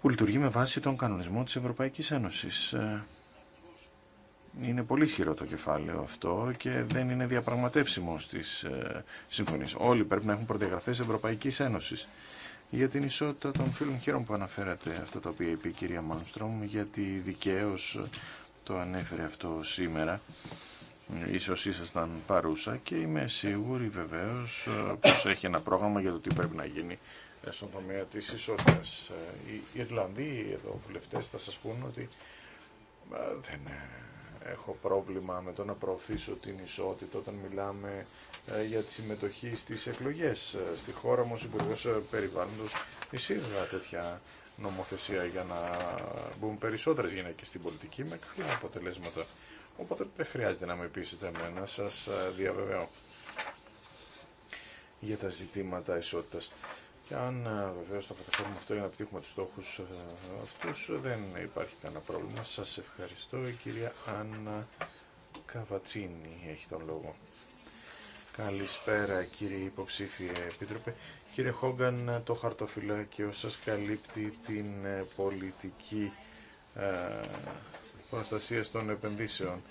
που λειτουργεί με βάση τον κανονισμό της Ευρωπαϊκής Ένωσης. Ε, είναι πολύ ισχυρό το κεφάλαιο αυτό και δεν είναι διαπραγματεύσιμο στις ε, συμφωνίε. Όλοι πρέπει να έχουν προδιαγραφέ Ευρωπαϊκή Ένωση Για την ισότητα των φίλων χαίρομαι που αναφέρατε αυτά τα οποία είπε η κυρία Μάνστρομ γιατί δικαίω το ανέφερε αυτό σήμερα. Ίσως ήσασταν παρούσα και είμαι σίγουρη βεβαίως ε, πως έχει ένα πρόγραμμα για το τι πρέπει να γίνει ε, στον τομέα της ισότητας. Οι Ιρλανδοί εδώ βουλευτές θα σα πούν ότι δεν έχω πρόβλημα με το να προωθήσω την ισότητα όταν μιλάμε ε, για τη συμμετοχή στις εκλογές. Ε, στη χώρα μου ο Υπουργός ε, Περιβάλλοντος τέτοια νομοθεσία για να μπουν περισσότερες γυναίκες στην πολιτική με καλά αποτελέσματα. Οπότε δεν χρειάζεται να με πείσετε εμένα, σας διαβεβαιώ για τα ζητήματα ισότητας. Και αν ε, βεβαίω θα καταφέρουμε αυτό για να πετύχουμε τους στόχους ε, αυτούς, δεν υπάρχει κανένα πρόβλημα. Σας ευχαριστώ. Η κυρία Άννα Καβατσίνη έχει τον λόγο. Καλησπέρα κύριε υποψήφιε επίτροπε. Κύριε Χόγκαν, το χαρτοφυλάκιο σας καλύπτει την ε, πολιτική προστασία των επενδύσεων.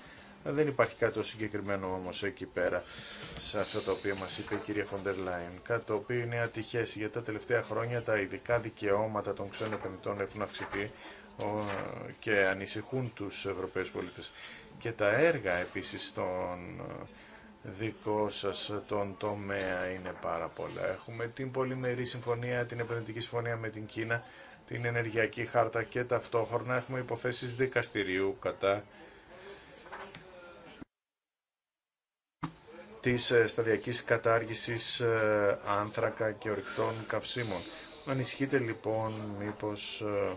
Ε, δεν υπάρχει κάτι συγκεκριμένο όμω εκεί πέρα σε αυτό το οποίο μα είπε η κυρία Φοντερ Λάιν. Κάτι το οποίο είναι ατυχέ, γιατί τα τελευταία χρόνια τα ειδικά δικαιώματα των ξένων επενδυτών έχουν αυξηθεί και ανησυχούν του Ευρωπαίου πολιτε. Και τα έργα επίση στον ε, δικό σας τον τομέα είναι πάρα πολλά. Έχουμε την πολυμερή συμφωνία, την επενδυτική συμφωνία με την Κίνα, την ενεργειακή χάρτα και ταυτόχρονα έχουμε υποθέσεις δικαστηρίου κατά της ε, σταδιακής κατάργησης ε, άνθρακα και ορυκτών καυσίμων. Ανισχύτε λοιπόν μήπως ε,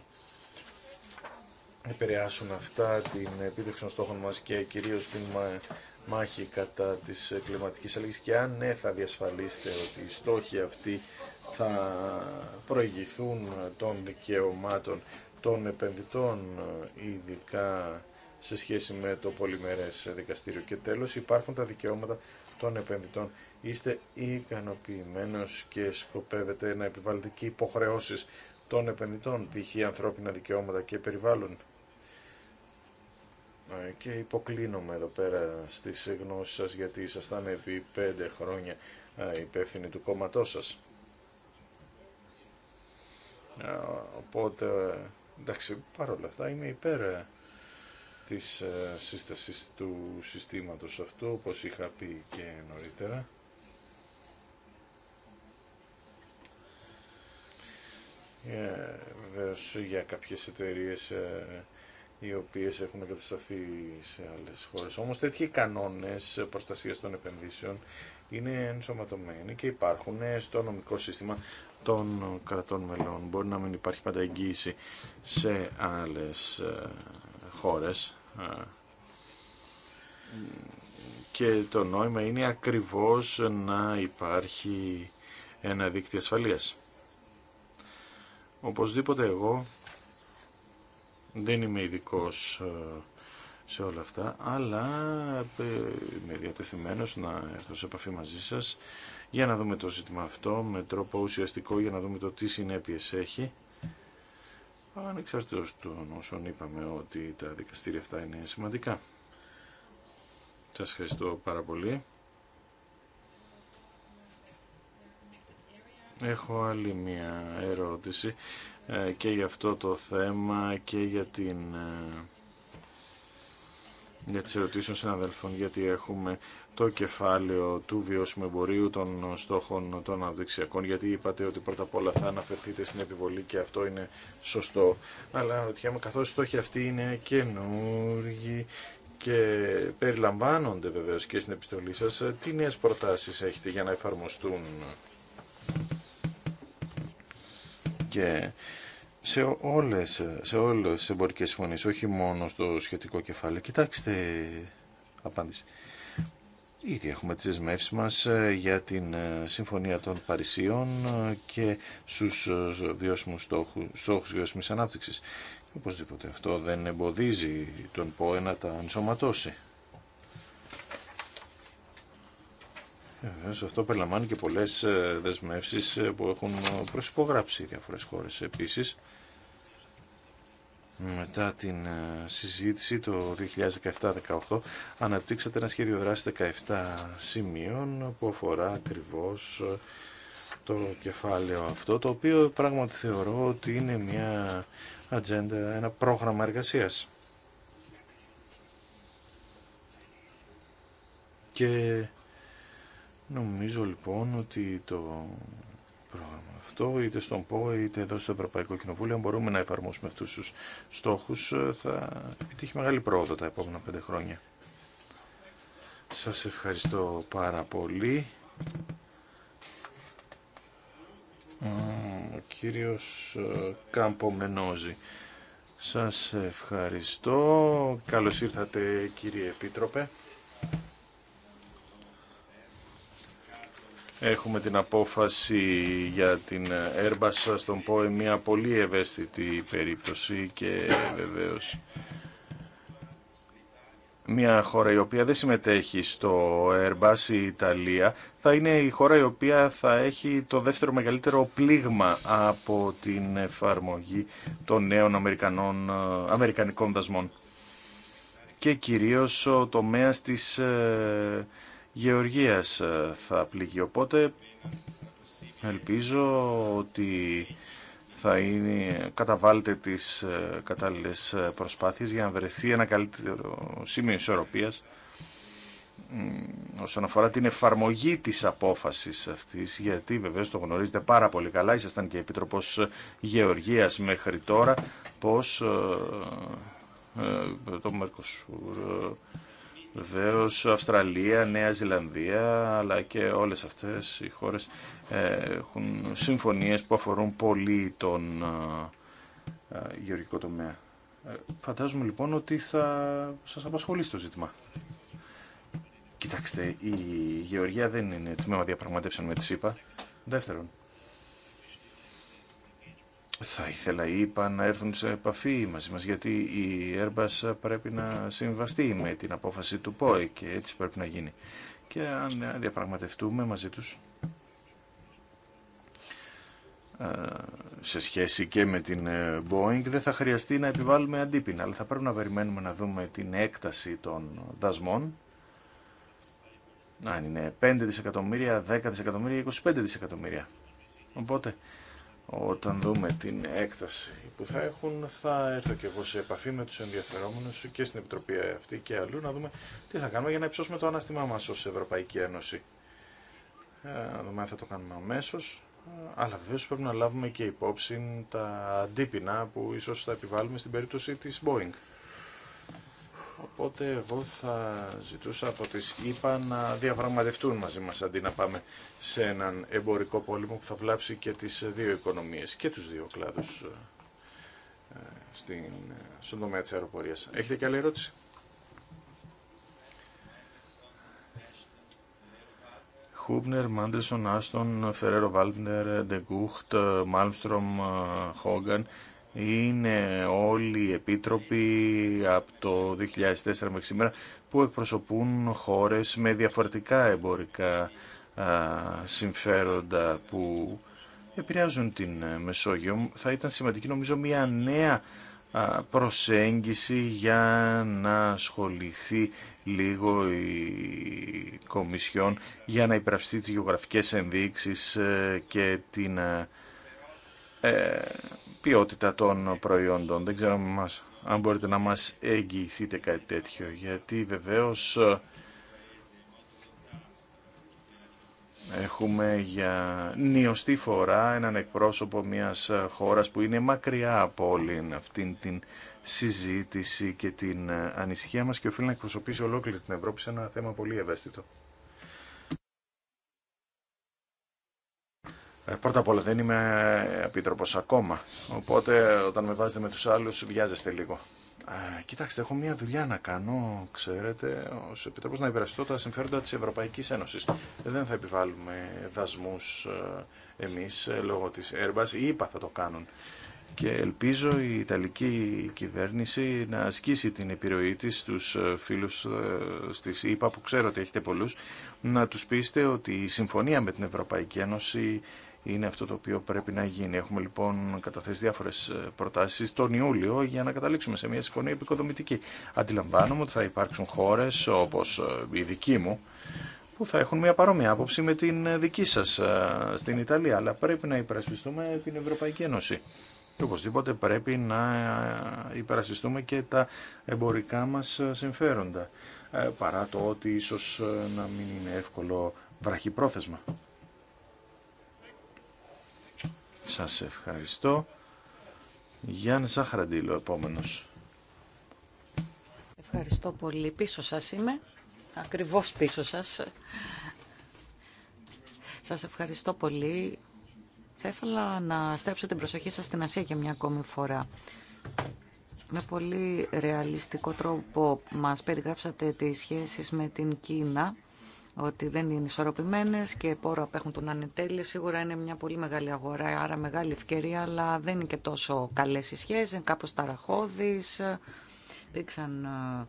επηρεάσουν αυτά την επίτευξη των στόχων μας και κυρίως την μάχη κατά της κλιματικής αλλαγής και αν ναι θα διασφαλίσετε ότι οι στόχοι αυτοί θα προηγηθούν των δικαιωμάτων των επενδυτών ειδικά σε σχέση με το πολυμερές δικαστήριο. Και τέλος υπάρχουν τα δικαιώματα των επενδυτών. Είστε ικανοποιημένος και σκοπεύετε να επιβάλλετε και υποχρεώσεις των επενδυτών, π.χ. ανθρώπινα δικαιώματα και περιβάλλον. Και υποκλίνομαι εδώ πέρα στις γνώσεις σας γιατί ήσασταν επί πέντε χρόνια υπεύθυνοι του κόμματός σας. Οπότε, εντάξει, παρόλα αυτά είμαι υπέρ ε, της ε, σύστασης του συστήματος αυτού, όπως είχα πει και νωρίτερα. Ε, για κάποιες εταιρείες ε, οι οποίες έχουν κατασταθεί σε άλλες χώρες. Όμως τέτοιοι κανόνες προστασίας των επενδύσεων είναι ενσωματωμένοι και υπάρχουν ε, στο νομικό σύστημα των κρατών μελών. Μπορεί να μην υπάρχει πάντα εγγύηση σε άλλες χώρες και το νόημα είναι ακριβώς να υπάρχει ένα δίκτυο ασφαλείας. Οπωσδήποτε εγώ δεν είμαι ειδικό ε, σε όλα αυτά, αλλά ε, είμαι διατεθειμένος να έρθω σε επαφή μαζί σας για να δούμε το ζήτημα αυτό με τρόπο ουσιαστικό για να δούμε το τι συνέπειες έχει ανεξαρτήτως των όσων είπαμε ότι τα δικαστήρια αυτά είναι σημαντικά. Σας ευχαριστώ πάρα πολύ. Έχω άλλη μία ερώτηση ε, και για αυτό το θέμα και για την ε, για τις ερωτήσεις των συναδελφών γιατί έχουμε το κεφάλαιο του βιώσιμου εμπορίου των στόχων των αναπτυξιακών, γιατί είπατε ότι πρώτα απ' όλα θα αναφερθείτε στην επιβολή και αυτό είναι σωστό. Αλλά αναρωτιέμαι, καθώς οι στόχοι αυτοί είναι καινούργοι και περιλαμβάνονται βεβαίως και στην επιστολή σας, τι νέες προτάσεις έχετε για να εφαρμοστούν και σε όλες, σε όλες τις εμπορικές συμφωνίες, όχι μόνο στο σχετικό κεφάλαιο. Κοιτάξτε, απάντηση. Ήδη έχουμε τις δεσμεύσει μας ε, για την ε, Συμφωνία των Παρισίων ε, και στους βιώσιμους στόχους, στόχους βιώσιμης ανάπτυξης. Οπωσδήποτε αυτό δεν εμποδίζει τον ΠΟΕ να τα ενσωματώσει. Σε αυτό περιλαμβάνει και πολλές δεσμεύσεις που έχουν προσυπογράψει διάφορες χώρες. Επίσης, μετά την ε, συζήτηση το 2017-18 αναπτύξατε ένα σχέδιο δράση 17 σημείων που αφορά ακριβώς ε, το κεφάλαιο αυτό το οποίο πράγματι θεωρώ ότι είναι μια ατζέντα, ένα πρόγραμμα εργασίας. Και νομίζω λοιπόν ότι το πρόγραμμα αυτό, είτε στον ΠΟΕ, είτε εδώ στο Ευρωπαϊκό Κοινοβούλιο, αν μπορούμε να εφαρμόσουμε αυτού του στόχου, ε, θα επιτύχει μεγάλη πρόοδο τα επόμενα πέντε χρόνια. Σας ευχαριστώ πάρα πολύ. Ο κύριος ε, Κάμπο Μενόζη. Σας ευχαριστώ. Καλώς ήρθατε κύριε Επίτροπε. Έχουμε την απόφαση για την Airbus στον ΠΟΕ, μια πολύ ευαίσθητη περίπτωση και βεβαίως μια χώρα η οποία δεν συμμετέχει στο Airbus, η Ιταλία, θα είναι η χώρα η οποία θα έχει το δεύτερο μεγαλύτερο πλήγμα από την εφαρμογή των νέων Αμερικανών, Αμερικανικών δασμών. Και κυρίως ο τομέας της ε, γεωργίας ε, θα πληγεί. Οπότε ελπίζω ότι θα είναι, καταβάλλετε τις ε, κατάλληλες ε, προσπάθειες για να βρεθεί ένα καλύτερο σημείο ισορροπίας όσον αφορά την εφαρμογή της απόφασης αυτής, γιατί βεβαίως το γνωρίζετε πάρα πολύ καλά, ήσασταν και Επίτροπος Γεωργίας μέχρι τώρα, πως το Μερκοσούρ Βεβαίω, Αυστραλία, Νέα Ζηλανδία, αλλά και όλες αυτές οι χώρες ε, έχουν συμφωνίε που αφορούν πολύ τον ε, ε, γεωργικό τομέα. Φαντάζομαι λοιπόν ότι θα σας απασχολεί το ζήτημα. Κοιτάξτε, η γεωργία δεν είναι τμήμα διαπραγματεύσεων με τη ΣΥΠΑ. Δεύτερον, θα ήθελα είπα, να έρθουν σε επαφή μαζί μας, γιατί η Airbus πρέπει να συμβαστεί με την απόφαση του ΠΟΕ και έτσι πρέπει να γίνει. Και αν διαπραγματευτούμε μαζί τους ε, σε σχέση και με την ε, Boeing δεν θα χρειαστεί να επιβάλλουμε αντίπεινα, αλλά θα πρέπει να περιμένουμε να δούμε την έκταση των δασμών αν είναι 5 δισεκατομμύρια, 10 δισεκατομμύρια, 25 δισεκατομμύρια. Οπότε όταν δούμε την έκταση που θα έχουν θα έρθω και εγώ σε επαφή με του ενδιαφερόμενους και στην Επιτροπή αυτή και αλλού να δούμε τι θα κάνουμε για να υψώσουμε το ανάστημά μα ως Ευρωπαϊκή Ένωση. Ε, να δούμε αν θα το κάνουμε αμέσω. Αλλά βεβαίω πρέπει να λάβουμε και υπόψη τα αντίπεινα που ίσω θα επιβάλλουμε στην περίπτωση τη Boeing. Οπότε εγώ θα ζητούσα από τις ΗΠΑ να διαπραγματευτούν μαζί μας αντί να πάμε σε έναν εμπορικό πόλεμο που θα βλάψει και τις δύο οικονομίες και τους δύο κλάδους ε, στην, στον τομέα της αεροπορίας. Έχετε και άλλη ερώτηση? Χούμπνερ, Μάντελσον, Άστον, Φεραίρο Βάλτνερ, Ντεγκούχτ, Μάλμστρομ, ε, Χόγκαν είναι όλοι οι επίτροποι από το 2004 μέχρι σήμερα που εκπροσωπούν χώρες με διαφορετικά εμπορικά συμφέροντα που επηρεάζουν την ε, Μεσόγειο. Θα ήταν σημαντική νομίζω μια νέα προσέγγιση για να ασχοληθεί λίγο η Κομισιόν για να υπεραυστεί τις γεωγραφικές ενδείξεις ε, και την ε, ε, ποιότητα των προϊόντων. Δεν ξέρω μας, αν μπορείτε να μας εγγυηθείτε κάτι τέτοιο, γιατί βεβαίως ε, έχουμε για νιωστή φορά έναν εκπρόσωπο μιας χώρας που είναι μακριά από όλη αυτήν την συζήτηση και την ανησυχία μας και οφείλει να εκπροσωπήσει ολόκληρη την Ευρώπη σε ένα θέμα πολύ ευαίσθητο. Ε, πρώτα απ' όλα δεν είμαι επίτροπο ακόμα, οπότε όταν με βάζετε με του άλλου, βιάζεστε λίγο. Ε, κοιτάξτε, έχω μια δουλειά να κάνω, ξέρετε, ω επιτροπό να υπερασπιστώ τα συμφέροντα τη Ευρωπαϊκή Ένωση. Δεν θα επιβάλλουμε δασμού ε, εμεί ε, λόγω τη έρμπα. Οι ΗΠΑ θα το κάνουν. Και ελπίζω η Ιταλική κυβέρνηση να ασκήσει την επιρροή της στους φίλους τη ΕΠΑ που ξέρω ότι έχετε πολλούς, να του πείστε ότι η συμφωνία με την Ευρωπαϊκή Ένωση είναι αυτό το οποίο πρέπει να γίνει. Έχουμε λοιπόν καταθέσει διάφορες ε, προτάσεις τον Ιούλιο για να καταλήξουμε σε μια συμφωνία επικοδομητική. Αντιλαμβάνομαι ότι θα υπάρξουν χώρες όπως ε, η δική μου που θα έχουν μια παρόμοια άποψη με την ε, δική σας στην Ιταλία αλλά πρέπει να υπερασπιστούμε την Ευρωπαϊκή Ένωση. Και οπωσδήποτε πρέπει να υπερασπιστούμε και τα εμπορικά μα συμφέροντα παρά το ότι ίσω να μην είναι εύκολο βραχυπρόθεσμα. Σας ευχαριστώ. Γιάννη Ζάχαραντήλο, επόμενος. Ευχαριστώ πολύ. Πίσω σας είμαι. Ακριβώς πίσω σας. Σας ευχαριστώ πολύ. Θα ήθελα να στρέψω την προσοχή σας στην Ασία για μια ακόμη φορά. Με πολύ ρεαλιστικό τρόπο μας περιγράψατε τις σχέσεις με την Κίνα ότι δεν είναι ισορροπημένε και πόρο απέχουν τον ανετέλει. Σίγουρα είναι μια πολύ μεγάλη αγορά, άρα μεγάλη ευκαιρία, αλλά δεν είναι και τόσο καλές οι σχέσει. είναι κάπω ταραχώδεις, υπήρξαν ε,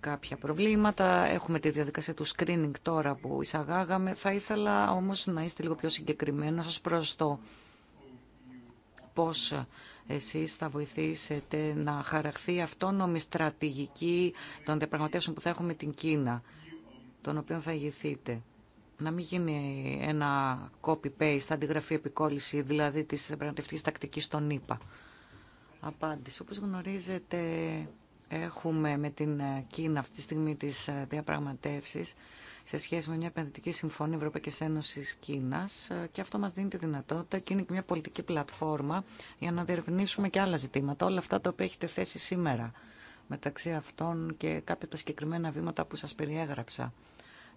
κάποια προβλήματα. Έχουμε τη διαδικασία του screening τώρα που εισαγάγαμε. Θα ήθελα όμως να είστε λίγο πιο συγκεκριμένος ω προς το πώς εσείς θα βοηθήσετε να χαραχθεί αυτόνομη στρατηγική των διαπραγματεύσεων που θα έχουμε την Κίνα τον οποίο θα ηγηθείτε. Να μην γίνει ένα copy-paste, αντιγραφή επικόλυση, δηλαδή της πραγματευτικής τακτικής στον ΗΠΑ. Απάντηση. Όπως γνωρίζετε, έχουμε με την Κίνα αυτή τη στιγμή τις διαπραγματεύσεις σε σχέση με μια επενδυτική συμφωνία Ευρωπαϊκής Ένωσης Κίνας και αυτό μας δίνει τη δυνατότητα και είναι και μια πολιτική πλατφόρμα για να διερευνήσουμε και άλλα ζητήματα, όλα αυτά τα οποία έχετε θέσει σήμερα μεταξύ αυτών και κάποια τα συγκεκριμένα βήματα που σας περιέγραψα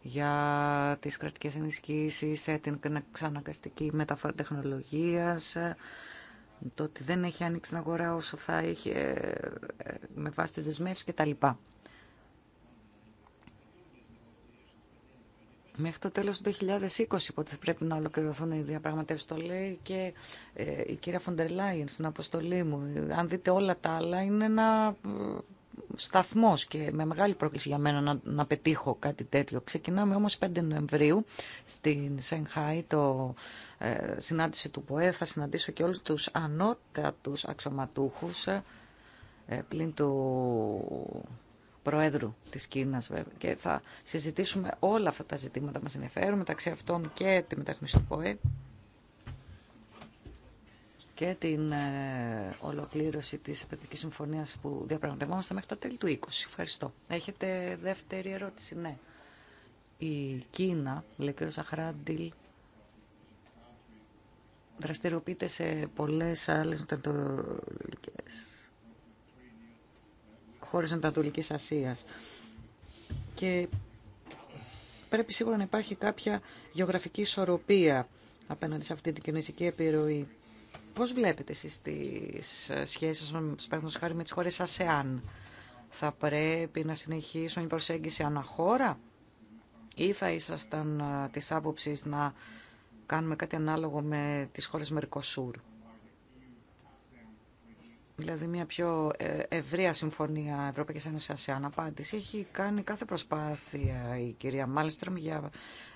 για τις κρατικές ενισχύσεις, ε, την ξαναγκαστική μεταφορά τεχνολογίας, ε, το ότι δεν έχει ανοίξει την αγορά όσο θα είχε ε, με βάση τις δεσμεύσεις κτλ. Μέχρι το τέλος του 2020 πότε θα πρέπει να ολοκληρωθούν οι διαπραγματεύσεις, το λέει και η κυρία Φοντερ Λάιεν στην αποστολή μου. Αν δείτε όλα τα άλλα είναι ένα σταθμός και με μεγάλη πρόκληση για μένα να, να πετύχω κάτι τέτοιο. Ξεκινάμε όμως 5 Νοεμβρίου στην Σενχάη το ε, συνάντηση του ΠΟΕ. Θα συναντήσω και όλους τους ανώτατους αξιωματούχους ε, πλην του Προέδρου της Κίνας βέβαια και θα συζητήσουμε όλα αυτά τα ζητήματα μας ενδιαφέρουν μεταξύ αυτών και τη μεταρρύθμιση του ΠΟΕ και την ε, ολοκλήρωση της Επενδυτικής Συμφωνίας που διαπραγματευόμαστε μέχρι τα τέλη του 20. Ευχαριστώ. Έχετε δεύτερη ερώτηση, ναι. Η Κίνα, λέει ο κ. Σαχράντιλ, δραστηριοποιείται σε πολλές άλλες νοτατολικές χώρες νοτατολικής Ασίας. Και πρέπει σίγουρα να υπάρχει κάποια γεωγραφική ισορροπία απέναντι σε αυτή την κινέζικη επιρροή. Πώς βλέπετε εσείς τις ε, σχέσεις χάρη με τις χώρες ΑΣΕΑΝ. Θα πρέπει να συνεχίσουν η προσέγγιση αναχώρα ή θα ήσασταν ε, της άποψης να κάνουμε κάτι ανάλογο με τις χώρες Μερικοσούρ. Δηλαδή μια πιο ε, ευρεία συμφωνία Ευρωπαϊκής Ένωσης ΑΣΕΑΝ απάντηση. Έχει κάνει κάθε προσπάθεια η κυρία Μάλστρομ για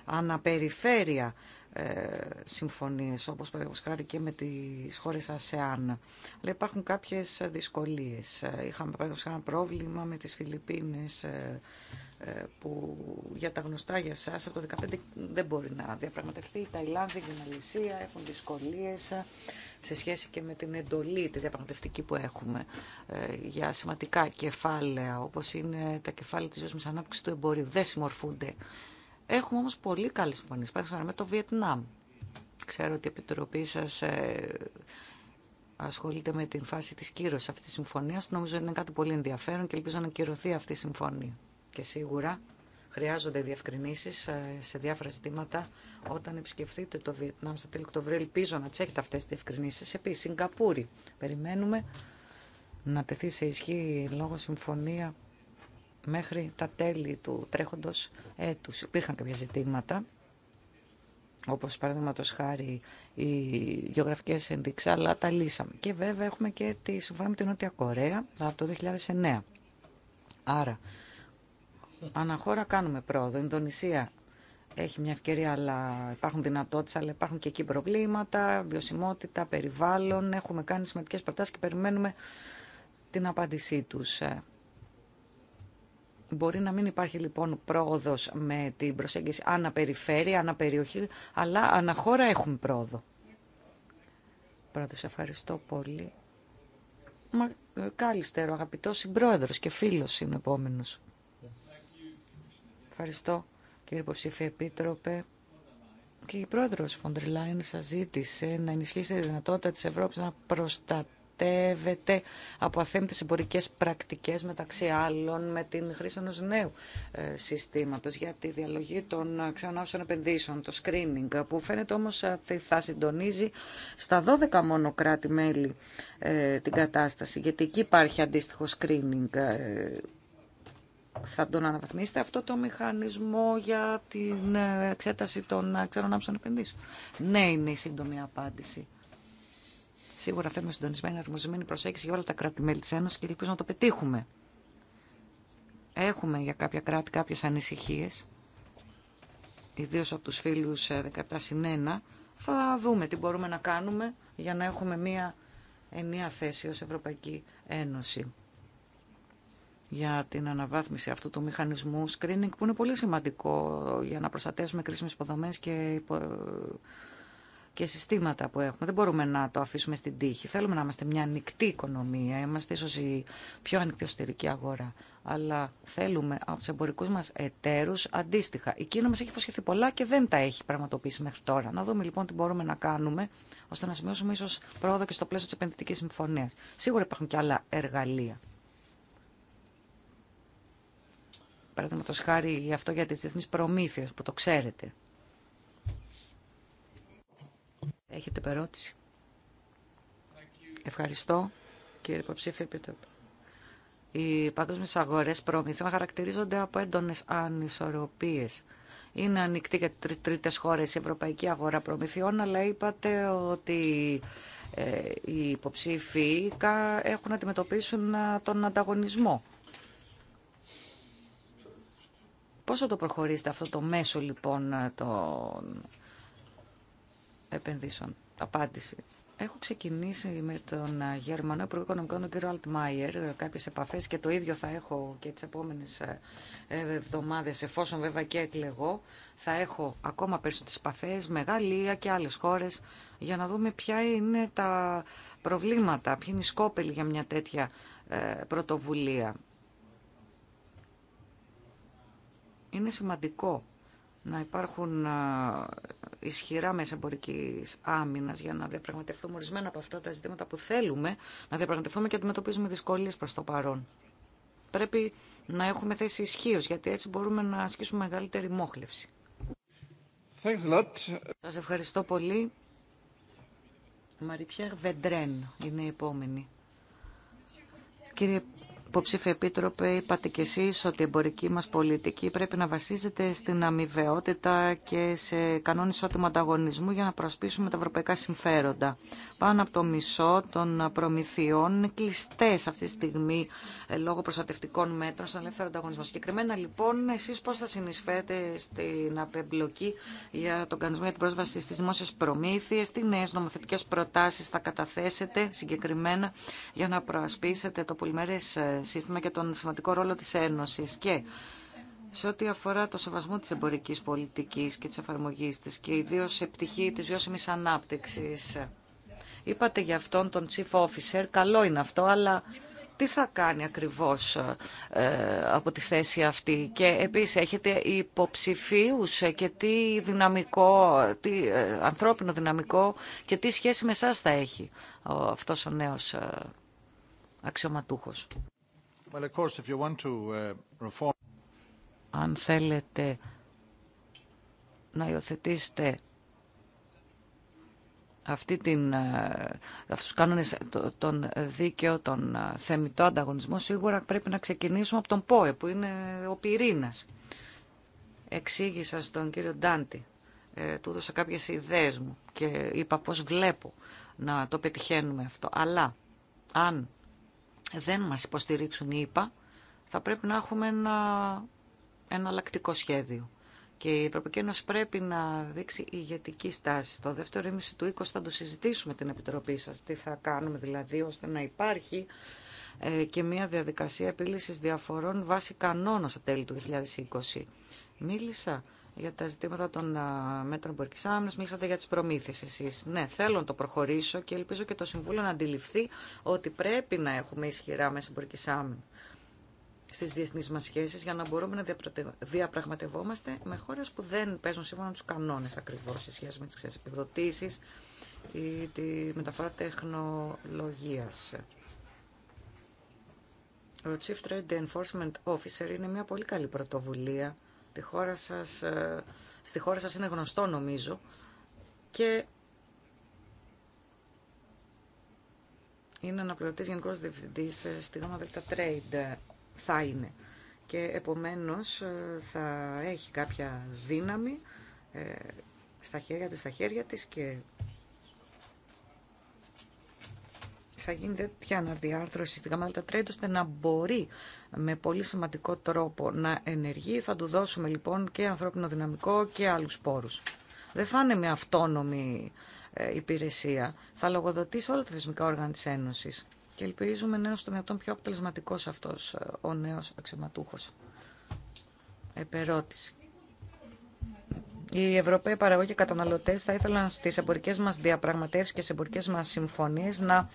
αναπεριφέρεια ε, συμφωνίες, όπως παραδείγματος και με τις χώρες ΑΣΕΑΝ. Αλλά υπάρχουν κάποιες δυσκολίες. Ε, είχαμε παραδείγματος ένα πρόβλημα με τις Φιλιππίνες ε, που για τα γνωστά για εσά από το 2015 δεν μπορεί να διαπραγματευτεί. Η Ταϊλάνδη και η Μαλαισία έχουν δυσκολίες σε σχέση και με την εντολή τη διαπραγματευτική που έχουμε για σημαντικά κεφάλαια όπως είναι τα κεφάλαια της μα ανάπτυξης του εμπορίου. Δεν συμμορφούνται Έχουμε όμως πολύ καλή συμφωνία. Παραδείγματος με το Βιετνάμ. Ξέρω ότι η Επιτροπή σας ε, ασχολείται με την φάση της κύρωσης αυτής της συμφωνίας. Νομίζω ότι είναι κάτι πολύ ενδιαφέρον και ελπίζω να κυρωθεί αυτή η συμφωνία. Και σίγουρα χρειάζονται διευκρινήσεις ε, σε διάφορα ζητήματα. Όταν επισκεφθείτε το Βιετνάμ στα τέλη Οκτωβρίου, ελπίζω να τσέχετε αυτές τις διευκρινήσεις. Επίσης, Σιγκαπούρη. Περιμένουμε να τεθεί σε ισχύ λόγω συμφωνία μέχρι τα τέλη του τρέχοντος έτους. Υπήρχαν κάποια ζητήματα, όπως παραδείγματος χάρη οι γεωγραφικές ενδείξεις, αλλά τα λύσαμε. Και βέβαια έχουμε και τη συμφωνία με την Νότια Κορέα από το 2009. Άρα, αναχώρα κάνουμε πρόοδο. Η Ινδονησία έχει μια ευκαιρία, αλλά υπάρχουν δυνατότητες, αλλά υπάρχουν και εκεί προβλήματα, βιωσιμότητα, περιβάλλον. Έχουμε κάνει σημαντικές προτάσει και περιμένουμε την απάντησή τους. Ε, Μπορεί να μην υπάρχει λοιπόν πρόοδος με την προσέγγιση αναπεριφέρεια, αναπεριοχή, αλλά αναχώρα έχουμε πρόοδο. Πρώτος, ευχαριστώ πολύ. Μα ε, κάλυστερο αγαπητός συμπρόεδρος και φίλος είναι επόμενος. Ευχαριστώ κύριε Υποψήφια Επίτροπε. Και η πρόεδρος Φοντριλάιν σας ζήτησε να ενισχύσετε τη δυνατότητα της Ευρώπης να προστατεύει προστατεύεται από αθέμητες εμπορικές πρακτικές μεταξύ άλλων με την χρήση ενός νέου ε, συστήματος για τη διαλογή των ξενάουσων επενδύσεων, το screening που φαίνεται όμως ότι θα συντονίζει στα 12 μόνο κράτη-μέλη ε, την κατάσταση γιατί εκεί υπάρχει αντίστοιχο screening ε, θα τον αναβαθμίσετε αυτό το μηχανισμό για την εξέταση των ξένων επενδύσεων. Ναι, είναι η σύντομη απάντηση. Σίγουρα θέλουμε συντονισμένη, αρμοσμένη προσέγγιση για όλα τα κράτη-μέλη τη Ένωση και ελπίζω να το πετύχουμε. Έχουμε για κάποια κράτη κάποιε ανησυχίε, ιδίω από του φίλου 17 ε, συν 1. Θα δούμε τι μπορούμε να κάνουμε για να έχουμε μία ενιαία θέση ως Ευρωπαϊκή Ένωση για την αναβάθμιση αυτού του μηχανισμού screening που είναι πολύ σημαντικό για να προστατεύσουμε κρίσιμες υποδομές και και συστήματα που έχουμε. Δεν μπορούμε να το αφήσουμε στην τύχη. Θέλουμε να είμαστε μια ανοιχτή οικονομία. Είμαστε ίσω η πιο ανοιχτή εσωτερική αγορά. Αλλά θέλουμε από του εμπορικού μα εταίρου αντίστοιχα. Η Κίνα μα έχει υποσχεθεί πολλά και δεν τα έχει πραγματοποιήσει μέχρι τώρα. Να δούμε λοιπόν τι μπορούμε να κάνουμε ώστε να σημειώσουμε ίσω πρόοδο και στο πλαίσιο τη επενδυτική συμφωνία. Σίγουρα υπάρχουν και άλλα εργαλεία. Παραδείγματο χάρη αυτό για τι διεθνεί προμήθειε που το ξέρετε. Έχετε περώτηση. Ευχαριστώ, κύριε υποψήφιο επίτροπο. Οι παγκόσμιε αγορέ προμηθειών χαρακτηρίζονται από έντονε ανισορροπίε. Είναι ανοιχτή για τρίτε χώρε η ευρωπαϊκή αγορά προμηθειών, αλλά είπατε ότι ε, οι υποψήφοι έχουν να αντιμετωπίσουν ε, τον ανταγωνισμό. Πώς θα το προχωρήσετε αυτό το μέσο λοιπόν ε, των επενδύσεων. Απάντηση. Έχω ξεκινήσει με τον ε, Γερμανό Υπουργό Οικονομικών, τον κύριο Αλτμάιερ, κάποιε επαφέ και το ίδιο θα έχω και τι επόμενε εβδομάδε, εφόσον βέβαια και εκλεγώ. Θα έχω ακόμα περισσότερε επαφέ με Γαλλία και άλλε χώρε για να δούμε ποια είναι τα προβλήματα, ποιοι είναι οι σκόπελοι για μια τέτοια ε, πρωτοβουλία. Είναι σημαντικό να υπάρχουν ισχυρά μέσα εμπορική άμυνα για να διαπραγματευτούμε ορισμένα από αυτά τα ζητήματα που θέλουμε να διαπραγματευτούμε και αντιμετωπίζουμε δυσκολίε προ το παρόν. Πρέπει να έχουμε θέση ισχύω, γιατί έτσι μπορούμε να ασκήσουμε μεγαλύτερη μόχλευση. Σα ευχαριστώ πολύ. Μαριπιέρ Βεντρέν είναι η επόμενη. Υπόψηφε Επίτροπε, είπατε κι εσεί ότι η εμπορική μας πολιτική πρέπει να βασίζεται στην αμοιβαιότητα και σε κανόνισό ισότιμου ανταγωνισμού για να προσπίσουμε τα ευρωπαϊκά συμφέροντα. Πάνω από το μισό των προμηθειών είναι κλειστέ αυτή τη στιγμή ε, λόγω προστατευτικών μέτρων στον ελεύθερο ανταγωνισμό. Συγκεκριμένα λοιπόν, εσεί πώ θα συνεισφέρετε στην απεμπλοκή για τον κανονισμό για την πρόσβαση στις δημόσιε προμήθειε, τι νέε νομοθετικέ προτάσει θα καταθέσετε συγκεκριμένα για να προασπίσετε το πολυμέρε σύστημα και τον σημαντικό ρόλο της Ένωσης. Και σε ό,τι αφορά το σεβασμό της εμπορικής πολιτικής και της εφαρμογής της και ιδίως σε πτυχή της βιώσιμης ανάπτυξης. Είπατε για αυτόν τον chief officer, καλό είναι αυτό, αλλά τι θα κάνει ακριβώς ε, από τη θέση αυτή και επίσης έχετε υποψηφίους και τι δυναμικό, τι ε, ανθρώπινο δυναμικό και τι σχέση με εσάς θα έχει ο, αυτός ο νέος ε, αξιωματούχος. Uh, αν θέλετε να υιοθετήσετε αυτή την, ε, αυτούς τους κανόνες των δίκαιων των ε, θεμητό ανταγωνισμό, σίγουρα πρέπει να ξεκινήσουμε από τον ΠΟΕ, που είναι ο πυρήνας. Εξήγησα στον κύριο Ντάντι, ε, του έδωσα κάποιες ιδέες μου και είπα πώς βλέπω να το πετυχαίνουμε αυτό. Αλλά αν δεν μας υποστηρίξουν οι θα πρέπει να έχουμε ένα εναλλακτικό σχέδιο. Και η Ευρωπαϊκή Ένωση πρέπει να δείξει ηγετική στάση. Το δεύτερο ήμιση του 20 θα το συζητήσουμε την Επιτροπή σας. Τι θα κάνουμε δηλαδή ώστε να υπάρχει ε, και μια διαδικασία επίλυσης διαφορών βάσει κανόνα στα τέλη του 2020. Μίλησα για τα ζητήματα των μέτρων εμπορική άμυνα. Μίλησατε για τι προμήθειε εσεί. Ναι, θέλω να το προχωρήσω και ελπίζω και το Συμβούλιο να αντιληφθεί ότι πρέπει να έχουμε ισχυρά μέσα εμπορική άμυνα στι διεθνεί μα σχέσει για να μπορούμε να διαπραγματευόμαστε με χώρε που δεν παίζουν σύμφωνα με του κανόνε ακριβώ σε σχέση με τι επιδοτήσει ή τη μεταφορά τεχνολογία. Ο Chief Trade Enforcement Officer είναι μια πολύ καλή πρωτοβουλία Τη χώρα σας, ε, στη χώρα σας είναι γνωστό νομίζω και είναι αναπληρωτής γενικός διευθυντής ε, στη ΓΑΜΑ ΔΕΛΤΑ Trade ε, θα είναι και επομένως θα έχει κάποια δύναμη στα χέρια του, στα χέρια της και θα γίνει τέτοια αναδιάρθρωση στην Καμάλτα Τρέντ ώστε να μπορεί με πολύ σημαντικό τρόπο να ενεργεί. Θα του δώσουμε λοιπόν και ανθρώπινο δυναμικό και άλλους πόρους. Δεν θα είναι μια αυτόνομη ε, υπηρεσία. Θα λογοδοτήσει όλα τα θεσμικά όργανα της Ένωσης. Και ελπίζουμε να είναι στο πιο αποτελεσματικός αυτός ε, ο νέος αξιωματούχος. Επερώτηση. Οι Ευρωπαίοι παραγωγοί και καταναλωτέ θα ήθελαν στι εμπορικέ μα διαπραγματεύσει και στι εμπορικέ μα συμφωνίε να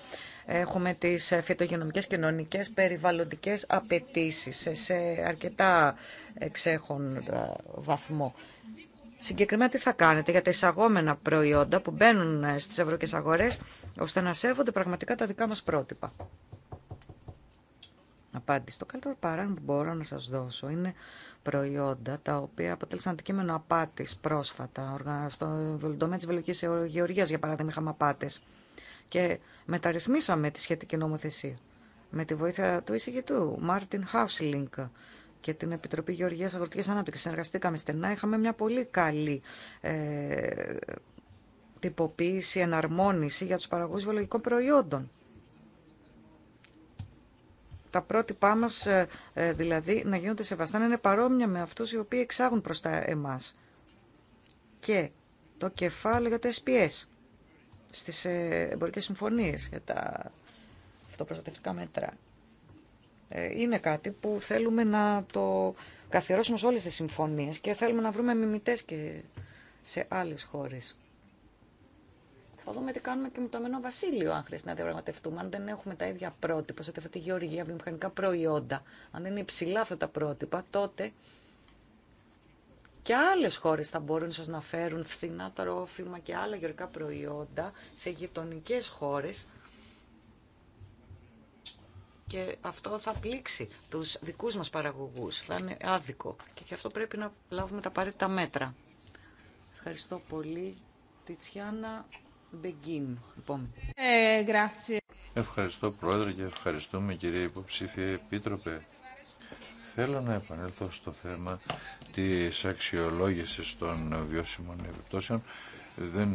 έχουμε τι φυτογενομικέ, κοινωνικέ, περιβαλλοντικέ απαιτήσει σε αρκετά εξέχον ε, βαθμό. Συγκεκριμένα τι θα κάνετε για τα εισαγόμενα προϊόντα που μπαίνουν ε, στις ευρωπαϊκές αγορές ώστε να σέβονται πραγματικά τα δικά μας πρότυπα. Απάντηση. Το καλύτερο παράδειγμα που μπορώ να σας δώσω είναι προϊόντα τα οποία αποτέλεσαν αντικείμενο απάτης πρόσφατα. Στο τομέα της Βελογικής Γεωργίας, για παράδειγμα, είχαμε απάτες. Και μεταρρυθμίσαμε τη σχετική νομοθεσία με τη βοήθεια του εισηγητού, Μάρτιν Χάουσλινγκ και την Επιτροπή Γεωργίας Αγροτικής Ανάπτυξης. Συνεργαστήκαμε στενά, είχαμε μια πολύ καλή ε, τυποποίηση, εναρμόνιση για τους παραγωγούς βιολογικών προϊόντων τα πρότυπά μα, ε, ε, δηλαδή να γίνονται σεβαστά, να είναι παρόμοια με αυτούς οι οποίοι εξάγουν προς τα εμάς. Και το κεφάλαιο για τα SPS στις ε, εμπορικές συμφωνίες για τα αυτοπροστατευτικά μέτρα. Είναι κάτι που θέλουμε να το καθιερώσουμε σε όλες τις συμφωνίες και θέλουμε να βρούμε μιμητές και σε άλλες χώρες. Θα δούμε τι κάνουμε και με το Αμένο Βασίλειο, αν χρειάζεται να διαπραγματευτούμε. Αν δεν έχουμε τα ίδια πρότυπα, σε αυτή τη γεωργία, βιομηχανικά προϊόντα, αν δεν είναι υψηλά αυτά τα πρότυπα, τότε και άλλες χώρες θα μπορούν ίσως να φέρουν φθηνά τρόφιμα και άλλα γεωργικά προϊόντα σε γειτονικέ χώρες και αυτό θα πλήξει τους δικούς μας παραγωγούς. Θα είναι άδικο και γι' αυτό πρέπει να λάβουμε τα απαραίτητα μέτρα. Ευχαριστώ πολύ, Τιτσιάνα. Λοιπόν. Ε, ευχαριστώ Πρόεδρε και ευχαριστούμε κυρία Υποψήφια Επίτροπε. Θέλω να επανέλθω στο θέμα της αξιολόγησης των βιώσιμων επιπτώσεων. Δεν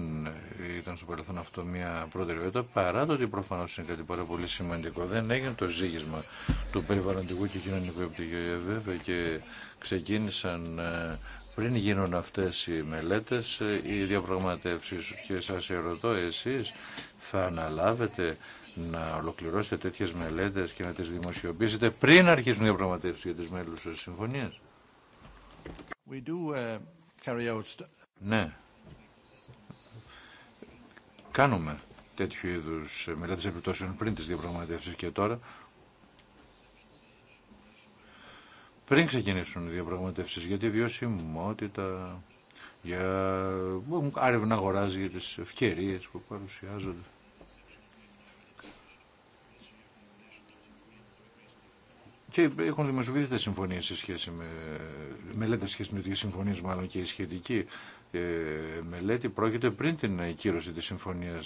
ήταν στο παρελθόν αυτό μια προτεραιότητα, παρά το ότι προφανώς είναι κάτι πάρα πολύ σημαντικό. Δεν έγινε το ζήγισμα του περιβαλλοντικού και κοινωνικού επιπτυχίου. Ε, βέβαια και ξεκίνησαν ε, πριν γίνουν αυτές οι μελέτες, ε, οι διαπραγματεύσεις και σας ερωτώ εσείς θα αναλάβετε να ολοκληρώσετε τέτοιες μελέτες και να τις δημοσιοποιήσετε πριν αρχίσουν οι διαπραγματεύσεις για τις μέλους συμφωνίες. We uh, Ναι. Κάνουμε τέτοιου είδους μελέτες επιπτώσεων πριν τις διαπραγματεύσεις και τώρα πριν ξεκινήσουν οι διαπραγματεύσεις για τη βιωσιμότητα, για άρευνα αγοράζει για τις ευκαιρίε που παρουσιάζονται. Και έχουν δημοσιοποιηθεί συμφωνίε σε σχέση με μελέτε σχέση με τι συμφωνίε, μάλλον και η σχετική ε, μελέτη πρόκειται πριν την ακύρωση τη συμφωνία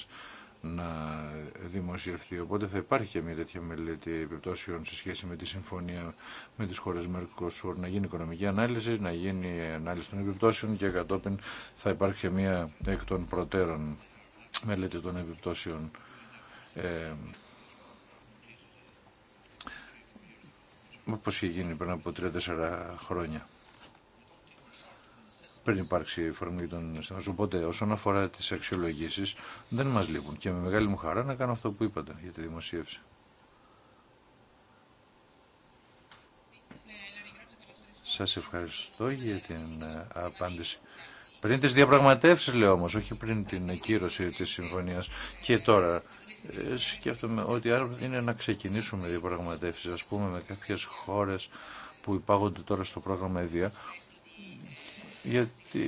να δημοσιευθεί. Οπότε θα υπάρχει και μια τέτοια μελέτη επιπτώσεων σε σχέση με τη συμφωνία με τις χώρες Μερκοσούρ, να γίνει οικονομική ανάλυση, να γίνει ανάλυση των επιπτώσεων και κατόπιν θα υπάρχει και μια εκ των προτέρων μελέτη των επιπτώσεων. Ε, όπως είχε γίνει πριν από 3-4 χρόνια πριν υπάρξει η εφαρμογή των συνθήκων. Οπότε, όσον αφορά τι αξιολογήσει, δεν μα λείπουν. Και με μεγάλη μου χαρά να κάνω αυτό που είπατε για τη δημοσίευση. Σα ευχαριστώ για την ε, απάντηση. Πριν τι διαπραγματεύσει, λέω όμω, όχι πριν την ακύρωση τη συμφωνία. Και τώρα ε, σκέφτομαι ότι άρα είναι να ξεκινήσουμε διαπραγματεύσει α πούμε, με κάποιε χώρε που υπάγονται τώρα στο πρόγραμμα ΕΔΙΑ, γιατί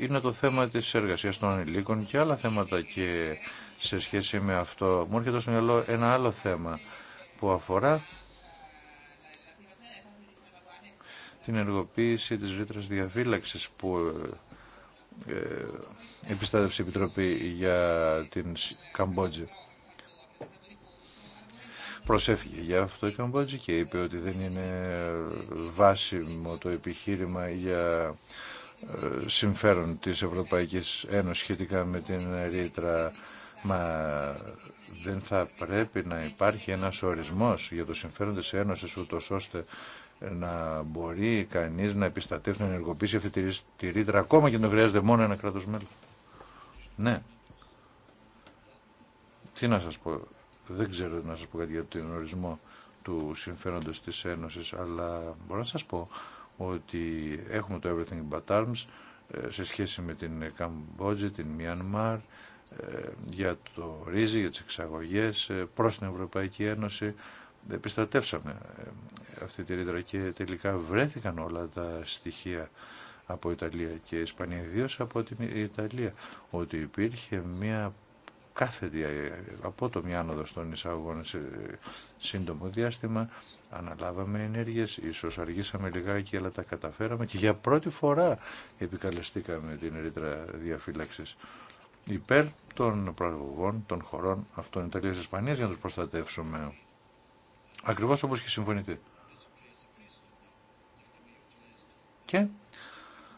είναι το θέμα της εργασίας των ανηλίκων και άλλα θέματα και σε σχέση με αυτό. Μου έρχεται στο μυαλό ένα άλλο θέμα που αφορά την εργοποίηση της ρήτρας διαφύλαξης που ε, ε, επιστάδευσε η Επιτροπή για την Καμπότζη προσέφηκε για αυτό η Καμπότζη και είπε ότι δεν είναι βάσιμο το επιχείρημα για ε, συμφέρον της Ευρωπαϊκής Ένωσης σχετικά με την ρήτρα μα δεν θα πρέπει να υπάρχει ένας ορισμός για το συμφέρον της Ένωσης ούτως ώστε να μπορεί κανείς να επιστατεύσει, να ενεργοποιήσει αυτή τη ρήτρα ακόμα και να χρειάζεται μόνο ένα κράτος μέλος. Ναι. Τι να σας πω δεν ξέρω να σας πω κάτι για τον ορισμό του συμφέροντος της Ένωσης, αλλά μπορώ να σας πω ότι έχουμε το Everything But Arms ε, σε σχέση με την Καμπότζη, την Μιανμάρ, ε, για το ρύζι, για τις εξαγωγές ε, προς την Ευρωπαϊκή Ένωση. Επιστρατεύσαμε αυτή τη ρήτρα και τελικά βρέθηκαν όλα τα στοιχεία από Ιταλία και Ισπανία, ιδίω από την Ιταλία, ότι υπήρχε μια κάθε απότομη άνοδο των εισαγωγών σε σύντομο διάστημα. Αναλάβαμε ενέργειες, ίσως αργήσαμε λιγάκι, αλλά τα καταφέραμε και για πρώτη φορά επικαλεστήκαμε την ρήτρα διαφύλαξης υπέρ των προαγωγών των χωρών αυτών Ιταλίας Ισπανίας για να τους προστατεύσουμε. Ακριβώς όπως και συμφωνείτε. Και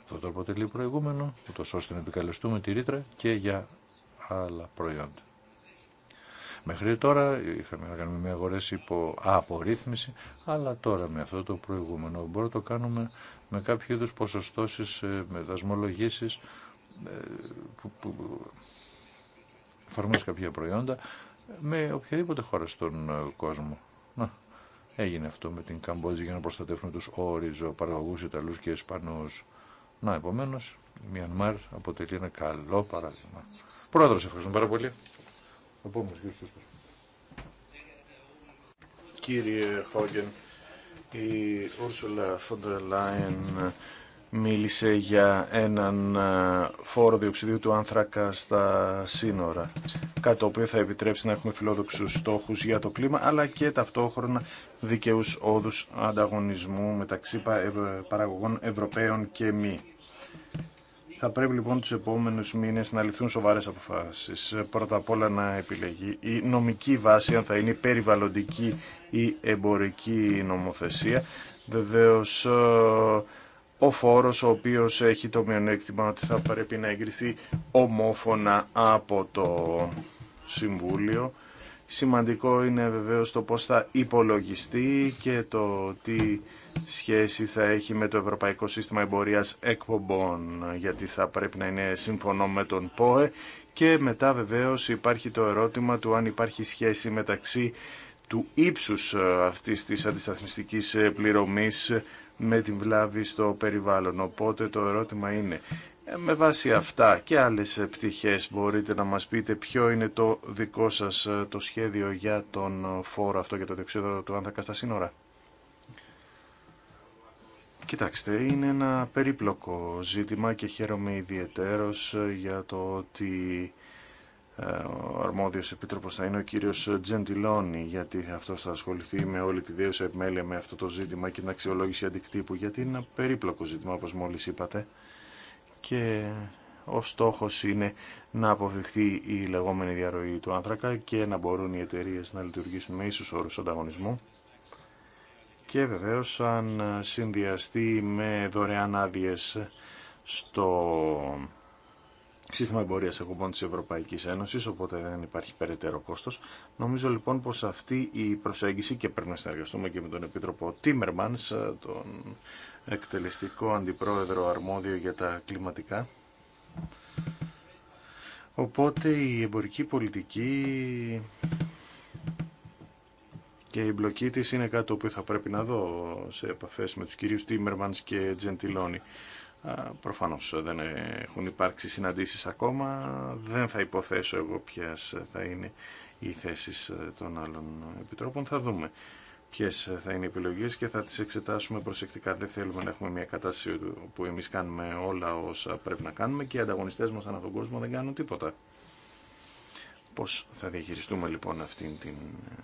αυτό το αποτελεί προηγούμενο, ούτως ώστε να επικαλεστούμε τη ρήτρα και για άλλα προϊόντα. Μέχρι τώρα είχαμε να κάνουμε με αγορές υπό απορρίθμιση, αλλά τώρα με αυτό το προηγούμενο μπορούμε να το κάνουμε με κάποιο είδους ποσοστώσεις, ε, με δασμολογήσεις ε, που, που κάποια προϊόντα με οποιαδήποτε χώρα στον ε, κόσμο. Να, έγινε αυτό με την Καμπότζη για να προστατεύουν τους όριζο, Ιταλούς και Ισπανούς. Να, επομένως, η Μιανμάρ αποτελεί ένα καλό παράδειγμα. Πρόεδρος, ευχαριστούμε πάρα πολύ. κύριε Σούστος. Κύριε Χόγγεν, η Ούρσουλα Φοντερ Λάιεν μίλησε για έναν ε, φόρο διοξιδίου του άνθρακα στα σύνορα. Κάτι το οποίο θα επιτρέψει να έχουμε φιλόδοξου στόχου για το κλίμα, αλλά και ταυτόχρονα δικαιού όδου ανταγωνισμού μεταξύ ε, παραγωγών Ευρωπαίων και μη. Θα πρέπει λοιπόν τους επόμενους μήνες να ληφθούν σοβαρές αποφάσεις. Πρώτα απ' όλα να επιλεγεί η νομική βάση, αν θα είναι η περιβαλλοντική ή εμπορική νομοθεσία. Βεβαίως ε, ο φόρος ο οποίος έχει το μειονέκτημα ότι θα πρέπει να εγκριθεί ομόφωνα από το Συμβούλιο Σημαντικό είναι βεβαίως το πώς θα υπολογιστεί και το τι σχέση θα έχει με το Ευρωπαϊκό Σύστημα Εμπορίας Εκπομπών, γιατί θα πρέπει να είναι σύμφωνο με τον ΠΟΕ και μετά βεβαίως υπάρχει το ερώτημα του αν υπάρχει σχέση μεταξύ του ύψους ε, αυτής της αντισταθμιστικής ε, πληρωμής με την βλάβη στο περιβάλλον. Οπότε το ερώτημα είναι, ε, με βάση αυτά και άλλες ε, πτυχές μπορείτε να μας πείτε ποιο είναι το δικό σας ε, το σχέδιο για τον φόρο αυτό για το διοξείδιο του άνθρακα στα σύνορα. Κοιτάξτε, είναι ένα περίπλοκο ζήτημα και χαίρομαι ιδιαιτέρως για το ότι ο αρμόδιος επίτροπος θα είναι ο κύριος Τζεντιλόνι γιατί αυτός θα ασχοληθεί με όλη τη δύο επιμέλεια με αυτό το ζήτημα και την αξιολόγηση αντικτύπου γιατί είναι ένα περίπλοκο ζήτημα όπως μόλις είπατε και ο στόχος είναι να αποφευχθεί η λεγόμενη διαρροή του άνθρακα και να μπορούν οι εταιρείε να λειτουργήσουν με ίσους όρους ανταγωνισμού και βεβαίως αν συνδυαστεί με δωρεάν άδειε στο σύστημα εμπορία εκπομπών της Ευρωπαϊκής Ένωσης, οπότε δεν υπάρχει περαιτέρω κόστος. Νομίζω λοιπόν πως αυτή η προσέγγιση, και πρέπει να συνεργαστούμε και με τον Επίτροπο Τίμερμανς, τον εκτελεστικό αντιπρόεδρο αρμόδιο για τα κλιματικά. Οπότε η εμπορική πολιτική και η μπλοκή της είναι κάτι το θα πρέπει να δω σε επαφές με τους κυρίους Τίμερμανς και Τζεντιλόνι. Προφανώς δεν έχουν υπάρξει συναντήσεις ακόμα, δεν θα υποθέσω εγώ ποιες θα είναι οι θέσεις των άλλων επιτρόπων, θα δούμε ποιε θα είναι οι επιλογέ και θα τι εξετάσουμε προσεκτικά. Δεν θέλουμε να έχουμε μια κατάσταση που εμεί κάνουμε όλα όσα πρέπει να κάνουμε και οι ανταγωνιστέ μα ανά τον κόσμο δεν κάνουν τίποτα. Πώ θα διαχειριστούμε λοιπόν αυτήν την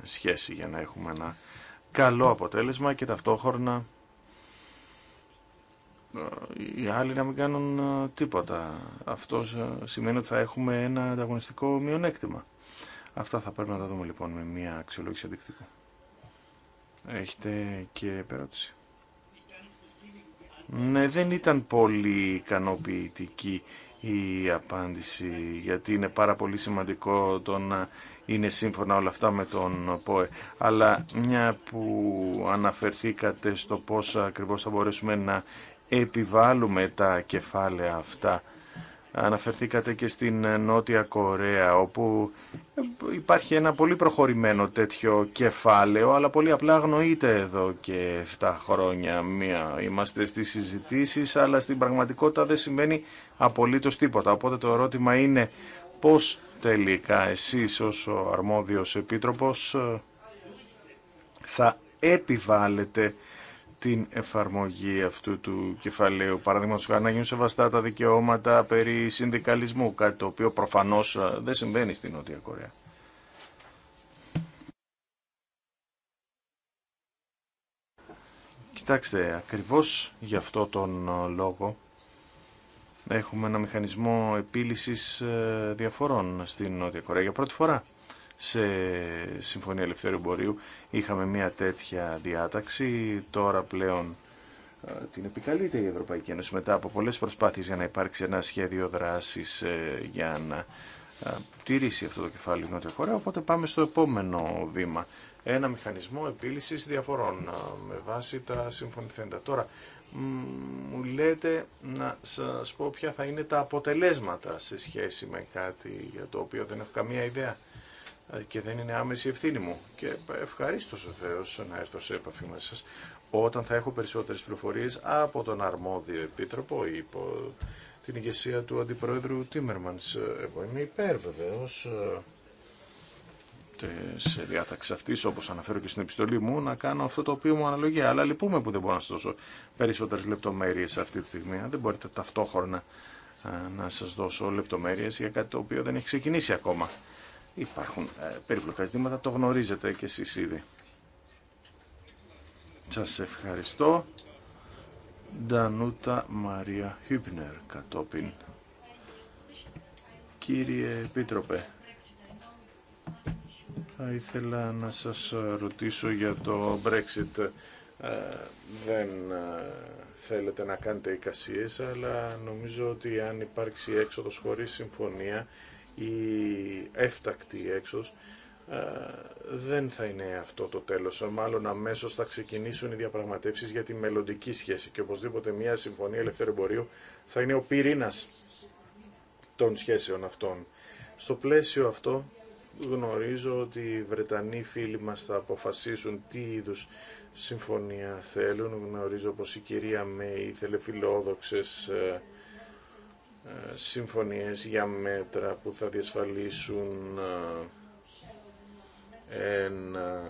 σχέση για να έχουμε ένα καλό αποτέλεσμα και ταυτόχρονα ε, οι άλλοι να μην κάνουν ε, τίποτα. Αυτό ε, σημαίνει ότι θα έχουμε ένα ανταγωνιστικό μειονέκτημα. Αυτά θα πρέπει να τα δούμε λοιπόν με μια αξιολόγηση αντικτύπου. Έχετε και περώτηση. Ναι, δεν ήταν πολύ ικανοποιητική η απάντηση, γιατί είναι πάρα πολύ σημαντικό το να είναι σύμφωνα όλα αυτά με τον ΠΟΕ. Αλλά μια που αναφερθήκατε στο πώς ακριβώς θα μπορέσουμε να επιβάλλουμε τα κεφάλαια αυτά Αναφερθήκατε και στην ε, Νότια Κορέα, όπου ε, υπάρχει ένα πολύ προχωρημένο τέτοιο κεφάλαιο, αλλά πολύ απλά αγνοείται εδώ και 7 χρόνια. Μία. Είμαστε στις συζητήσεις, αλλά στην πραγματικότητα δεν σημαίνει απολύτως τίποτα. Οπότε το ερώτημα είναι πώς τελικά εσείς ως ο αρμόδιος επίτροπος ε, θα επιβάλλετε την εφαρμογή αυτού του κεφαλαίου. Παραδείγματο χάρη να γίνουν σεβαστά τα δικαιώματα περί συνδικαλισμού, κάτι το οποίο προφανώς δεν συμβαίνει στην Νότια Κορέα. Κοιτάξτε, ακριβώς γι' αυτό τον λόγο έχουμε ένα μηχανισμό επίλυσης ε, διαφορών στην Νότια Κορέα για πρώτη φορά σε Συμφωνία ελευθερίου Μπορείου είχαμε μια τέτοια διάταξη. Τώρα πλέον ε, την επικαλείται η Ευρωπαϊκή Ένωση μετά από πολλές προσπάθειες για να υπάρξει ένα σχέδιο δράσης ε, για να ε, τηρήσει αυτό το κεφάλαιο Νότια Χώρα. Οπότε πάμε στο επόμενο βήμα. Ένα μηχανισμό επίλυσης διαφορών με βάση τα συμφωνηθέντα. Τώρα μου λέτε να σας πω ποια θα είναι τα αποτελέσματα σε σχέση με κάτι για το οποίο δεν έχω καμία ιδέα. Ε, και δεν είναι άμεση ευθύνη μου. Και ευχαρίστω βεβαίω να έρθω σε επαφή μαζί σα όταν θα έχω περισσότερε πληροφορίε από τον αρμόδιο επίτροπο ή υπό την ηγεσία του αντιπρόεδρου Τίμερμαν. Ε, εγώ είμαι υπέρ βεβαίω σε ε, διάταξη αυτή, όπω αναφέρω και στην επιστολή μου, να κάνω αυτό το οποίο μου αναλογεί. Αλλά λυπούμε που δεν μπορώ να σα δώσω περισσότερε λεπτομέρειε αυτή τη στιγμή. Δεν μπορείτε ταυτόχρονα να σα δώσω λεπτομέρειε για κάτι το οποίο δεν έχει ξεκινήσει ακόμα. Υπάρχουν ε, περίπλοκα ζητήματα, το γνωρίζετε και εσείς ήδη. Σας ευχαριστώ. Ντανούτα Μαρία Χύπνερ κατόπιν. Κύριε Επίτροπε, θα ήθελα να σας ρωτήσω για το Brexit. Ε, δεν ε, θέλετε να κάνετε εικασίες, αλλά νομίζω ότι αν υπάρξει έξοδος χωρίς συμφωνία, η έφτακτη έξω, ε, δεν θα είναι αυτό το τέλος. Ε, μάλλον αμέσως θα ξεκινήσουν οι διαπραγματεύσεις για τη μελλοντική σχέση και οπωσδήποτε μια συμφωνία ελευθερου θα είναι ο πυρήνας των σχέσεων αυτών. Στο πλαίσιο αυτό γνωρίζω ότι οι Βρετανοί φίλοι μας θα αποφασίσουν τι είδους συμφωνία θέλουν. Γνωρίζω πως η κυρία Μέη ήθελε φιλόδοξες ε, συμφωνίες για μέτρα που θα διασφαλίσουν ε, ένα,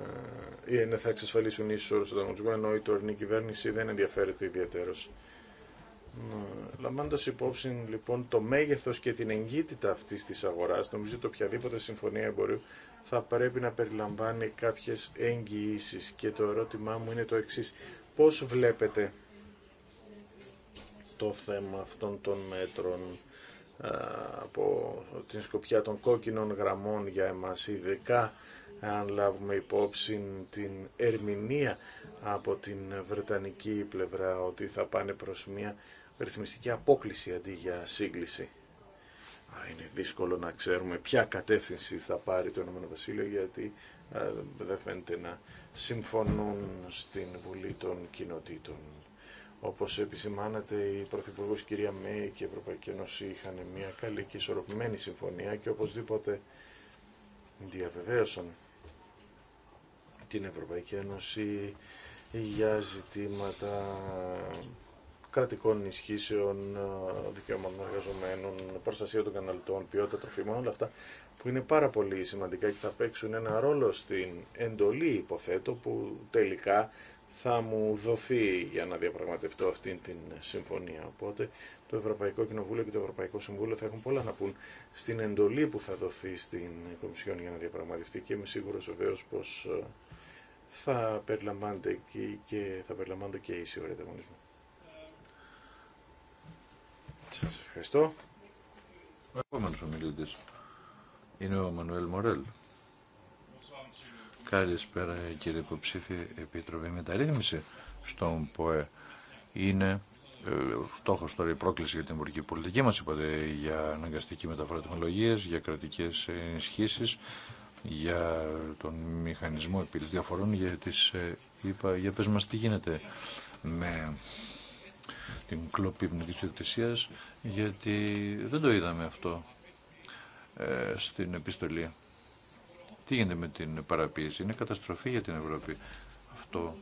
ή ένα θα η θα εξασφαλισουν ισως ορους κυβέρνηση δεν ενδιαφέρεται ιδιαίτερος. Ε, Λαμβάνοντα υπόψη λοιπόν το μέγεθος και την εγκύτητα αυτής της αγοράς, νομίζω ότι οποιαδήποτε συμφωνία εμπορίου θα πρέπει να περιλαμβάνει κάποιες εγγυήσεις και το ερώτημά μου είναι το εξής. Πώς βλέπετε το θέμα αυτών των μέτρων από την σκοπιά των κόκκινων γραμμών για εμάς, ειδικά αν λάβουμε υπόψη την ερμηνεία από την βρετανική πλευρά ότι θα πάνε προς μια ρυθμιστική απόκληση αντί για σύγκληση. Είναι δύσκολο να ξέρουμε ποια κατεύθυνση θα πάρει το ΕΒ Βασίλειο γιατί δεν φαίνεται να συμφωνούν στην Βουλή των Κοινοτήτων όπως επισημάνατε, η Πρωθυπουργό κυρία Μέη και η Ευρωπαϊκή Ένωση είχαν μια καλή και ισορροπημένη συμφωνία και οπωσδήποτε διαβεβαίωσαν την Ευρωπαϊκή Ένωση για ζητήματα κρατικών ισχύσεων, δικαιωμάτων εργαζομένων, προστασία των καναλτών, ποιότητα τροφίμων, όλα αυτά που είναι πάρα πολύ σημαντικά και θα παίξουν ένα ρόλο στην εντολή, υποθέτω, που τελικά θα μου δοθεί για να διαπραγματευτώ αυτήν την συμφωνία. Οπότε το Ευρωπαϊκό Κοινοβούλιο και το Ευρωπαϊκό Συμβούλιο θα έχουν πολλά να πούν στην εντολή που θα δοθεί στην Κομισιόν για να διαπραγματευτεί και είμαι σίγουρος βεβαίω πως ε, θα περιλαμβάνεται εκεί και θα περιλαμβάνονται και οι σύγουροι Σας ευχαριστώ. Ο επόμενος ομιλητής είναι ο Μανουέλ Μορέλ. Καλησπέρα κύριε υποψήφι Επίτροπη. Η μεταρρύθμιση στον ΠΟΕ είναι ε, στόχο τώρα η πρόκληση για την εμπορική πολιτική μα. Είπατε για αναγκαστική μεταφορά τεχνολογία, για κρατικέ ενισχύσει, για τον μηχανισμό επίλυση διαφορών, για τι ε, είπα, για πες μας τι γίνεται με την κλοπή πνευματικής ιδιοκτησία, γιατί δεν το είδαμε αυτό ε, στην επιστολή. Τι γίνεται με την παραποίηση, είναι καταστροφή για την Ευρώπη. Αυτό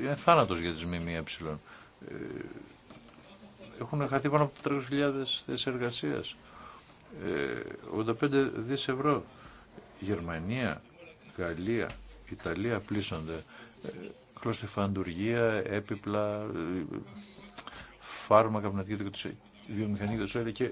είναι ε, ε, ε, θάνατος για τις ΜΜΕ. Έχουν χαθεί πάνω από 300.000 θέσεις εργασίας. 85 δις ευρώ. Γερμανία, Γαλλία, Ιταλία πλήσονται. Κλωστεφαντουργία, έπιπλα, φάρμακα, πνευματική Βιομηχανία του και ε,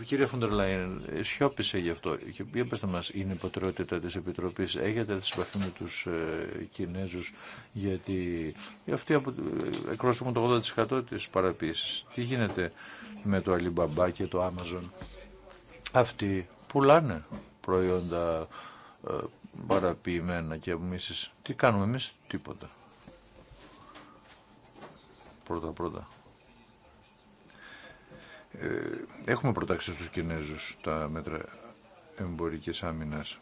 η κυρία Φοντερ Λάιν ε, σιώπησε γι' αυτό. Και για πετε μας, είναι η τη της Επιτροπής. Έχετε έρθει με του ε, Κινέζους γιατί αυτοί απο, ε, εκπρόσωπουν το 80% τη παραποίηση. Τι γίνεται με το Alibaba και το Amazon. Αυτοί πουλάνε προϊόντα ε, παραποιημένα και μίσεις. Τι κάνουμε εμείς, τίποτα. Πρώτα-πρώτα ε, έχουμε προτάξει στους Κινέζους τα μέτρα εμπορικής άμυνας.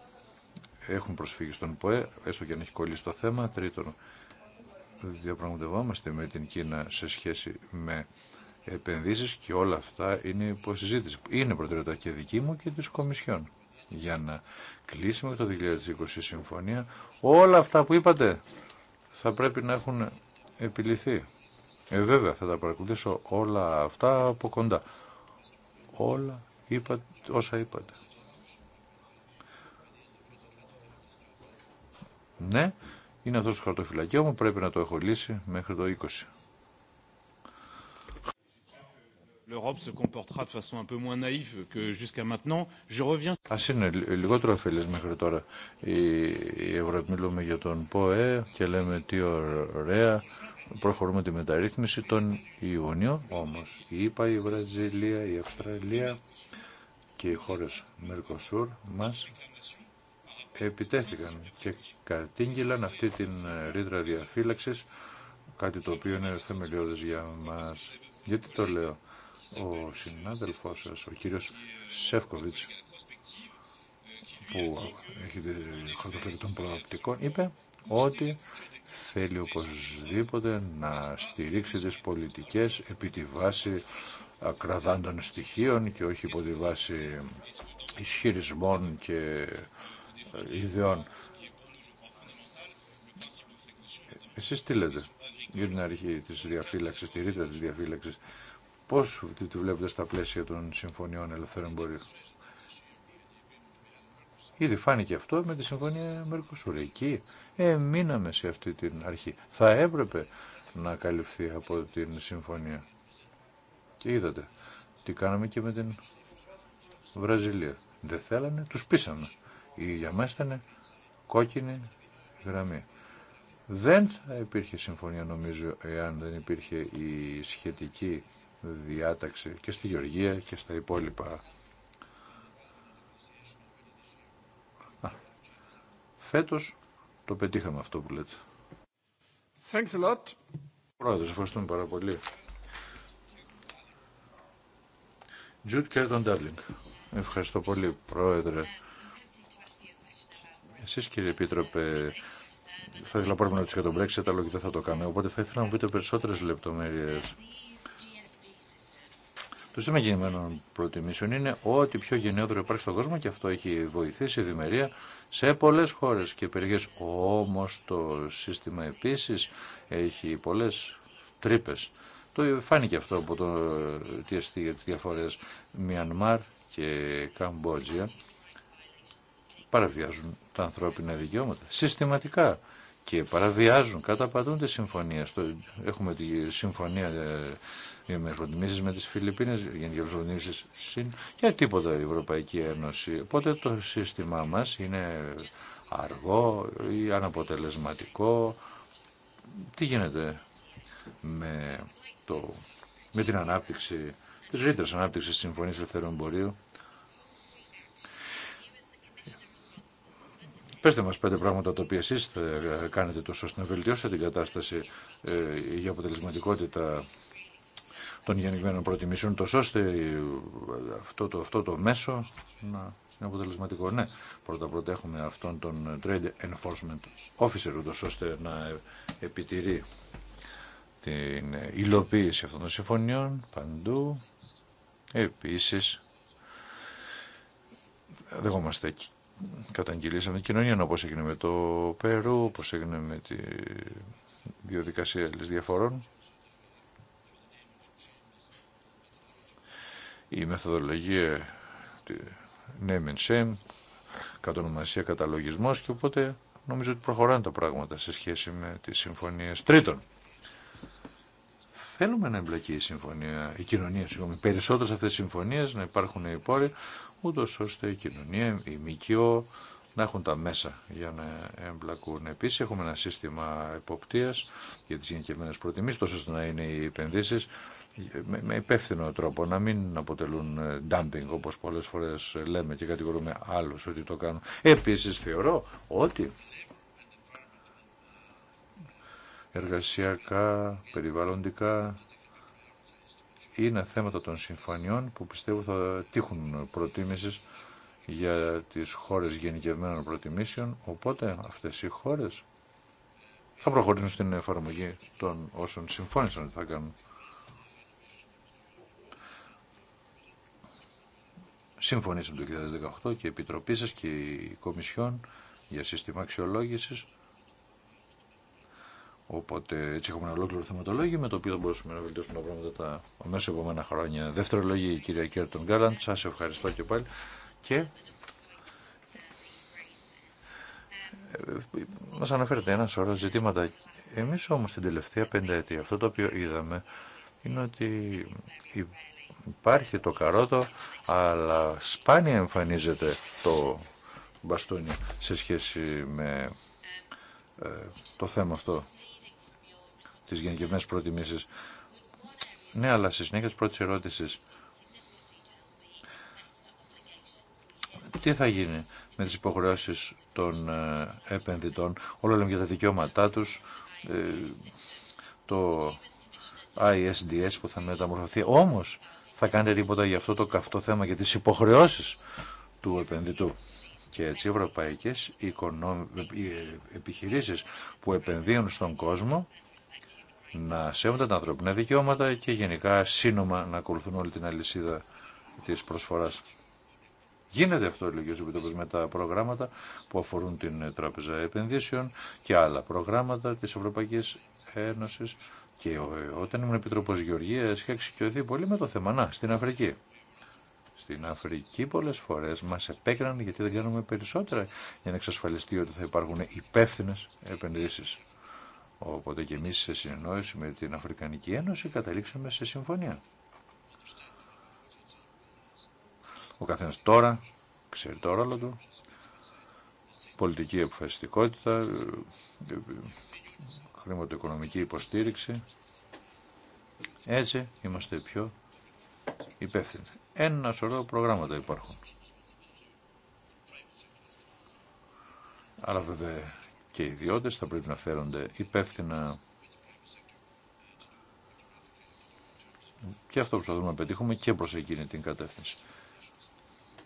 Έχουν προσφύγει στον ΠΟΕ, έστω και αν έχει κολλήσει το θέμα. Τρίτον, διαπραγματευόμαστε με την Κίνα σε σχέση με επενδύσεις και όλα αυτά είναι υποσυζήτηση. Είναι προτεραιότητα και δική μου και της Κομισιόν. Για να κλείσουμε το 2020 συμφωνία, όλα αυτά που είπατε θα πρέπει να έχουν επιληθεί. Ε, βέβαια, θα τα παρακολουθήσω όλα αυτά από κοντά. Όλα είπα, όσα είπατε. Ναι, είναι αυτός το χαρτοφυλακείο μου, πρέπει να το έχω λύσει μέχρι το 20. l'Europe Ας είναι λιγότερο ωφελές μέχρι τώρα. Η, Ευρώπη μιλούμε για τον ΠΟΕ και λέμε τι ωραία, προχωρούμε τη μεταρρύθμιση τον Ιούνιο, όμως η η Βραζιλία, η Αυστραλία και οι χώρες Μερκοσούρ μας επιτέθηκαν και κατήγγυλαν αυτή την ε, ρήτρα διαφύλαξης, κάτι το οποίο είναι θεμελιώδες για μας. Γιατί το λέω ο συνάδελφός σας, ο κύριος Σεύκοβιτς, που έχει χαρτοφυλακή των προοπτικών, είπε ότι θέλει οπωσδήποτε να στηρίξει τις πολιτικές επί τη βάση κραδάντων στοιχείων και όχι υπό τη βάση ισχυρισμών και ε, ιδεών. Εσείς τι λέτε για την αρχή της διαφύλαξης, τη ρήτρα της διαφύλαξης Πώς τη βλέπετε στα πλαίσια των συμφωνιών ελευθερών εμπορίου. Ήδη φάνηκε αυτό με τη συμφωνία Μερκοσούρ. Εκεί ε, σε αυτή την αρχή. Θα έπρεπε να καλυφθεί από την συμφωνία. Και είδατε τι κάναμε και με την Βραζιλία. Δεν θέλανε, τους πείσαμε. Η για μας ήταν κόκκινη γραμμή. Δεν θα υπήρχε συμφωνία νομίζω εάν δεν υπήρχε η σχετική διάταξη και στη Γεωργία και στα υπόλοιπα. Φέτο φέτος το πετύχαμε αυτό που λέτε. Thanks a lot. ευχαριστούμε πάρα πολύ. Τζουτ Κέρτον darling Ευχαριστώ πολύ, Πρόεδρε. Εσείς, κύριε Επίτροπε, θα ήθελα να πω να για τον Brexit, αλλά και δεν θα το κάνω. Οπότε θα ήθελα να μου πείτε περισσότερες λεπτομέρειες το σύστημα γεννημένων προτιμήσεων είναι ό,τι πιο γενναιόδρο υπάρχει στον κόσμο και αυτό έχει βοηθήσει ευημερία σε πολλές χώρες και περιοχές. Όμως το σύστημα επίσης έχει πολλές τρύπες. Το φάνηκε αυτό από το TST για τις διαφορές Μιανμάρ και Καμπότζια παραβιάζουν τα ανθρώπινα δικαιώματα συστηματικά και παραβιάζουν, καταπατούν τις συμφωνίες. Έχουμε τη συμφωνία ε, με προτιμήσεις με τις Φιλιππίνες, γενικέ προτιμήσεις συν και τίποτα η Ευρωπαϊκή Ένωση. Οπότε το σύστημά μα είναι αργό ή αναποτελεσματικό. Τι γίνεται με, το, με την ανάπτυξη, της ρήτρας ανάπτυξης Συμφωνία Ελευθερών Μπορείου. Πέστε μας πέντε πράγματα τα οποία εσείς κάνετε τόσο ώστε να βελτιώσετε την κατάσταση ε, για αποτελεσματικότητα των γενικμένων προτιμήσεων, τόσο ώστε αυτό το, αυτό το μέσο να είναι αποτελεσματικό. Ναι, πρώτα πρώτα έχουμε αυτόν τον Trade Enforcement Officer, τόσο ώστε να επιτηρεί την υλοποίηση αυτών των συμφωνιών παντού. Επίσης, δεχόμαστε καταγγελίες από την κοινωνία, όπως έγινε με το Περού, όπως έγινε με τη διαδικασία διαφορών. η μεθοδολογία name and shame, κατονομασία, καταλογισμός και οπότε νομίζω ότι προχωράνε τα πράγματα σε σχέση με τις συμφωνίες τρίτων. Θέλουμε να εμπλακεί η συμφωνία, η κοινωνία, συγγνώμη, περισσότερε αυτέ αυτές συμφωνίε να υπάρχουν οι πόροι, ούτω ώστε η κοινωνία, η ΜΚΟ, να έχουν τα μέσα για να εμπλακούν. επίση. έχουμε ένα σύστημα εποπτείας για τι γενικευμένε προτιμήσει τόσο ώστε να είναι οι επενδύσει με υπεύθυνο τρόπο, να μην αποτελούν ε, dumping όπως πολλές φορές λέμε και κατηγορούμε άλλους ότι το κάνουν. Επίσης θεωρώ ότι εργασιακά, περιβαλλοντικά είναι θέματα των συμφωνιών που πιστεύω θα τύχουν προτίμησης για τις χώρες γενικευμένων προτιμήσεων, οπότε αυτές οι χώρες θα προχωρήσουν στην εφαρμογή των όσων συμφώνησαν ότι θα κάνουν. συμφωνήσαμε το 2018 και η Επιτροπή σας και η Κομισιόν για σύστημα αξιολόγησης. Οπότε έτσι έχουμε ένα ολόκληρο θεματολόγιο με το οποίο θα μπορούσαμε να βελτιώσουμε τα πράγματα τα μέσα επόμενα χρόνια. Δεύτερο η κυρία Κέρτον Γκάλαντ. Σας ευχαριστώ και πάλι. Και ε, μας αναφέρετε ένα σωρό ζητήματα. Εμεί όμω την τελευταία πενταετία αυτό το οποίο είδαμε είναι ότι Υπάρχει το καρότο, αλλά σπάνια εμφανίζεται το μπαστούνι σε σχέση με ε, το θέμα αυτό της γενικευμένες προτιμήσεις. Ναι, αλλά στη συνέχεια της πρώτης τι θα γίνει με τις υποχρεώσεις των ε, επενδυτών. Όλα λέμε για τα δικαιώματά τους, ε, το ISDS που θα μεταμορφωθεί. Όμως θα κάνετε τίποτα για αυτό το καυτό θέμα και τις υποχρεώσεις του επενδυτού. Και έτσι οι ευρωπαϊκές ε, ε, επιχειρήσεις που επενδύουν στον κόσμο να σέβονται τα ανθρωπινά δικαιώματα και γενικά σύνομα να ακολουθούν όλη την αλυσίδα της προσφοράς. Γίνεται αυτό, λέει ο με τα προγράμματα που αφορούν την Τράπεζα Επενδύσεων και άλλα προγράμματα τη Ευρωπαϊκή Ένωση. Και όταν ήμουν επιτροπό Γεωργία, είχα εξοικειωθεί πολύ με το θέμα. Να, στην Αφρική. Στην Αφρική πολλές φορές μας επέκραναν γιατί δεν κάνουμε περισσότερα για να εξασφαλιστεί ότι θα υπάρχουν υπεύθυνε επενδύσεις. Οπότε και εμεί σε συνεννόηση με την Αφρικανική Ένωση καταλήξαμε σε συμφωνία. Ο καθένα τώρα ξέρει το ρόλο του, πολιτική αποφασιστικότητα, χρηματοοικονομική υποστήριξη. Έτσι είμαστε πιο υπεύθυνοι. Ένα σωρό προγράμματα υπάρχουν. Αλλά βέβαια και οι ιδιώτες θα πρέπει να φέρονται υπεύθυνα και αυτό που θα δούμε να πετύχουμε και προς εκείνη την κατεύθυνση.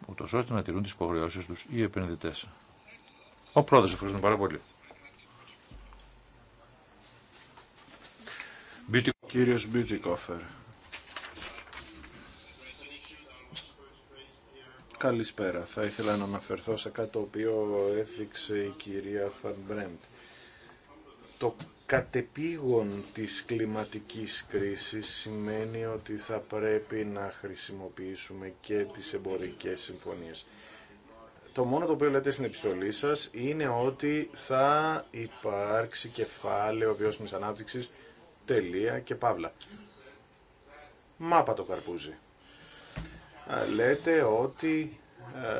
Ούτως ώστε να τηρούν τις υποχρεώσεις τους οι επενδυτές. Ο πρόεδρος, ευχαριστούμε πάρα πολύ. Κύριος Μπιουτικόφερ. Καλησπέρα. Θα ήθελα να αναφερθώ σε κάτι το οποίο έθιξε η κυρία Φανμπρέμπτ. Το κατεπήγον της κλιματικής κρίσης σημαίνει ότι θα πρέπει να χρησιμοποιήσουμε και τις εμπορικές συμφωνίες. Το μόνο το οποίο λέτε στην επιστολή σας είναι ότι θα υπάρξει κεφάλαιο βιώσιμης ανάπτυξης Τελεία και παύλα. Μάπα το καρπούζι. Ε, λέτε ότι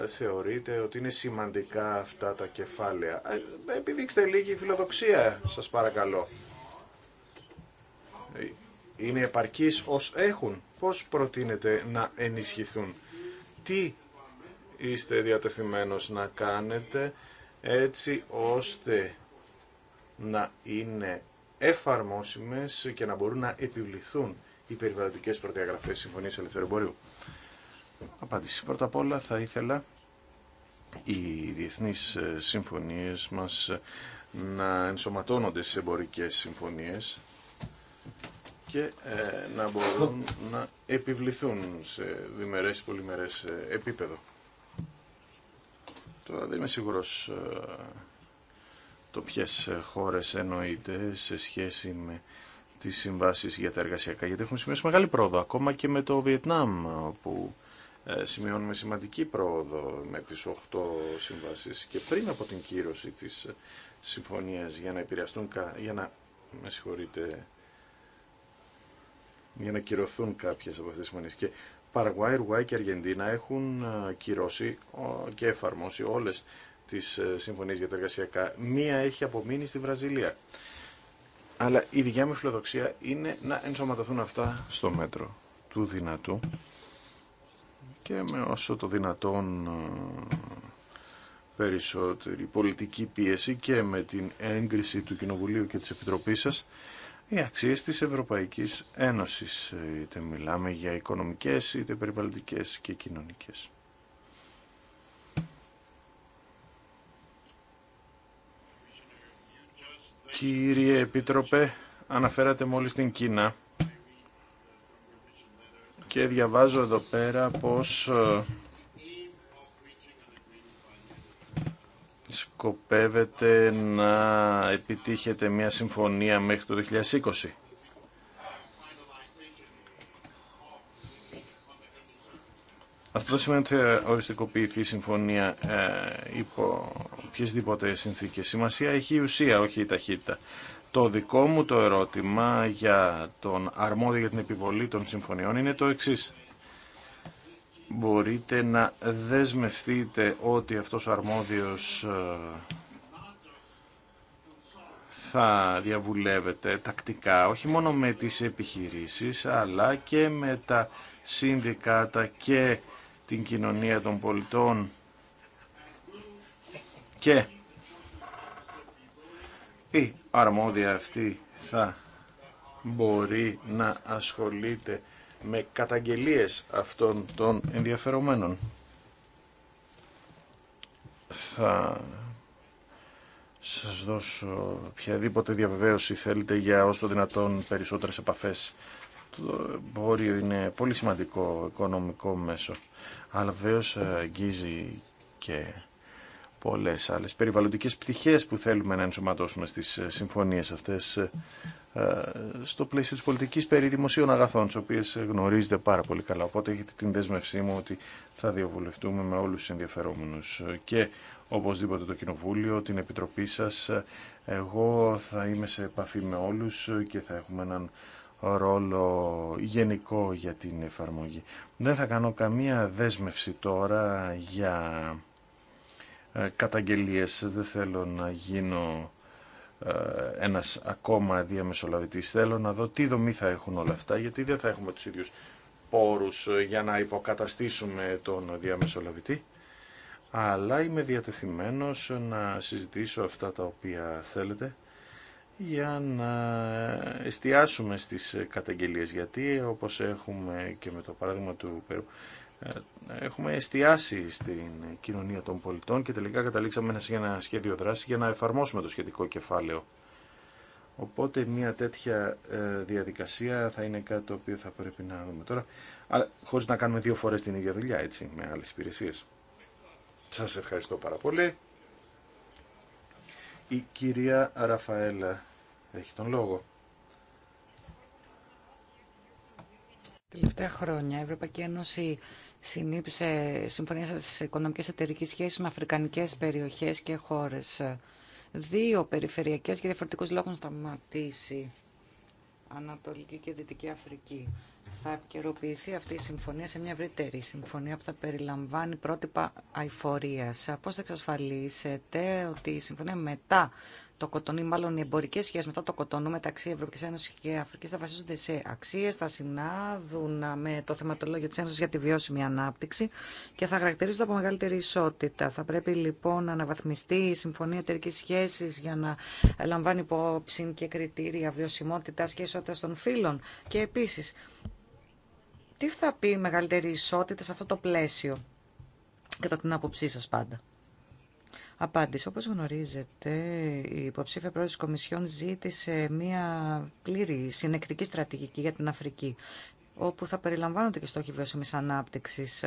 ε, θεωρείτε ότι είναι σημαντικά αυτά τα κεφάλαια. Ε, επιδείξτε λίγη φιλοδοξία, σας παρακαλώ. Είναι επαρκείς ως έχουν. Πώς προτείνετε να ενισχυθούν. Τι είστε διατεθειμένος να κάνετε έτσι ώστε να είναι εφαρμόσιμες και να μπορούν να επιβληθούν οι περιβαλλοντικές προδιαγραφές συμφωνίας ελευθεροπορίου. Απάντηση. Πρώτα απ' όλα θα ήθελα οι διεθνείς ε, συμφωνίες μας ε, να ενσωματώνονται σε εμπορικές συμφωνίες και ε, να μπορούν να επιβληθούν σε διμερές, πολυμερές επίπεδο. Τώρα δεν είμαι σίγουρος το ποιες ε, χώρες εννοείται σε σχέση με τις συμβάσεις για τα εργασιακά, γιατί έχουμε σημειώσει μεγάλη πρόοδο, ακόμα και με το Βιετνάμ, όπου ε, σημειώνουμε σημαντική πρόοδο με τις 8 συμβάσεις και πριν από την κύρωση της ε, συμφωνίας για να επηρεαστούν, για να, με συγχωρείτε, για να κυρωθούν κάποιες από αυτές τις συμφωνίες. Και Παραγουάι, και Αργεντίνα έχουν κυρώσει και εφαρμόσει όλες της ε, συμφωνία για τα Εργασιακά. Μία έχει απομείνει στη Βραζιλία. Αλλά η δικιά μου φιλοδοξία είναι να ενσωματωθούν αυτά στο μέτρο του δυνατού και με όσο το δυνατόν ε, περισσότερη πολιτική πίεση και με την έγκριση του Κοινοβουλίου και της Επιτροπής σας οι αξίες της Ευρωπαϊκής Ένωσης είτε μιλάμε για οικονομικές είτε περιβαλλοντικές και κοινωνικές. Κύριε Επίτροπε, αναφέρατε μόλις την Κίνα και διαβάζω εδώ πέρα πως ε, σκοπεύετε να επιτύχετε μια συμφωνία μέχρι το 2020. Αυτό σημαίνει ότι θα οριστικοποιηθεί η συμφωνία ε, υπό οποιασδήποτε συνθήκε Σημασία έχει η ουσία, όχι η ταχύτητα. Το δικό μου το ερώτημα για τον αρμόδιο για την επιβολή των συμφωνιών είναι το εξής. Μπορείτε να δεσμευτείτε ότι αυτός ο αρμόδιος ε, θα διαβουλεύεται τακτικά, όχι μόνο με τις επιχειρήσεις, αλλά και με τα συνδικάτα και την κοινωνία των πολιτών και η αρμόδια αυτή θα μπορεί να ασχολείται με καταγγελίες αυτών των ενδιαφερομένων. Θα σας δώσω οποιαδήποτε διαβεβαίωση θέλετε για όσο δυνατόν περισσότερες επαφές το εμπόριο είναι πολύ σημαντικό οικονομικό μέσο, αλλά βεβαίω ε, αγγίζει και πολλές άλλες περιβαλλοντικές πτυχές που θέλουμε να ενσωματώσουμε στις ε, συμφωνίες αυτές ε, στο πλαίσιο της πολιτικής περί δημοσίων αγαθών, τις οποίες γνωρίζετε πάρα πολύ καλά. Οπότε έχετε την δέσμευσή μου ότι θα διαβουλευτούμε με όλους τους ενδιαφερόμενους και οπωσδήποτε το Κοινοβούλιο, την Επιτροπή σας. Εγώ θα είμαι σε επαφή με όλους και θα έχουμε έναν ρόλο γενικό για την εφαρμογή. Δεν θα κάνω καμία δέσμευση τώρα για ε, καταγγελίες. Δεν θέλω να γίνω ε, ένας ακόμα διαμεσολαβητής. Θέλω να δω τι δομή θα έχουν όλα αυτά, γιατί δεν θα έχουμε τους ίδιους πόρους ε, για να υποκαταστήσουμε τον διαμεσολαβητή. Αλλά είμαι διατεθειμένος να συζητήσω αυτά τα οποία θέλετε για να εστιάσουμε στις καταγγελίες γιατί όπως έχουμε και με το παράδειγμα του Περού ε, έχουμε εστιάσει στην κοινωνία των πολιτών και τελικά καταλήξαμε σε ένα σχέδιο δράση για να εφαρμόσουμε το σχετικό κεφάλαιο. Οπότε μια τέτοια ε, διαδικασία θα είναι κάτι το οποίο θα πρέπει να δούμε τώρα. Αλλά χωρίς να κάνουμε δύο φορές την ίδια δουλειά, έτσι, με άλλες υπηρεσίες. Σας ευχαριστώ πάρα πολύ. Η κυρία Ραφαέλα έχει τον λόγο. Τελευταία χρόνια η Ευρωπαϊκή Ένωση συνήψε Συμφωνία στις οικονομικές εταιρικέ σχέσει με αφρικανικές περιοχές και χώρες. Δύο περιφερειακές και διαφορετικού λόγους να σταματήσει. Ανατολική και Δυτική Αφρική. Θα επικαιροποιηθεί αυτή η συμφωνία σε μια ευρύτερη συμφωνία που θα περιλαμβάνει πρότυπα αηφορία. Πώ θα εξασφαλίσετε ότι η συμφωνία μετά το κοτονί, μάλλον οι εμπορικέ σχέσει μετά το κοτονού μεταξύ Ευρωπαϊκή Ένωση και Αφρική θα βασίζονται σε αξίε, θα συνάδουν με το θεματολόγιο τη Ένωση για τη βιώσιμη ανάπτυξη και θα χαρακτηρίζονται από μεγαλύτερη ισότητα. Θα πρέπει λοιπόν να αναβαθμιστεί η Συμφωνία Εταιρική Σχέση για να λαμβάνει υπόψη και κριτήρια βιωσιμότητα και ισότητα των φύλων. Και επίση, τι θα πει μεγαλύτερη ισότητα σε αυτό το πλαίσιο, κατά την άποψή σα πάντα. Απάντηση. Όπως γνωρίζετε, η υποψήφια πρόεδρος της Κομισιόν ζήτησε μια πλήρη συνεκτική στρατηγική για την Αφρική, όπου θα περιλαμβάνονται και στόχοι βιώσιμης ανάπτυξης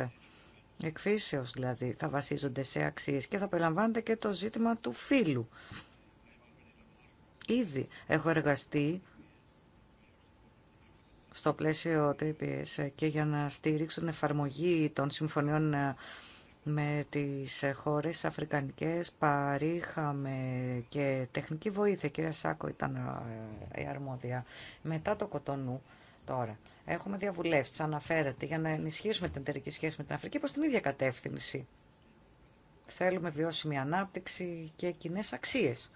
εκφύσεως δηλαδή, θα βασίζονται σε αξίες και θα περιλαμβάνεται και το ζήτημα του φύλου. Ήδη έχω εργαστεί στο πλαίσιο TPS και για να στηρίξουν εφαρμογή των συμφωνιών με τις χώρες αφρικανικές. Παρήχαμε και τεχνική βοήθεια. Η κυρία Σάκο ήταν ε, η αρμόδια. Μετά το Κοτονού τώρα. Έχουμε διαβουλεύσει, αναφέρεται για να ενισχύσουμε την εταιρική σχέση με την Αφρική προς την ίδια κατεύθυνση. Θέλουμε βιώσιμη ανάπτυξη και κοινέ αξίες.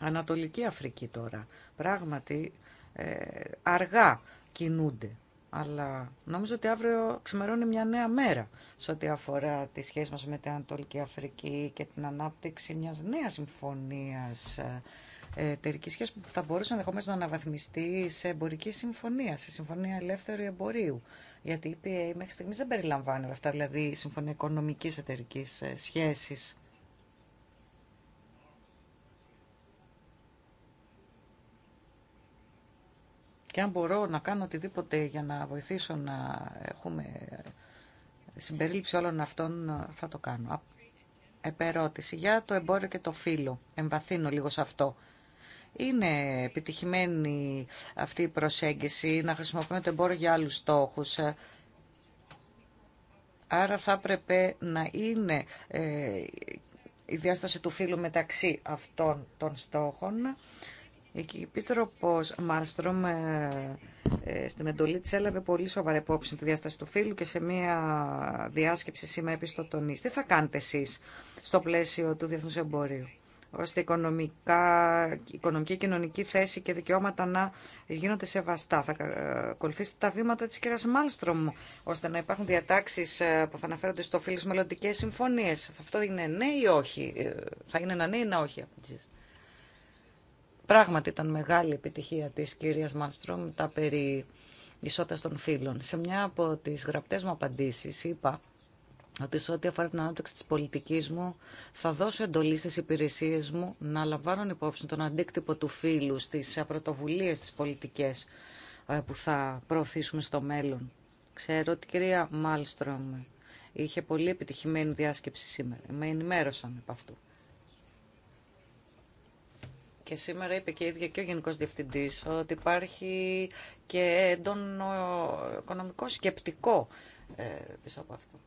Ανατολική Αφρική τώρα. Πράγματι, ε, αργά κινούνται αλλά νομίζω ότι αύριο ξημερώνει μια νέα μέρα σε ό,τι αφορά τη σχέση μας με την Ανατολική Αφρική και την ανάπτυξη μιας νέας συμφωνίας ε, εταιρική σχέση που θα μπορούσε ενδεχομένω να αναβαθμιστεί σε εμπορική συμφωνία, σε συμφωνία ελεύθερου εμπορίου. Γιατί η EPA μέχρι στιγμή δεν περιλαμβάνει αυτά, δηλαδή η συμφωνία οικονομική εταιρική ε, σχέση. Και αν μπορώ να κάνω οτιδήποτε για να βοηθήσω να έχουμε συμπερίληψη όλων αυτών, θα το κάνω. Επερώτηση για το εμπόριο και το φύλλο. Εμβαθύνω λίγο σε αυτό. Είναι επιτυχημένη αυτή η προσέγγιση να χρησιμοποιούμε το εμπόριο για άλλους στόχους. Άρα θα έπρεπε να είναι ε, η διάσταση του φύλου μεταξύ αυτών των στόχων η ε, Μάλστρομ ε, στην εντολή τη έλαβε πολύ σοβαρή υπόψη τη διάσταση του φύλου και σε μία διάσκεψη σήμερα επί Τι θα κάνετε εσεί στο πλαίσιο του διεθνού εμπορίου, ώστε οικονομικά, οικονομική, κοινωνική θέση και δικαιώματα να γίνονται σεβαστά. Θα ε, ακολουθήσετε τα βήματα τη κυρία Μάλστρομ, ώστε να υπάρχουν διατάξει ε, που θα αναφέρονται στο φύλλο στι μελλοντικέ συμφωνίε. Αυτό είναι ναι ή όχι. Θα είναι ένα ναι ή ένα όχι. Πράγματι ήταν μεγάλη επιτυχία της κυρίας Μανστρόμ τα περί ισότητας των φύλων. Σε μια από τις γραπτές μου απαντήσεις είπα ότι σε ό,τι αφορά την ανάπτυξη της πολιτικής μου θα δώσω εντολή στις υπηρεσίες μου να λαμβάνουν υπόψη τον αντίκτυπο του φύλου στις πρωτοβουλίες της πολιτικές ε, που θα προωθήσουμε στο μέλλον. Ξέρω ότι η κυρία Μάλστρομ είχε πολύ επιτυχημένη διάσκεψη σήμερα. Με ενημέρωσαν από αυτού. Και σήμερα είπε και η ίδια και ο Γενικός Διευθυντής ότι υπάρχει και έντονο οικονομικό σκεπτικό ε, πίσω από αυτό.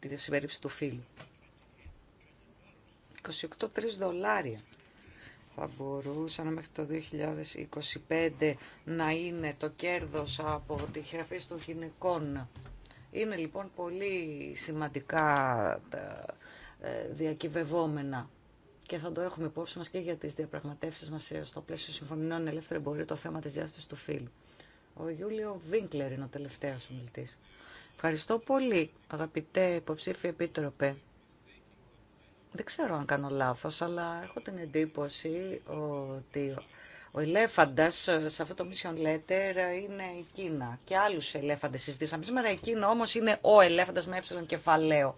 Τη συμπερίψη του φίλου. 28-3 δολάρια θα μπορούσαν μέχρι το 2025 να είναι το κέρδος από τη χειραφή των γυναικών. Είναι λοιπόν πολύ σημαντικά τα ε, διακυβευόμενα και θα το έχουμε υπόψη μα και για τι διαπραγματεύσει μα στο πλαίσιο συμφωνιών ελεύθερου εμπορίου το θέμα τη διάσταση του φύλου. Ο Γιούλιο Βίνκλερ είναι ο τελευταίο ομιλητή. Ευχαριστώ πολύ, αγαπητέ υποψήφιε επίτροπε. Δεν ξέρω αν κάνω λάθο, αλλά έχω την εντύπωση ότι ο ελέφαντα σε αυτό το Mission Letter είναι η Κίνα και άλλου ελέφαντε συζητήσαμε. Σήμερα η Κίνα όμω είναι ο ελέφαντα με ε κεφαλαίο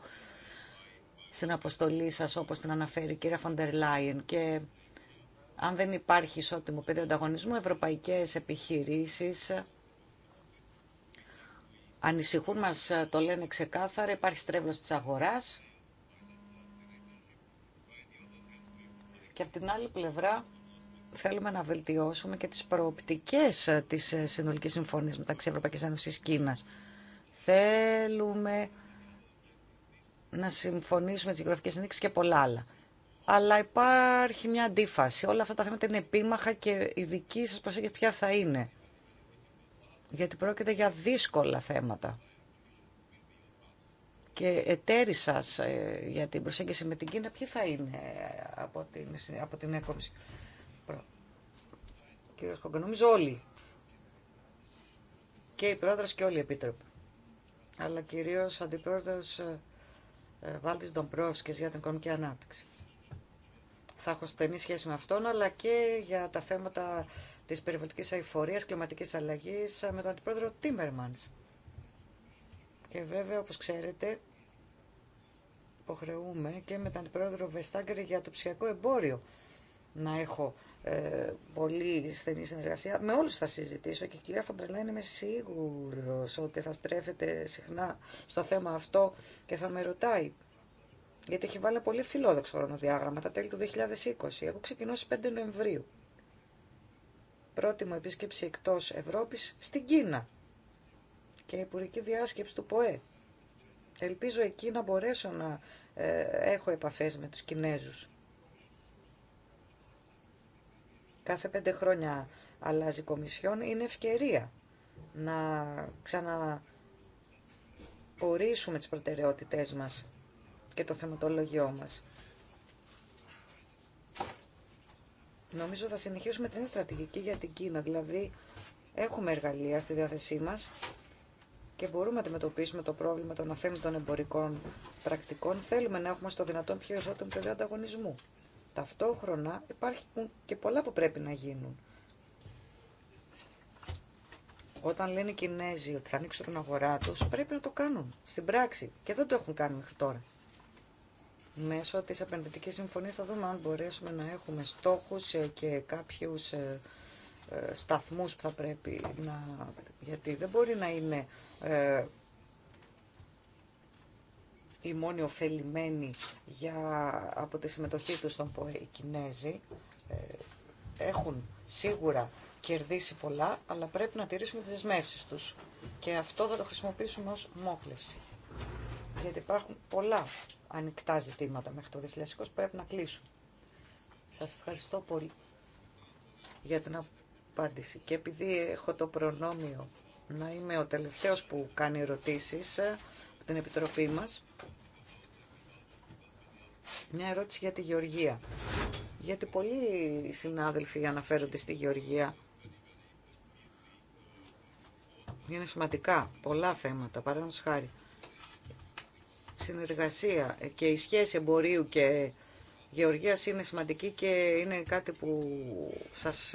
στην αποστολή σας όπως την αναφέρει η κυρία Φοντερ Λάιεν και αν δεν υπάρχει ισότιμο πεδίο ανταγωνισμού, ευρωπαϊκές επιχειρήσεις ανησυχούν μας, το λένε ξεκάθαρα, υπάρχει στρέβλος της αγοράς και από την άλλη πλευρά θέλουμε να βελτιώσουμε και τις προοπτικές της συνολικής συμφωνίας μεταξύ Ευρωπαϊκής Ένωσης Κίνας. Θέλουμε να συμφωνήσουμε τι γεωγραφικέ συνδείξεις και πολλά άλλα. Αλλά υπάρχει μια αντίφαση. Όλα αυτά τα θέματα είναι επίμαχα και η δική σας προσέγγιση ποια θα είναι. Γιατί πρόκειται για δύσκολα θέματα. Και εταίροι σα ε, για την προσέγγιση με την Κίνα, ποιοι θα είναι ε, από την, από την έκομψη. Κύριος Κογκο, όλοι. Και η πρόεδρος και όλοι οι επίτροποι. Αλλά κυρίως αντιπρόεδρος ε, ε, Βάλτης Ντομπρόσκης για την οικονομική ανάπτυξη. Θα έχω στενή σχέση με αυτόν, αλλά και για τα θέματα της περιβαλλοντικής αηφορίας, κλιματικής αλλαγής, ε, με τον αντιπρόεδρο Τίμερμανς. Και βέβαια, όπως ξέρετε, υποχρεούμε και με τον αντιπρόεδρο Βεστάγκερ για το ψυχιακό εμπόριο να έχω ε, πολύ στενή συνεργασία. Με όλους θα συζητήσω και η κυρία Φοντρελάιν είμαι σίγουρο, ότι θα στρέφεται συχνά στο θέμα αυτό και θα με ρωτάει. Γιατί έχει βάλει πολύ φιλόδοξο χρονοδιάγραμμα τα τέλη του 2020. Έχω ξεκινήσει 5 Νοεμβρίου. Πρώτη μου επίσκεψη εκτός Ευρώπης στην Κίνα και η Υπουργική Διάσκεψη του ΠΟΕ. Ελπίζω εκεί να μπορέσω να ε, έχω επαφές με τους Κινέζους κάθε πέντε χρόνια αλλάζει η Κομισιόν, είναι ευκαιρία να ξαναορίσουμε τις προτεραιότητές μας και το θεματολογιό μας. Νομίζω θα συνεχίσουμε την στρατηγική για την Κίνα, δηλαδή έχουμε εργαλεία στη διάθεσή μας και μπορούμε να αντιμετωπίσουμε το πρόβλημα των αθέμητων εμπορικών πρακτικών. Θέλουμε να έχουμε στο δυνατόν πιο ισότιμο πεδίο ανταγωνισμού. Ταυτόχρονα υπάρχουν και πολλά που πρέπει να γίνουν. Όταν λένε οι Κινέζοι ότι θα ανοίξουν την αγορά τους, πρέπει να το κάνουν στην πράξη και δεν το έχουν κάνει μέχρι τώρα. Μέσω της επενδυτικής συμφωνίας θα δούμε αν μπορέσουμε να έχουμε στόχους ε, και κάποιους ε, ε, σταθμούς που θα πρέπει να... Γιατί δεν μπορεί να είναι οι μόνοι ωφελημένοι για, από τη συμμετοχή τους στον ΠΟΕ οι Κινέζοι ε, έχουν σίγουρα κερδίσει πολλά, αλλά πρέπει να τηρήσουμε τις δεσμεύσεις τους. Και αυτό θα το χρησιμοποιήσουμε ως μόχλευση. Γιατί υπάρχουν πολλά ανοιχτά ζητήματα μέχρι το 2020 που πρέπει να κλείσουν. Σας ευχαριστώ πολύ για την απάντηση. Και επειδή έχω το προνόμιο να είμαι ο τελευταίος που κάνει ερωτήσεις ε, από την Επιτροπή μας, μια ερώτηση για τη Γεωργία. Γιατί πολλοί συνάδελφοι αναφέρονται στη Γεωργία. Είναι σημαντικά πολλά θέματα, παράδειγμα χάρη. Συνεργασία και η σχέση εμπορίου και γεωργίας είναι σημαντική και είναι κάτι που σας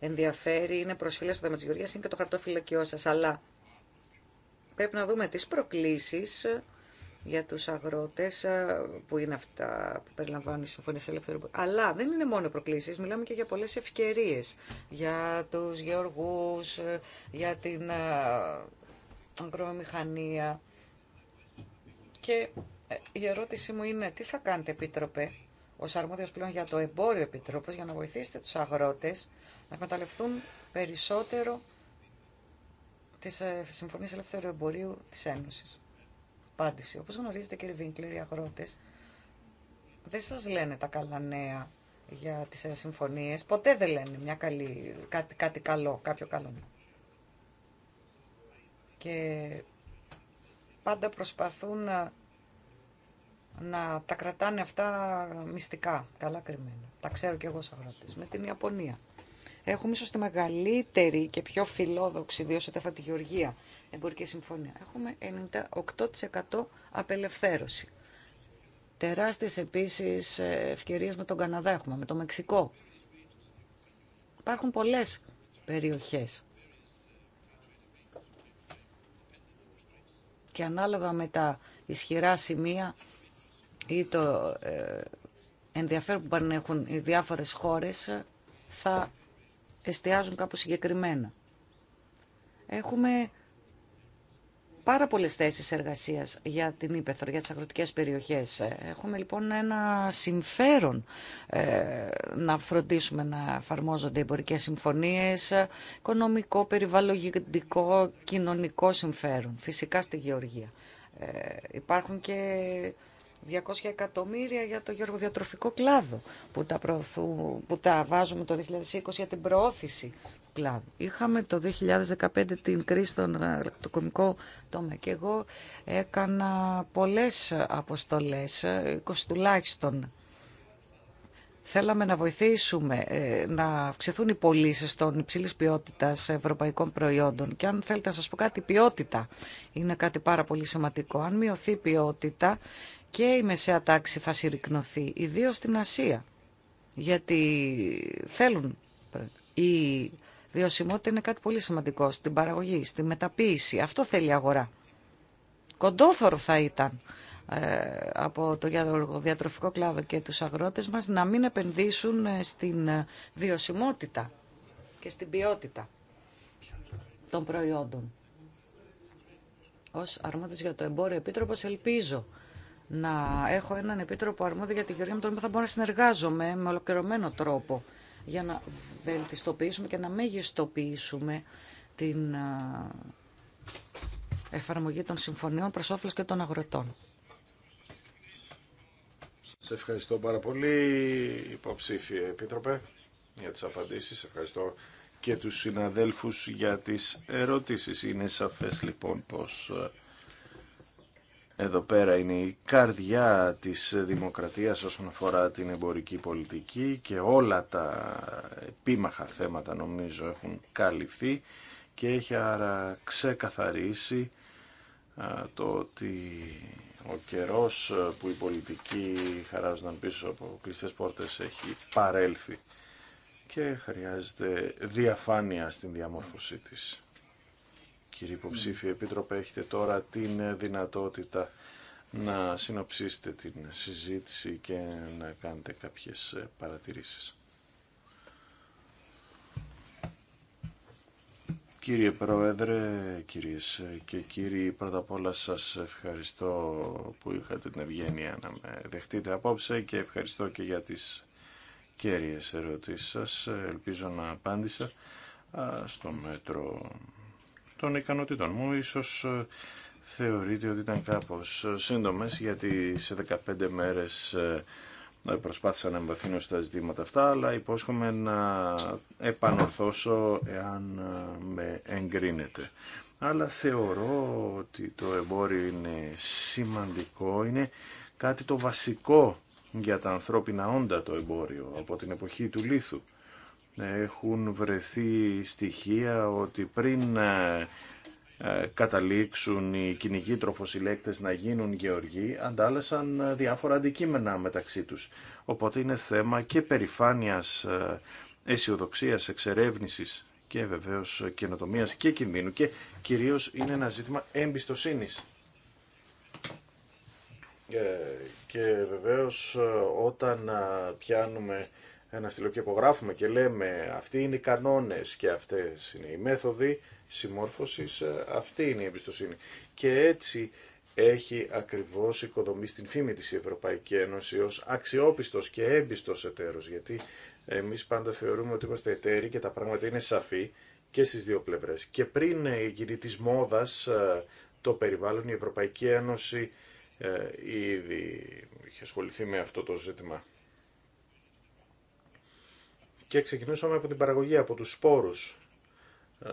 ενδιαφέρει, είναι προσφυλές στο θέμα της γεωργίας, είναι και το χαρτοφυλακιό σας, αλλά πρέπει να δούμε τις προκλήσεις για τους αγρότες, ε, που είναι αυτά που περιλαμβάνουν οι συμφωνίες ελεύθερου. Αλλά δεν είναι μόνο προκλήσεις, μιλάμε και για πολλές ευκαιρίες για τους γεωργούς, ε, για την αγρομηχανία. Ε, και η ερώτησή μου είναι τι θα κάνετε επίτροπε ω αρμόδιο πλέον για το εμπόριο Επίτροπο, για να βοηθήσετε τους αγρότες να εκμεταλλευτούν περισσότερο τις συμφωνίες ελεύθερου εμπορίου της Ένωσης απάντηση. Όπως γνωρίζετε κύριε Βίνκλερ, οι αγρότες δεν σας λένε τα καλά νέα για τις ε, συμφωνίες. Ποτέ δεν λένε μια καλή, κάτι, κάτι καλό, κάποιο καλό. Και πάντα προσπαθούν να, ε, να τα κρατάνε αυτά μυστικά, καλά κρυμμένα. Τα ξέρω κι εγώ σαν αγρότες. Με την Ιαπωνία. Έχουμε ίσω τη μεγαλύτερη και πιο φιλόδοξη, ιδίως τα τη Γεωργία, εμπορική συμφωνία. Έχουμε 98% απελευθέρωση. Τεράστιες επίσης ε, ευκαιρίες με τον Καναδά έχουμε, με το Μεξικό. Υπάρχουν πολλές περιοχές. Και ανάλογα με τα ισχυρά σημεία ή το ε, ενδιαφέρον που έχουν οι διάφορες χώρες, θα εστιάζουν κάπως συγκεκριμένα. Έχουμε πάρα πολλές θέσεις εργασίας για την Ήπεθρο, για τις αγροτικές περιοχές. Έχουμε λοιπόν ένα συμφέρον ε, να φροντίσουμε να εφαρμόζονται εμπορικές συμφωνίες, οικονομικό, περιβαλλοντικό, κοινωνικό συμφέρον, φυσικά στη Γεωργία. Ε, υπάρχουν και 200 εκατομμύρια για το γεωργοδιατροφικό κλάδο που τα, που τα βάζουμε το 2020 για την προώθηση κλάδου. Είχαμε το 2015 την κρίση στον ε, κομικό τομέα και εγώ έκανα πολλές αποστολές, 20 ε, τουλάχιστον. Θέλαμε να βοηθήσουμε ε, να αυξηθούν οι πωλήσει των υψηλή ποιότητα ευρωπαϊκών προϊόντων. Και αν θέλετε να σα πω κάτι, η ποιότητα είναι κάτι πάρα πολύ σημαντικό. Αν μειωθεί η ποιότητα, και η μεσαία τάξη θα συρρυκνωθεί, ιδίω στην Ασία. Γιατί θέλουν. Η βιωσιμότητα είναι κάτι πολύ σημαντικό στην παραγωγή, στην μεταποίηση. Αυτό θέλει η αγορά. Κοντόθωρο θα ήταν ε, από το διατροφικό κλάδο και τους αγρότες μας να μην επενδύσουν ε, στην ε, βιωσιμότητα και στην ποιότητα των προϊόντων. Ως αρμόδιος για το εμπόριο επίτροπος ελπίζω να έχω έναν επίτροπο αρμόδιο για τη Γεωργία με τον οποίο θα μπορώ να συνεργάζομαι με ολοκληρωμένο τρόπο για να βελτιστοποιήσουμε και να μεγιστοποιήσουμε την εφαρμογή των συμφωνιών προς όφελος και των αγροτών. Σε ευχαριστώ πάρα πολύ υποψήφιε επίτροπε για τις απαντήσεις. Ευχαριστώ και τους συναδέλφους για τις ερωτήσεις. Είναι σαφές λοιπόν πως ε, εδώ πέρα είναι η καρδιά της δημοκρατίας όσον αφορά την εμπορική πολιτική και όλα τα επίμαχα θέματα νομίζω έχουν καλυφθεί και έχει άρα ξεκαθαρίσει το ότι ο καιρός που οι πολιτικοί χαράζονταν πίσω από κλειστές πόρτες έχει παρέλθει και χρειάζεται διαφάνεια στην διαμόρφωσή της. Κύριε Υποψήφιε Επίτροπε, έχετε τώρα την δυνατότητα να συνοψίσετε την συζήτηση και να κάνετε κάποιες παρατηρήσεις. Κύριε Πρόεδρε, κυρίες και κύριοι, πρώτα απ' όλα σας ευχαριστώ που είχατε την ευγένεια να με δεχτείτε απόψε και ευχαριστώ και για τις κέρυες ερωτήσεις σας. Ελπίζω να απάντησα στο μέτρο των ικανοτήτων μου. Ίσως ε, θεωρείτε ότι ήταν κάπως ε, σύντομες γιατί σε 15 μέρες ε, προσπάθησα να εμβαθύνω στα ζητήματα αυτά αλλά υπόσχομαι να επανορθώσω εάν με εγκρίνεται. Αλλά θεωρώ ότι το εμπόριο είναι σημαντικό, είναι κάτι το βασικό για τα ανθρώπινα όντα το εμπόριο από την εποχή του λίθου. Έχουν βρεθεί στοιχεία ότι πριν ε, ε, καταλήξουν οι κυνηγοί τροφοσυλλέκτες να γίνουν γεωργοί, αντάλλασαν ε, διάφορα αντικείμενα μεταξύ τους. Οπότε είναι θέμα και περηφάνειας αισιοδοξία, εξερεύνησης και βεβαίως καινοτομίας και κινδύνου και κυρίως είναι ένα ζήτημα εμπιστοσύνης. Και βεβαίως όταν πιάνουμε ένα στυλό και υπογράφουμε και λέμε αυτοί είναι οι κανόνες και αυτές είναι οι μέθοδοι συμμόρφωσης, ε, αυτή είναι η εμπιστοσύνη. Και έτσι έχει ακριβώς οικοδομή στην φήμη της η Ευρωπαϊκή Ένωση ως αξιόπιστος και έμπιστος εταίρος, γιατί εμείς πάντα θεωρούμε ότι είμαστε εταίροι και τα πράγματα είναι σαφή και στις δύο πλευρές. Και πριν ε, γίνει της μόδας ε, το περιβάλλον, η Ευρωπαϊκή Ένωση ήδη είχε ασχοληθεί με αυτό το ζήτημα και ξεκινούσαμε από την παραγωγή, από τους σπόρους ε,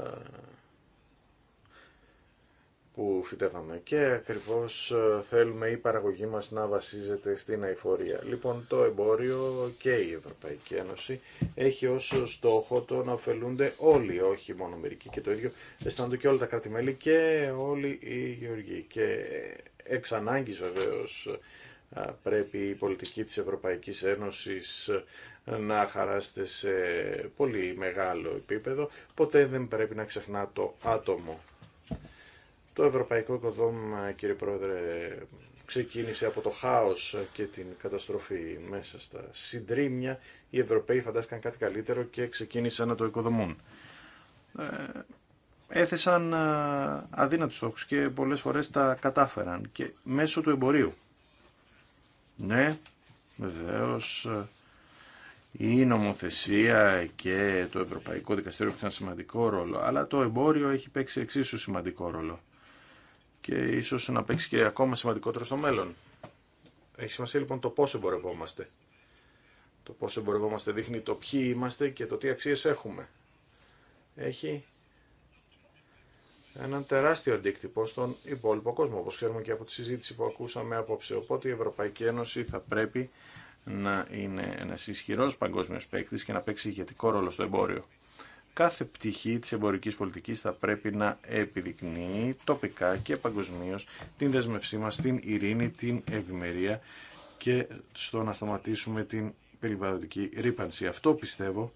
που φυτεύαμε και ακριβώς ε, θέλουμε η παραγωγή μας να βασίζεται στην αηφορία. Λοιπόν το εμπόριο και η Ευρωπαϊκή Ένωση έχει ως στόχο το να ωφελούνται όλοι, όχι μόνο μερικοί και το ίδιο αισθάνονται και όλα τα κράτη-μέλη και όλοι οι γεωργοί και ε, εξ ανάγκης βεβαίως πρέπει η πολιτική της Ευρωπαϊκής Ένωσης ε, να χαράστε σε πολύ μεγάλο επίπεδο. Ποτέ δεν πρέπει να ξεχνά το άτομο. Το ευρωπαϊκό οικοδόμημα, κύριε Πρόεδρε, ξεκίνησε από το χάος και την καταστροφή μέσα στα συντρίμια. Οι Ευρωπαίοι φαντάστηκαν κάτι καλύτερο και ξεκίνησαν να το οικοδομούν. Ε, έθεσαν ε, αδύνατους στόχους και πολλές φορές τα κατάφεραν και μέσω του εμπορίου. Ναι, βεβαίω, ε, η νομοθεσία και το Ευρωπαϊκό Δικαστήριο έχουν σημαντικό ρόλο, αλλά το εμπόριο έχει παίξει εξίσου σημαντικό ρόλο και ίσως να παίξει και ακόμα σημαντικότερο στο μέλλον. Έχει σημασία λοιπόν το πώ εμπορευόμαστε. Το πώ εμπορευόμαστε δείχνει το ποιοι είμαστε και το τι αξίες έχουμε. Έχει έναν τεράστιο αντίκτυπο στον υπόλοιπο κόσμο, όπως ξέρουμε και από τη συζήτηση που ακούσαμε απόψε. Οπότε η Ευρωπαϊκή Ένωση θα πρέπει να είναι ένα ισχυρό παγκόσμιο παίκτη και να παίξει ηγετικό ρόλο στο εμπόριο. Κάθε πτυχή τη εμπορική πολιτική θα πρέπει να επιδεικνύει τοπικά και παγκοσμίω την δεσμευσή μα στην ειρήνη, την ευημερία και στο να σταματήσουμε την περιβαλλοντική ρήπανση. Αυτό πιστεύω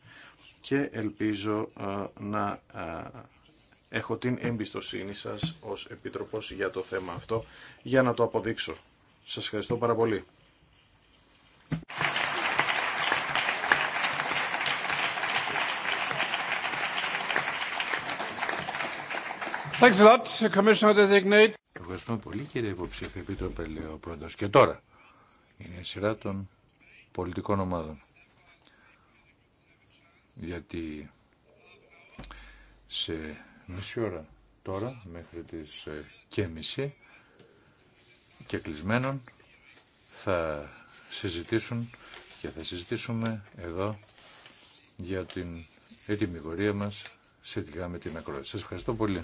και ελπίζω ε, να ε, έχω την εμπιστοσύνη σας ως Επιτροπός για το θέμα αυτό για να το αποδείξω. Σας ευχαριστώ πάρα πολύ. Thanks lot, Commissioner Ευχαριστούμε πολύ κύριε υποψήφιε Επίτροπε, λέει ο Και τώρα είναι η σειρά των πολιτικών ομάδων. Γιατί σε μισή ώρα τώρα μέχρι τις ε, και μισή και κλεισμένων θα συζητήσουν και θα συζητήσουμε εδώ για την ετοιμιγορία μας σχετικά με την ακρόαση. Σας ευχαριστώ πολύ.